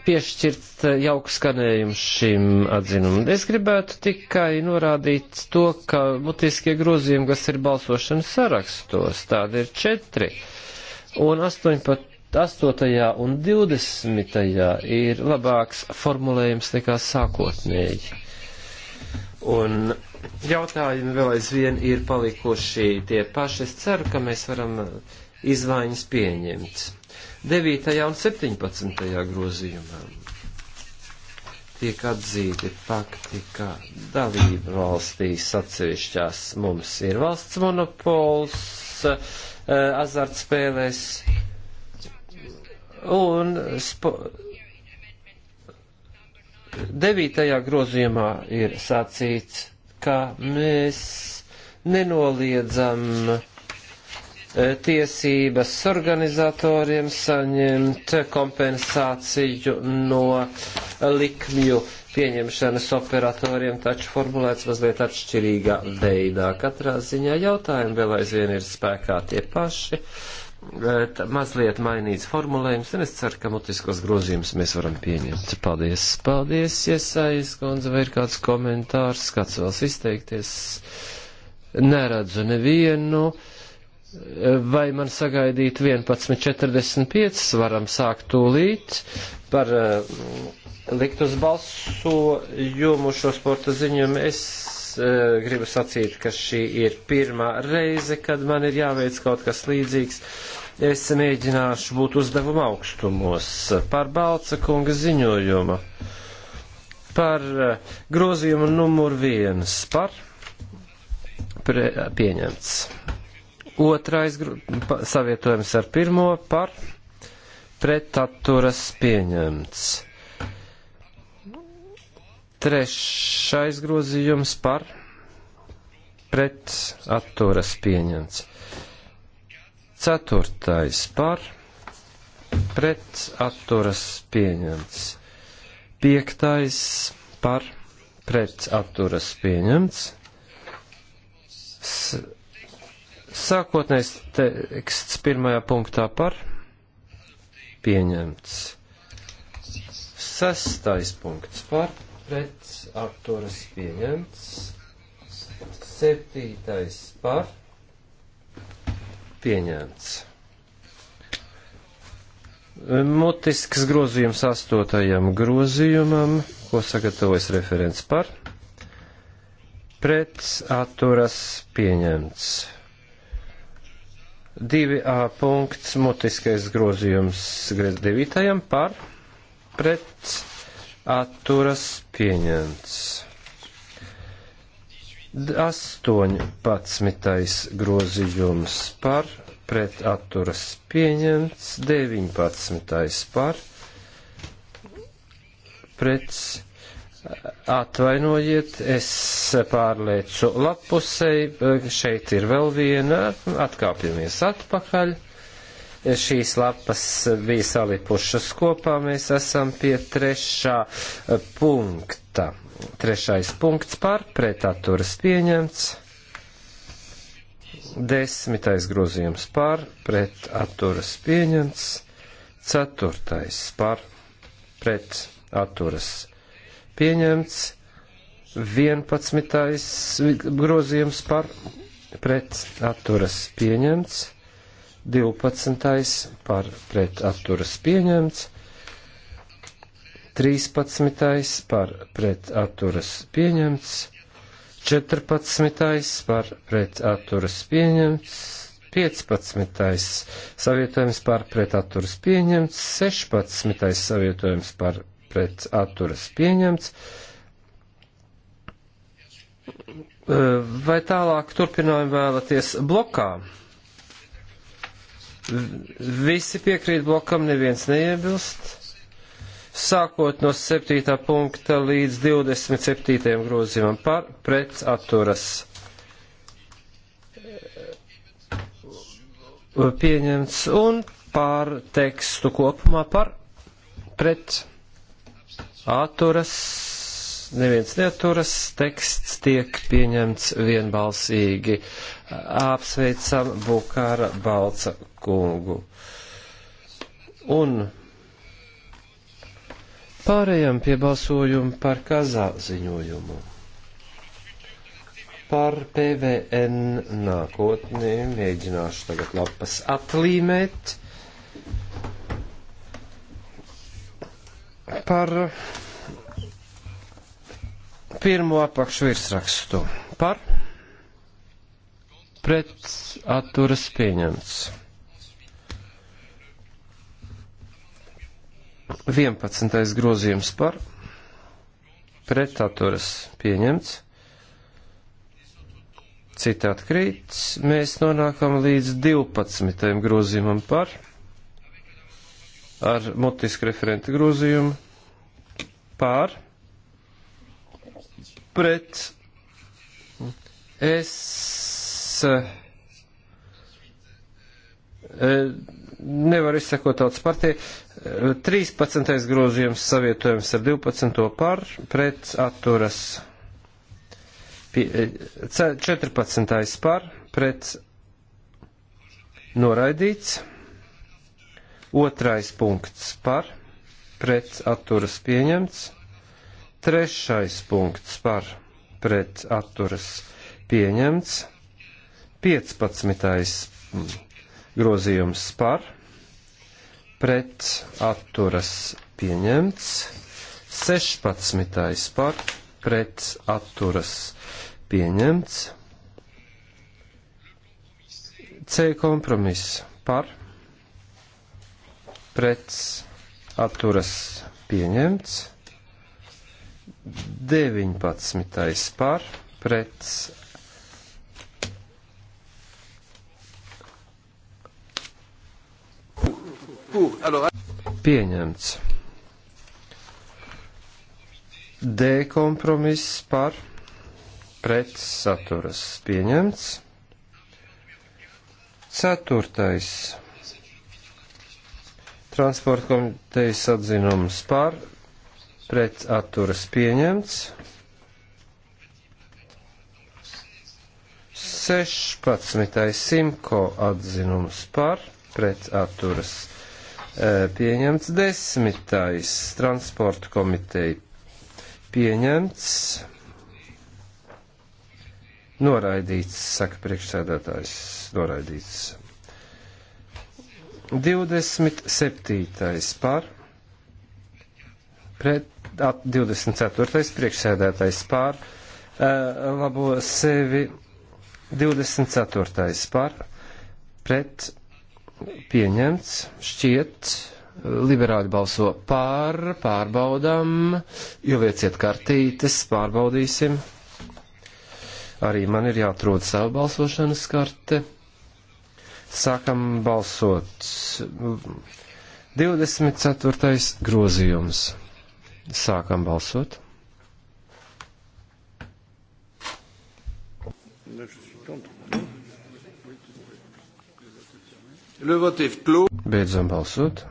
piešķirt jauku skanējumu šim atzinumam. Es gribētu tikai norādīt to, ka mutiskie grozījumi, kas ir balsošanas sarakstos, tādi ir četri, un 18. 8. un 20. ir labāks formulējums nekā sākotnēji. Un Jautājumi vēl aizvien ir palikuši tie paši. Es ceru, ka mēs varam uh, izmaiņas pieņemt. 9. un 17. grozījumā tiek atzīti fakti, ka dalība valstīs atsevišķās mums ir valsts monopols uh, azartspēlēs un spo... devītajā grozījumā ir sacīts, ka mēs nenoliedzam e, tiesības organizatoriem saņemt kompensāciju no likmju pieņemšanas operatoriem, taču formulēts mazliet atšķirīgā veidā. Katrā ziņā jautājumi vēl aizvien ir spēkā tie paši. Uh, mazliet mainīts formulējums, un es ceru, ka mutiskos grozījumus mēs varam pieņemt. Paldies, paldies, iesaies, kundze, vai ir kāds komentārs, kāds vēlas izteikties? Neredzu nevienu. Vai man sagaidīt 11.45, varam sākt tūlīt par uh, likt uz balsojumu šo sporta ziņojumu. Es Eh, gribu sacīt, ka šī ir pirmā reize, kad man ir jāveic kaut kas līdzīgs. Es mēģināšu būt uzdevuma augstumos par Balca kunga ziņojumu, par eh, grozījumu numur viens, par pre, pieņemts. Otrais gru, pa, savietojums ar pirmo par pretaturas pieņemts Trešais grozījums par pret atturas pieņemts. Ceturtais par pret atturas pieņemts. Piektais par pret atturas pieņemts. S sākotnējs teksts pirmajā punktā par pieņemts. Sestais punkts par pieņemts pret apturas pieņemts. Septītais par pieņemts. Mutisks grozījums astotajam grozījumam, ko sagatavojas referents par. Pret atturas pieņemts. 2a punkts mutiskais grozījums 9. par. Pret atturas pieņemts. 18. grozījums par pret atturas pieņemts, 19. par pret atvainojiet, es pārliecu lapusei, šeit ir vēl viena, atkāpjamies atpakaļ šīs lapas bija salipušas kopā. Mēs esam pie trešā eh, punkta. Trešais punkts par pretaturas pieņemts. Desmitais grozījums par pretaturas pieņemts. Ceturtais par pretaturas pieņemts. 11. grozījums par pret atturas pieņemts, 12. par pret atturas pieņemts, 13. par pret atturas pieņemts, 14. par pret atturas pieņemts, 15. savietojums par pret atturas pieņemts, 16. savietojums par pret atturas pieņemts. Vai tālāk turpinājumu vēlaties blokā? Visi piekrīt blokam, neviens neiebilst. Sākot no 7. punkta līdz 27. grozījumam par pret atturas. Pieņemts un par tekstu kopumā par pret atturas neviens neaturas, teksts tiek pieņemts vienbalsīgi. Apsveicam Bukāra Balca kungu. Un pārējām pie balsojuma par Kazā ziņojumu. Par PVN nākotnē mēģināšu tagad lapas atlīmēt. Par pirmo apakšvirsrakstu par pret atturas pieņemts. 11. grozījums par pret atturas pieņemts. Citādi krīts, mēs nonākam līdz 12. grozījumam par ar mutisku referenta grozījumu pār pret. Es eh, nevaru izsekot tautas partijai. Eh, 13. grozījums savietojums ar 12. par pret atturas. 14. Eh, par pret noraidīts. Otrais punkts par pret atturas pieņemts. Trešais punkts par pret atturas pieņemts. 15. grozījums par pret atturas pieņemts. 16. par pret atturas pieņemts. C kompromiss par pret atturas pieņemts. 19. par pret pieņemts. D kompromiss par pret saturas pieņemts. Ceturtais transporta komitejas atzinums par pret atturas pieņemts. 16. simko atzinums par pret atturas e, pieņemts. 10. transporta komiteja pieņemts. Noraidīts, saka priekšsēdētājs, noraidīts. 27. par pret 24. priekšsēdētājs pār eh, labo sevi 24. par pret pieņemts šķiet liberāļi balso pār, pārbaudam, ielieciet kartītes, pārbaudīsim. Arī man ir jāatrod savu balsošanas karte. Sākam balsot. 24. grozījums. Sākam balsot. Beidzam balsot.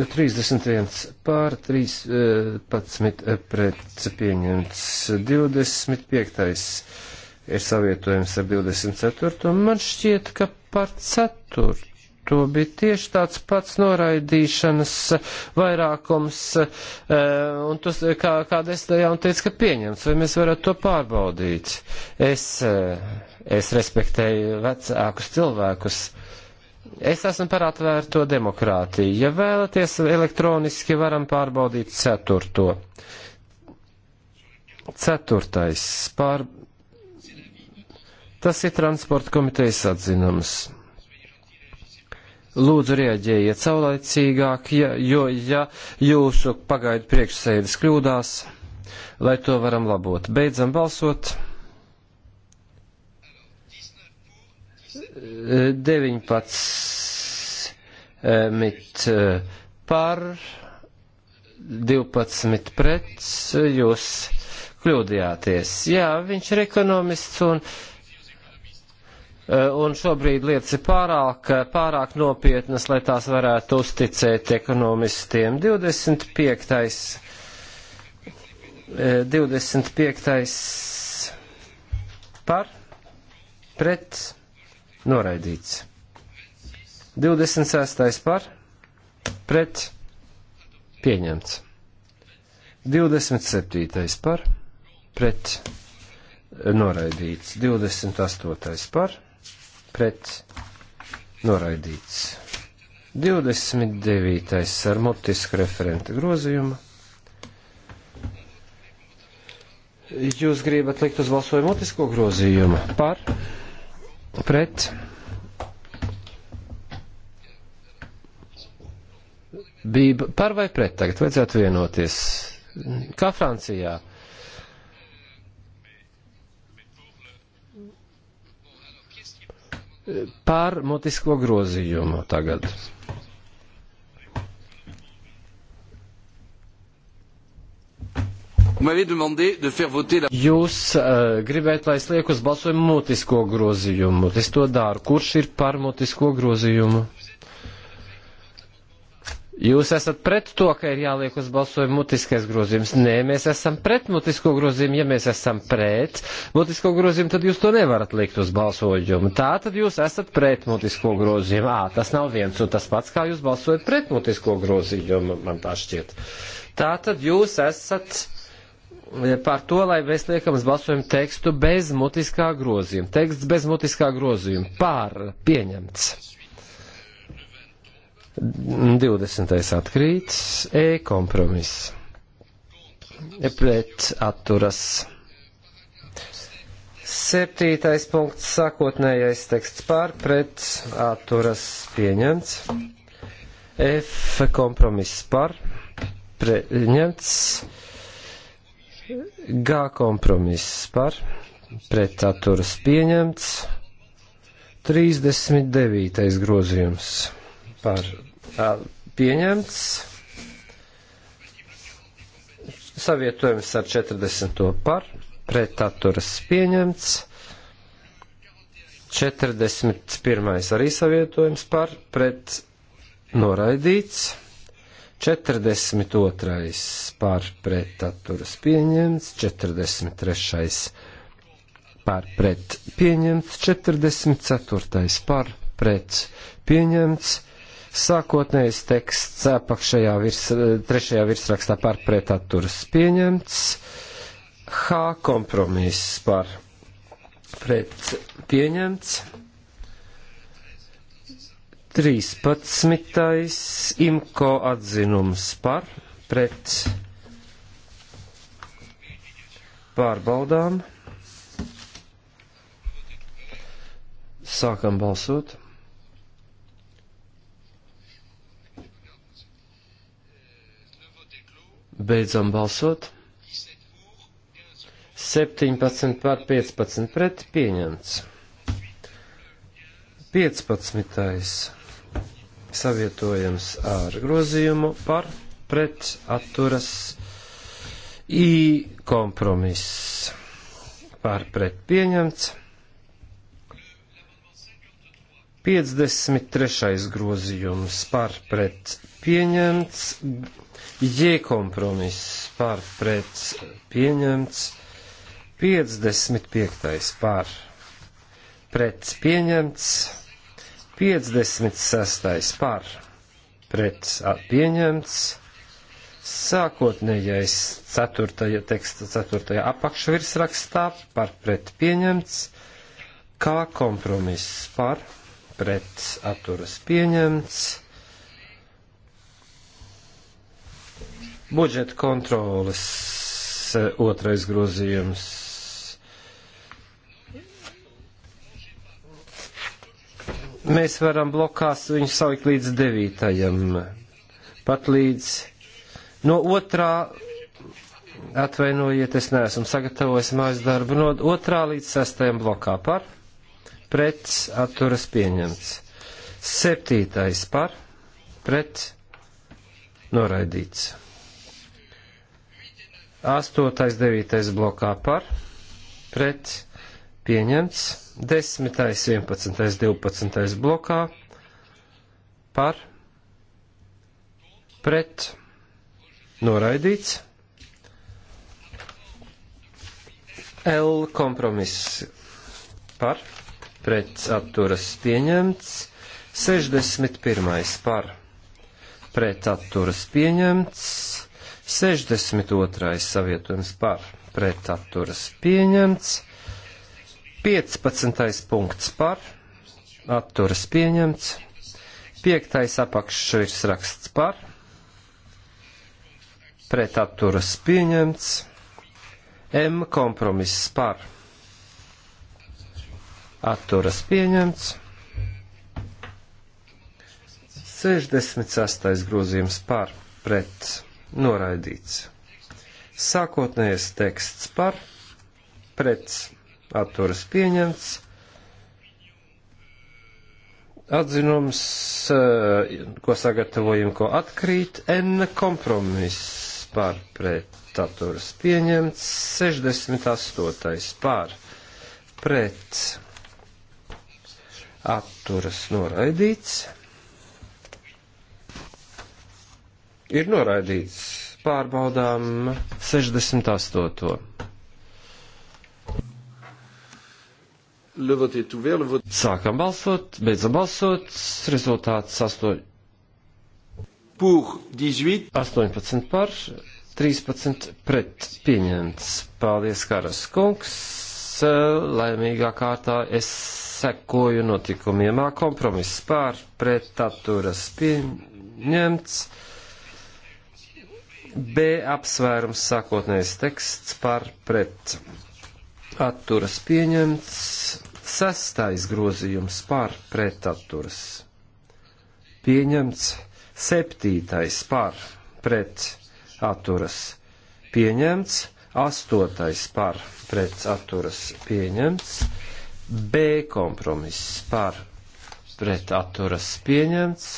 Trīsdesmit viens pār trīspadsmit eh, eh, pret pieņemts divdesmit piektais ir savietojums ar 24. Man šķiet, ka par 4 to bija tieši tāds pats noraidīšanas vairākums, e, un tas, kā, kā desmitajā un teica, ka pieņems, vai mēs varētu to pārbaudīt. Es, e, es respektēju vecākus cilvēkus. Es esmu par atvērto demokrātiju. Ja vēlaties, elektroniski varam pārbaudīt ceturto. Ceturtais. Pār... Tas ir transporta komitejas atzinums lūdzu rieģējiet saulaicīgāk, ja, jo, ja jūsu pagaidu priekšsēdis kļūdās, lai to varam labot. Beidzam balsot. 19 mit eh, par, 12 pret, jūs kļūdījāties. Jā, viņš ir ekonomists un Eh, un šobrīd lietas ir pārāk, eh, pārāk nopietnas, lai tās varētu uzticēt ekonomistiem. 25. 25. Eh, par, pret, noraidīts. 26. par, pret, pieņemts. 27. par, pret, noraidīts. 28. par, pret pret noraidīts. 29. ar mutisku referenta grozījumu. Jūs gribat likt uz balsojumu mutisko grozījumu par, pret, bija par vai pret tagad, vajadzētu vienoties. Kā Francijā? Pār mutisko grozījumu tagad. Jūs uh, gribētu, lai es lieku uz balsojumu mutisko grozījumu. Es to daru. Kurš ir par mutisko grozījumu? Jūs esat pret to, ka ir jāliek uz balsojumu mutiskais grozījums. Nē, mēs esam pret mutisko grozījumu. Ja mēs esam pret mutisko grozījumu, tad jūs to nevarat likt uz balsojumu. Tā tad jūs esat pret mutisko grozījumu. Ā, tas nav viens un tas pats, kā jūs balsojat pret mutisko grozījumu, man tā šķiet. Tā tad jūs esat e, par to, lai mēs liekam uz balsojumu tekstu bez mutiskā grozījuma. Teksts bez mutiskā grozījuma. Pār pieņemts. 20. atkrīts, E kompromiss. E pret atturas. Septītais punkts, sākotnējais teksts pār, pret atturas pieņemts. F kompromiss par, pieņemts. G kompromiss par, pret atturas pieņemts. 39. grozījums par pieņemts. Savietojums ar 40. par pretaturas pieņemts. 41. arī savietojums par pret noraidīts. 42. par pretaturas pieņemts. 43. par pret pieņemts. 44. par pret pieņemts. Sākotnējais teksts apakšējā virs, trešajā virsrakstā par pret atturas pieņemts. H kompromiss par pret pieņemts. 13. imko atzinums par pret pārbaudām. Sākam balsot. Beidzam balsot. 17 pār 15 pret pieņemts. 15. savietojams ar grozījumu par pret atturas i kompromiss. Pār pret pieņemts. 53. grozījums par pret pieņemts, J kompromiss par pret pieņemts, 55. par pret pieņemts, 56. par pret pieņemts, sākotnējais 4. teksta 4. apakšvirsrakstā par pret pieņemts, kā kompromiss par pret atturas pieņemts, Budžeta kontroles e, otrais grozījums. Mēs varam blokās viņu salikt līdz devītajam, pat līdz no otrā atvainojiet, es neesmu sagatavojis mājas darbu no 2. līdz 6. blokā par, pret atturas pieņemts. 7. par, pret noraidīts. Astotais, devītais blokā par, pret, pieņemts. Desmitais, vienpadsmitais, divpadsmitais blokā par, pret, noraidīts. L kompromiss par, pret atturas pieņemts, 61. par, pret atturas pieņemts, 62. savietojums par pretaturas pieņemts. 15. punkts par atturas pieņemts. 5. apakšvirsraksts par pretaturas pieņemts. M kompromiss par atturas pieņemts. 68. grozījums par pret noraidīts. Sākotnējais teksts par, pret, atturas pieņemts, atzinums, eh, ko sagatavojam, ko atkrīt, N kompromiss par, pret, atturas pieņemts, 68. par, pret, atturas noraidīts. ir noraidīts. Pārbaudām 68. Sākam balsot, beidzam balsot, rezultāts 8. Pour 18. 18 par, 13 pret pieņemts. Paldies, Karas kungs. Laimīgā kārtā es sekoju notikumiem. Kompromiss pār, pret atturas pieņemts. B apsvērums sākotnējais teksts par pret. Atturas pieņemts. Sestais grozījums par pret atturas. Pieņemts. Septītais par pret atturas. Pieņemts. Astotais par pret atturas. Pieņemts. B kompromiss par pret atturas. Pieņemts.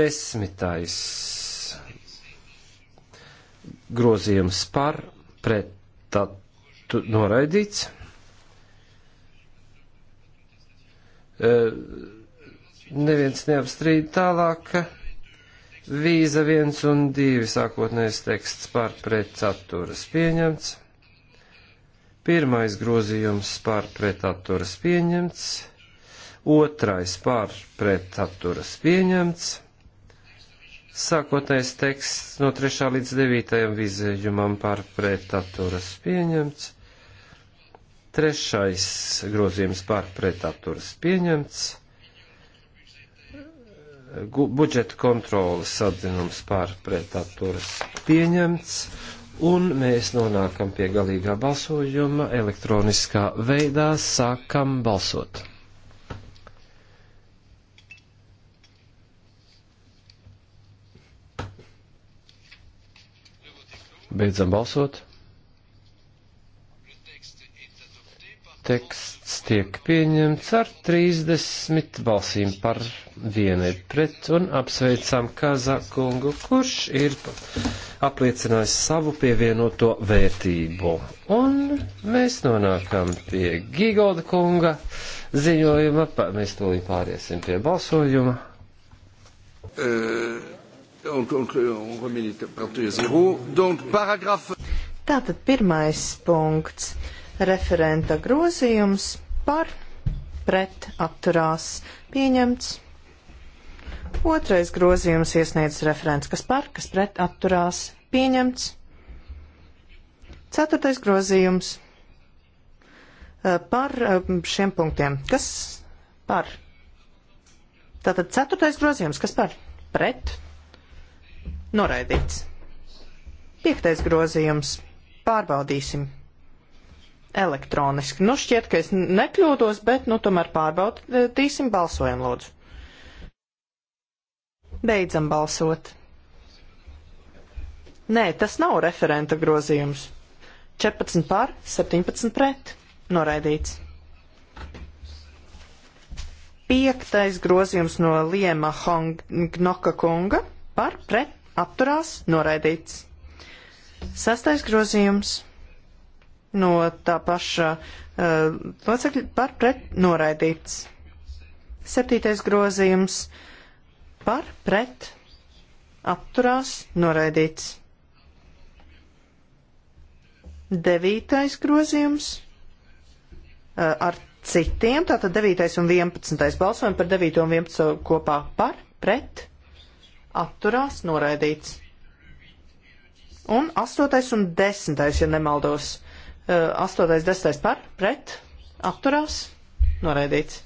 Desmitais grozījums par pret noraidīts. E, neviens neapstrīd tālāk. Vīza viens un divi sākotnējais teksts par pretatturas pieņemts. Pirmais grozījums par pretatturas pieņemts. Otrais par pretatturas pieņemts. Sākotnējais teksts no 3. līdz 9. vizējumam par pretaturas pieņemts. Trešais grozījums par pretaturas pieņemts. Budžeta kontrolas atzinums par pretaturas pieņemts. Un mēs nonākam pie galīgā balsojuma elektroniskā veidā, sākam balsot. Beidzam balsot. Teksts tiek pieņemts ar 30 balsīm par vienai pret un apsveicam Kazakungu, kurš ir apliecinājis savu pievienoto vērtību. Un mēs nonākam pie Gigolda kunga ziņojuma, mēs tūlīt pāriesim pie balsojuma. Uh. Un, un, un remīnīt par zero. Donc, paragraf. Tātad pirmais punkts. Referenta grozījums par pret atturās pieņemts. Otrais grozījums iesniedz referents, kas par, kas pret atturās pieņemts. Ceturtais grozījums eh, par eh, šiem punktiem. Kas par? Tātad ceturtais grozījums, kas par? Pret Noraidīts. Piektais grozījums. Pārbaudīsim. Elektroniski. Nu, šķiet, ka es nekļūdos, bet, nu, tomēr pārbaudīsim. Balsojam, lūdzu. Beidzam balsot. Nē, tas nav referenta grozījums. 14 pār, 17 pret. Noraidīts. Piektais grozījums no Liema Hongnoka kunga par pret atturās, noraidīts. Sastais grozījums no tā paša uh, locekļa par pret noraidīts. Septītais grozījums par pret atturās noraidīts. Devītais grozījums uh, ar citiem, tātad devītais un vienpadsmitais balsojumi par devīto un vienpadsmito kopā par pret atturās noraidīts. Un astotais un desmitais, ja nemaldos. Uh, astotais, desmitais par, pret, atturās, noraidīts.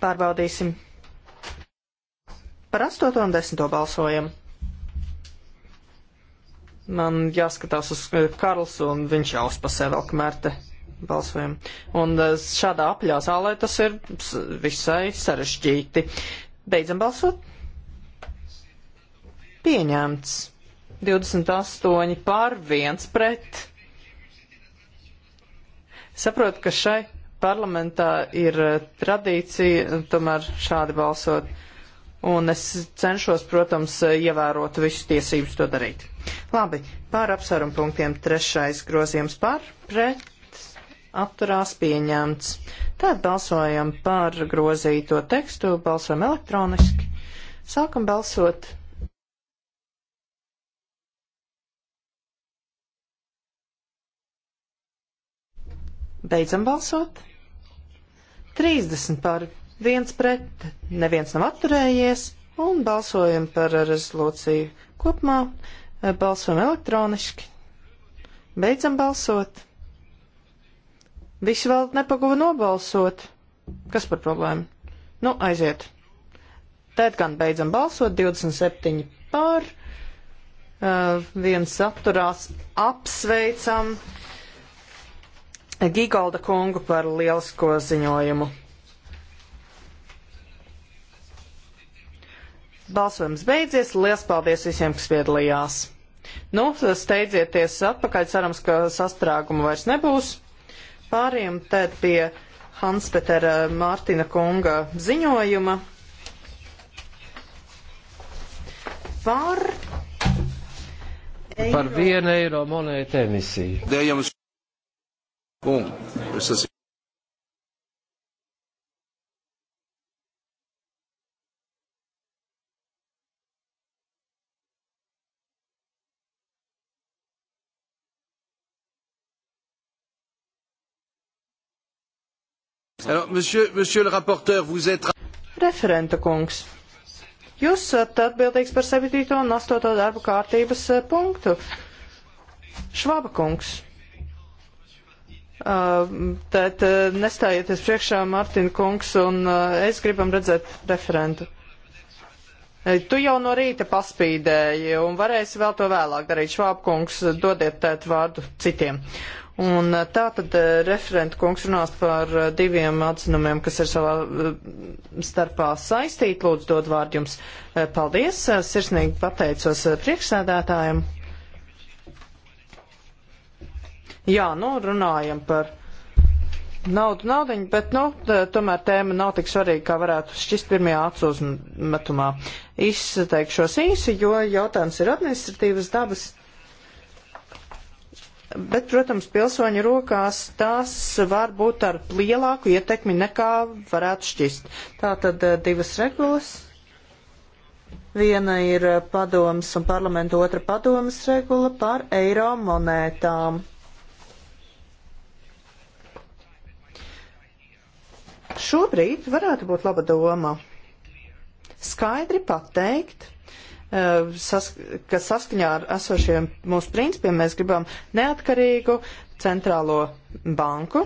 Pārbaudīsim. Par astoto un desmito balsojam. Man jāskatās uz uh, Karls, un viņš jau uzpasē vēl, kamēr te balsojam. Un eh, šādā apļā zālē tas ir visai sarežģīti. Beidzam balsot. Pieņemts. 28 pār 1 pret. Saprotu, ka šai parlamentā ir eh, tradīcija tomēr šādi balsot. Un es cenšos, protams, ievērot visu tiesības to darīt. Labi, pār apsvērumu punktiem trešais grozījums par pret atturās pieņemts. Tad balsojam par grozīto tekstu, balsojam elektroniski. Sākam balsot. Beidzam balsot. 30 par 1 pret, neviens nav atturējies un balsojam par rezolūciju kopumā, balsojam elektroniski. Beidzam balsot. Visi vēl nepaguva nobalsot. Kas par problēmu? Nu, aiziet. Tēt gan beidzam balsot, 27 pār, uh, viens atturās, apsveicam Gigalda kungu par lielisko ziņojumu. Balsojums beidzies, liels paldies visiem, kas piedalījās. Nu, steidzieties atpakaļ, cerams, ka sastrāgumu vairs nebūs. Pāriem tad pie Hanspetera Mārtina kunga ziņojuma par Eiro. par vienu eiro monētu emisiju. Dējams, un, es esmu. Alors, monsieur, monsieur le rapporteur, vous êtes... Referenta kungs, jūs esat atbildīgs par 7. un 8. darba kārtības eh, punktu. Švaba kungs, tad nestājieties priekšā Martina kungs un es gribam redzēt referentu. Tu jau no rīta paspīdēji un varēsi vēl to vēlāk darīt. Švābkungs, dodiet tēt vārdu citiem. Un eh, tā tad eh, referenta kungs runās par eh, diviem atzinumiem, kas ir savā starpā saistīti. Lūdzu, dod vārdu jums. Paldies, sirsnīgi pateicos priekšsēdētājiem. Jā, nu, runājam par naudu naudiņu, bet, nu, tomēr tēma nav tik svarīga, kā varētu šķist pirmajā atsūzmetumā. Izteikšos īsi, jo jautājums ir administratīvas dabas bet, protams, pilsoņu rokās tās var būt ar lielāku ietekmi nekā varētu šķist. Tā tad eh, divas regulas. Viena ir eh, padomas un parlamenta otra padomas regula par eiro monētām. Šobrīd varētu būt laba doma skaidri pateikt, Eh, sas, ka saskaņā ar esošiem mūsu principiem mēs gribam neatkarīgu centrālo banku,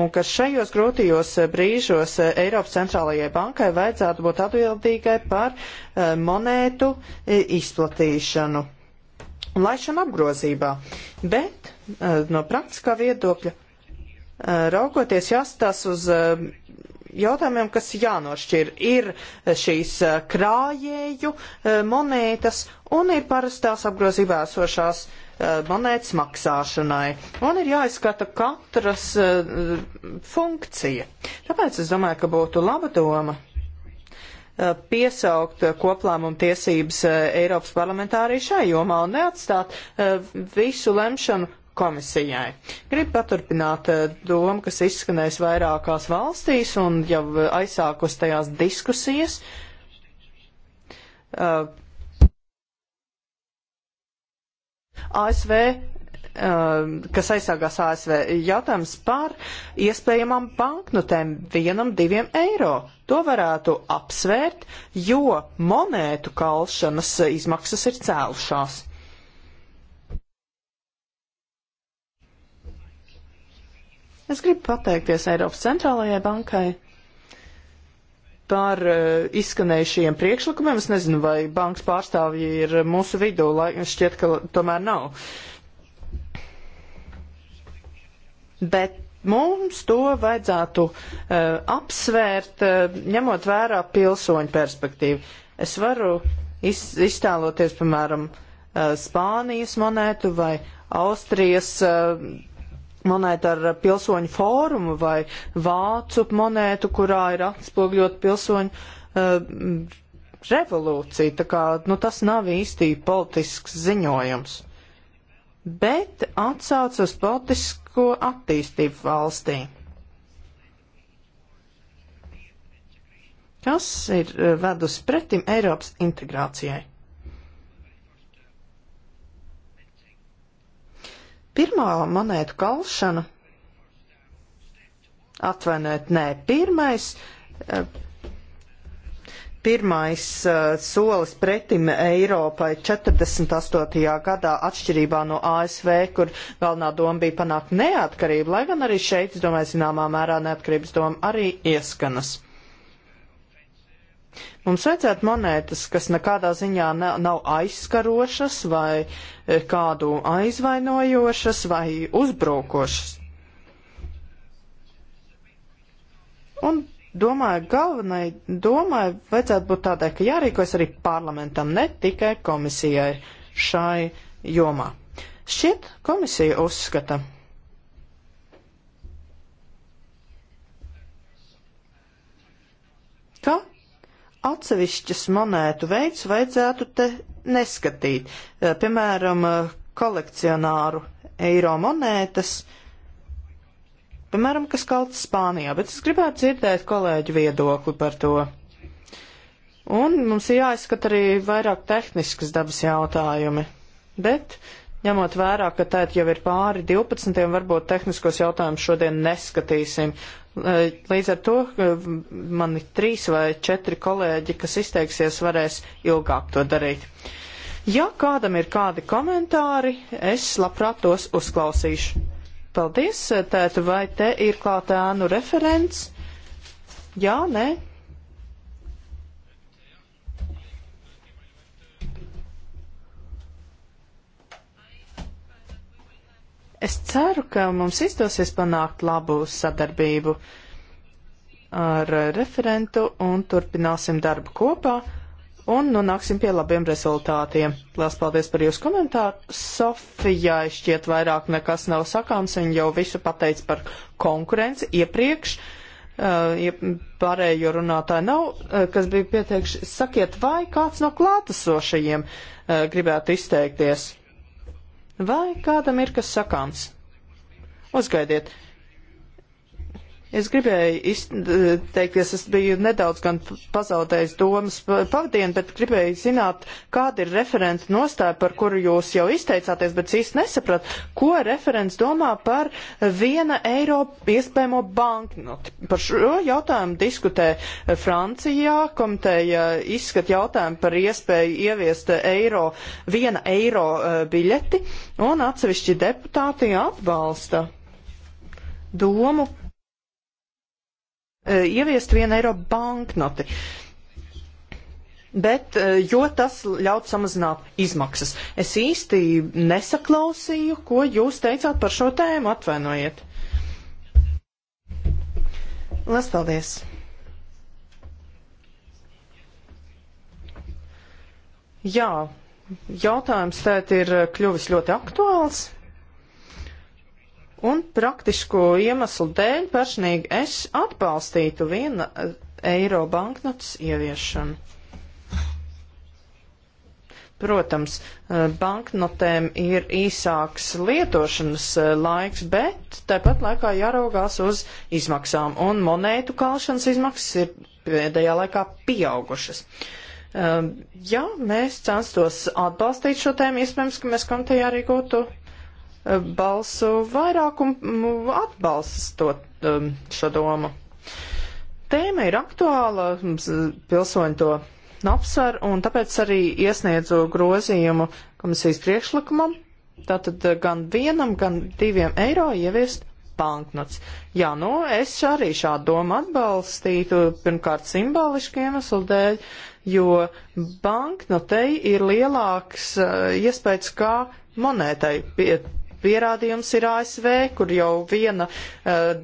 un ka šajos grūtījos eh, brīžos eh, Eiropas centrālajai bankai vajadzētu būt atbildīgai par monētu izplatīšanu un laišanu apgrozībā. Bet no praktiskā viedokļa raugoties jāskatās uz jautājumiem, kas jānošķir. Ir eh, šīs eh, krājēju eh, monētas un ir parastās apgrozībā esošās monētas maksāšanai. Un ir jāizskata katras funkcija. Tāpēc es domāju, ka būtu laba doma piesaukt koplēmumu tiesības Eiropas parlamentā arī šai jomā un neatstāt visu lemšanu komisijai. Gribu paturpināt eh, domu, kas izskanēs vairākās valstīs un jau eh, aizsākus tajās diskusijas. Uh, eh, ASV, uh, kas aizsākās ASV, jautājums par iespējamām banknotēm vienam, diviem eiro. To varētu apsvērt, jo monētu kalšanas izmaksas ir cēlušās. Es gribu pateikties Eiropas centrālajai bankai par uh, izskanējušajiem priekšlikumiem. Es nezinu, vai bankas pārstāvji ir mūsu vidū, lai šķiet, ka tomēr nav. Bet mums to vajadzētu uh, apsvērt, uh, ņemot vērā pilsoņu perspektīvu. Es varu iz, iztēloties, piemēram, uh, Spānijas monētu vai Austrijas uh, monētu ar pilsoņu fórumu vai vācu monētu, kurā ir atspogļot pilsoņu uh, eh, revolūcija. Tā kā nu, tas nav īsti politisks ziņojums, bet atsauc uz politisko attīstību valstī. Kas ir uh, eh, vedus pretim Eiropas integrācijai? Pirmā monētu kalšana, atvainojiet, nē, pirmais, eh, pirmais eh, solis pretim Eiropai 48. gadā atšķirībā no ASV, kur galvenā doma bija panākt neatkarību, lai gan arī šeit, es domāju, zināmā mērā neatkarības doma arī ieskanas. Mums vajadzētu monētas, kas nekādā ziņā nav aizskarošas vai eh, kādu aizvainojošas vai uzbrukošas. Un domāju, galvenai domai vajadzētu būt tādai, ka jārīkojas arī parlamentam, ne tikai komisijai šai jomā. Šķiet, komisija uzskata, ka atsevišķas monētu veids vajadzētu te neskatīt. Eh, piemēram, eh, kolekcionāru eiro monētas, piemēram, kas kalts Spānijā, bet es gribētu dzirdēt kolēģu viedokli par to. Un mums ir jāizskat arī vairāk tehniskas dabas jautājumi, bet ņemot vērā, ka tēt jau ir pāri 12, varbūt tehniskos jautājumus šodien neskatīsim. Līdz ar to mani trīs vai četri kolēģi, kas izteiksies, varēs ilgāk to darīt. Ja kādam ir kādi komentāri, es labprāt tos uzklausīšu. Paldies, tēta, vai te ir klātēnu referents? Jā, nē, Es ceru, ka mums izdosies panākt labu sadarbību ar referentu un turpināsim darbu kopā un nonāksim pie labiem rezultātiem. Lielas paldies par jūsu komentāru. Sofijai šķiet vairāk nekas nav sakāms, viņa jau visu pateica par konkurenci iepriekš. Uh, pārējo runātāju nav, uh, kas bija pieteikši, sakiet, vai kāds no klātesošajiem uh, gribētu izteikties. Vai kādam ir kas sakāms? Uzgaidiet, Es gribēju izteikties, es biju nedaudz gan pazaudējis domas pavadienu, bet gribēju zināt, kāda ir referenta nostāja, par kuru jūs jau izteicāties, bet īsti nesaprat, ko referents domā par viena eiro iespējamo banknoti. Par šo jautājumu diskutē Francijā, komiteja izskat jautājumu par iespēju ieviest eiro, viena eiro e, biļeti, un atsevišķi deputāti atbalsta domu Eh, ieviest vienu eiro banknoti. Bet, eh, jo tas ļaut samazināt izmaksas. Es īsti nesaklausīju, ko jūs teicāt par šo tēmu, atvainojiet. Lielas paldies! Jā, jautājums tēt ir kļuvis ļoti aktuāls. Un praktisko iemeslu dēļ personīgi es atbalstītu viena eh, eiro banknotes ieviešanu. Protams, eh, banknotēm ir īsāks lietošanas eh, laiks, bet tāpat laikā jāraugās uz izmaksām, un monētu kalšanas izmaksas ir pēdējā laikā pieaugušas. Ja mēs censtos atbalstīt šo tēmu, iespējams, ka mēs komitejā arī gūtu balsu vairākumu atbalstas to, um, šo domu. Tēma ir aktuāla, uh, pilsoņi to apsver, un tāpēc arī iesniedzu grozījumu komisijas priekšlikumam. Tātad uh, gan vienam, gan diviem eiro ieviest banknots. Jā, nu es arī šādu domu atbalstītu, pirmkārt, simboliski iemeslu dēļ, jo banknotei ir lielāks uh, iespējas kā monētai. Pie pierādījums ir ASV, kur jau viena uh,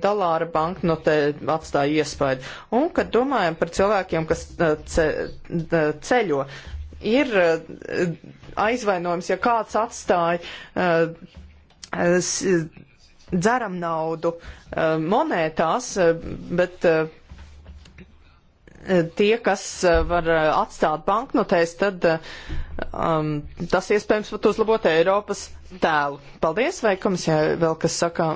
dolāra banknote atstāja iespaidu. Un, kad domājam par cilvēkiem, kas uh, ce, uh, ceļo, ir uh, aizvainojums, ja kāds atstāja uh, uh, dzeram naudu uh, monētās, uh, bet. Uh, tie, kas eh, var eh, atstāt banknotēs, tad eh, um, tas iespējams pat uzlabot Eiropas tēlu. Paldies, vai komisijai vēl kas sakā,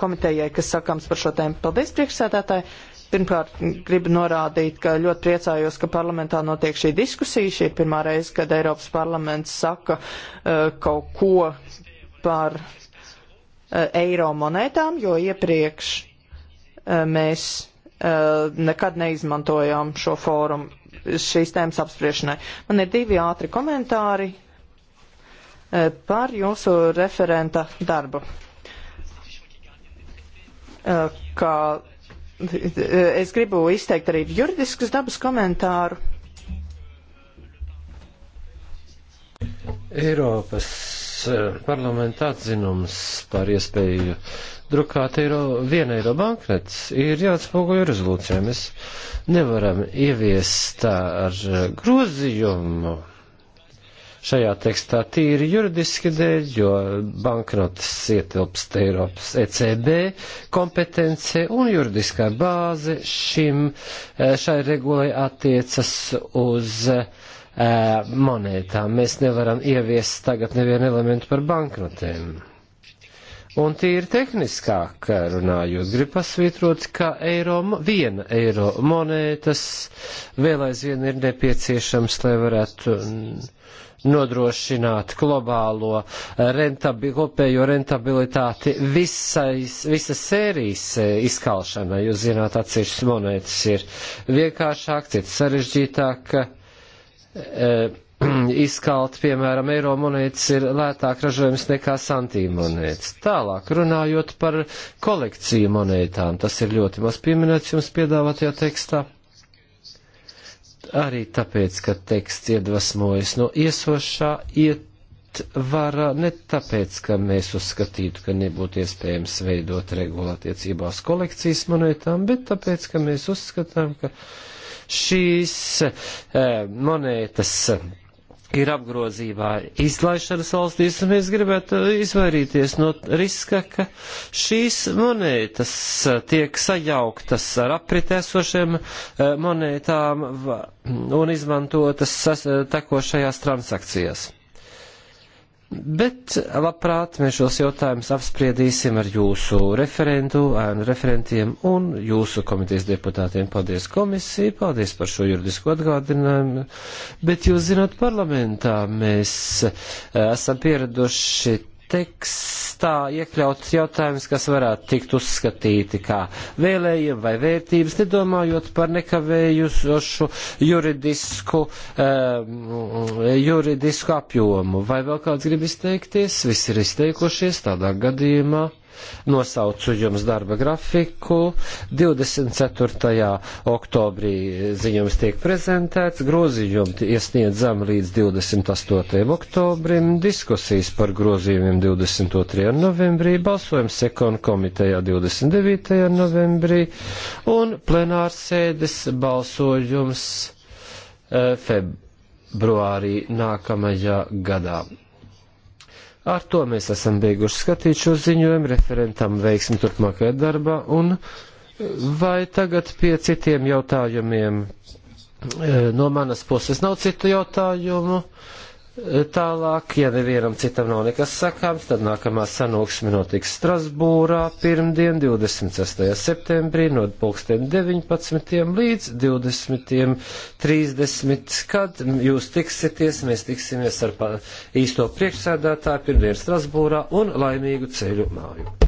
komitejai, kas sakāms par šo tēmu. Paldies, priekšsēdētāji. Pirmkārt, gribu norādīt, ka ļoti priecājos, ka parlamentā notiek šī diskusija. Šī ir pirmā reize, kad Eiropas parlaments saka uh, kaut ko par uh, eiro monētām, jo iepriekš uh, mēs Uh, nekad neizmantojām šo fórumu šīs tēmas apspriešanai. Man ir divi ātri komentāri uh, par jūsu referenta darbu. Uh, kā es gribu izteikt arī juridiskas dabas komentāru. Eiropas Eh, parlamenta atzinums par iespēju drukāt eiro, viena eiro banknets ir jāatspoguļo rezolūcijā. Mēs nevaram ieviest ar grozījumu šajā tekstā tīri juridiski dēļ, jo banknotes ietilpst Eiropas ECB kompetence un juridiskā bāze šim eh, šai regulai attiecas uz uh, monētām. Mēs nevaram ieviest tagad nevienu elementu par banknotēm. Un tīri tehniskāk runājot, grib pasvītrot, ka eiro, viena eiro monētas vēl aizvien ir nepieciešams, lai varētu nodrošināt globālo rentabi, kopējo rentabilitāti visais, visas sērijas izkalšanai. Jūs zināt, atsevišķas monētas ir vienkāršāk, citas sarežģītāk. Uh, Eh, izkalt, piemēram, eiro monētas ir lētāk ražojums nekā santīm monētas. Tālāk, runājot par kolekciju monētām, tas ir ļoti maz pieminēts jums piedāvātajā tekstā. Arī tāpēc, ka teksts iedvesmojas no iesošā ietvara, ne tāpēc, ka mēs uzskatītu, ka nebūtu iespējams veidot regulātiecībās kolekcijas monētām, bet tāpēc, ka mēs uzskatām, ka šīs eh, monētas ir apgrozībā izlaišanas valstīs, un mēs gribētu izvairīties no riska, ka šīs monētas eh, tiek sajauktas ar apritēsošiem eh, monētām un izmantotas tekošajās transakcijās. Bet labprāt mēs šos jautājumus apspriedīsim ar jūsu referentu, ēnu referentiem un jūsu komitejas deputātiem. Paldies komisija, paldies par šo juridisko atgādinājumu. Bet jūs zināt, parlamentā mēs eh, esam pieraduši tekstā iekļauts jautājums, kas varētu tikt uzskatīti kā vēlējiem vai vērtības, nedomājot par nekavējusošu juridisku, um, juridisku apjomu. Vai vēl kāds grib izteikties? Visi ir izteikušies tādā gadījumā. Nosaucu jums darba grafiku. 24. oktobrī ziņojums tiek prezentēts, grozījumi iesniedzam līdz 28. oktobrim, diskusijas par grozījumiem 22. novembrī, balsojums sekonu komitejā 29. novembrī un plenārsēdes balsojums eh, februārī nākamajā gadā. Ar to mēs esam beiguši skatīt šo ziņojumu, referentam veiksim turpmākajā darbā, un eh, vai tagad pie citiem jautājumiem eh, no manas puses nav citu jautājumu? Tālāk, ja nevienam citam nav nekas sakāms, tad nākamā sanāksme notiks Strasbūrā pirmdien, 26. septembrī, no pulksten 19. līdz 20.30. Kad jūs tiksieties, mēs tiksimies ar īsto priekšsēdētāju pirmdien Strasbūrā un laimīgu ceļu māju.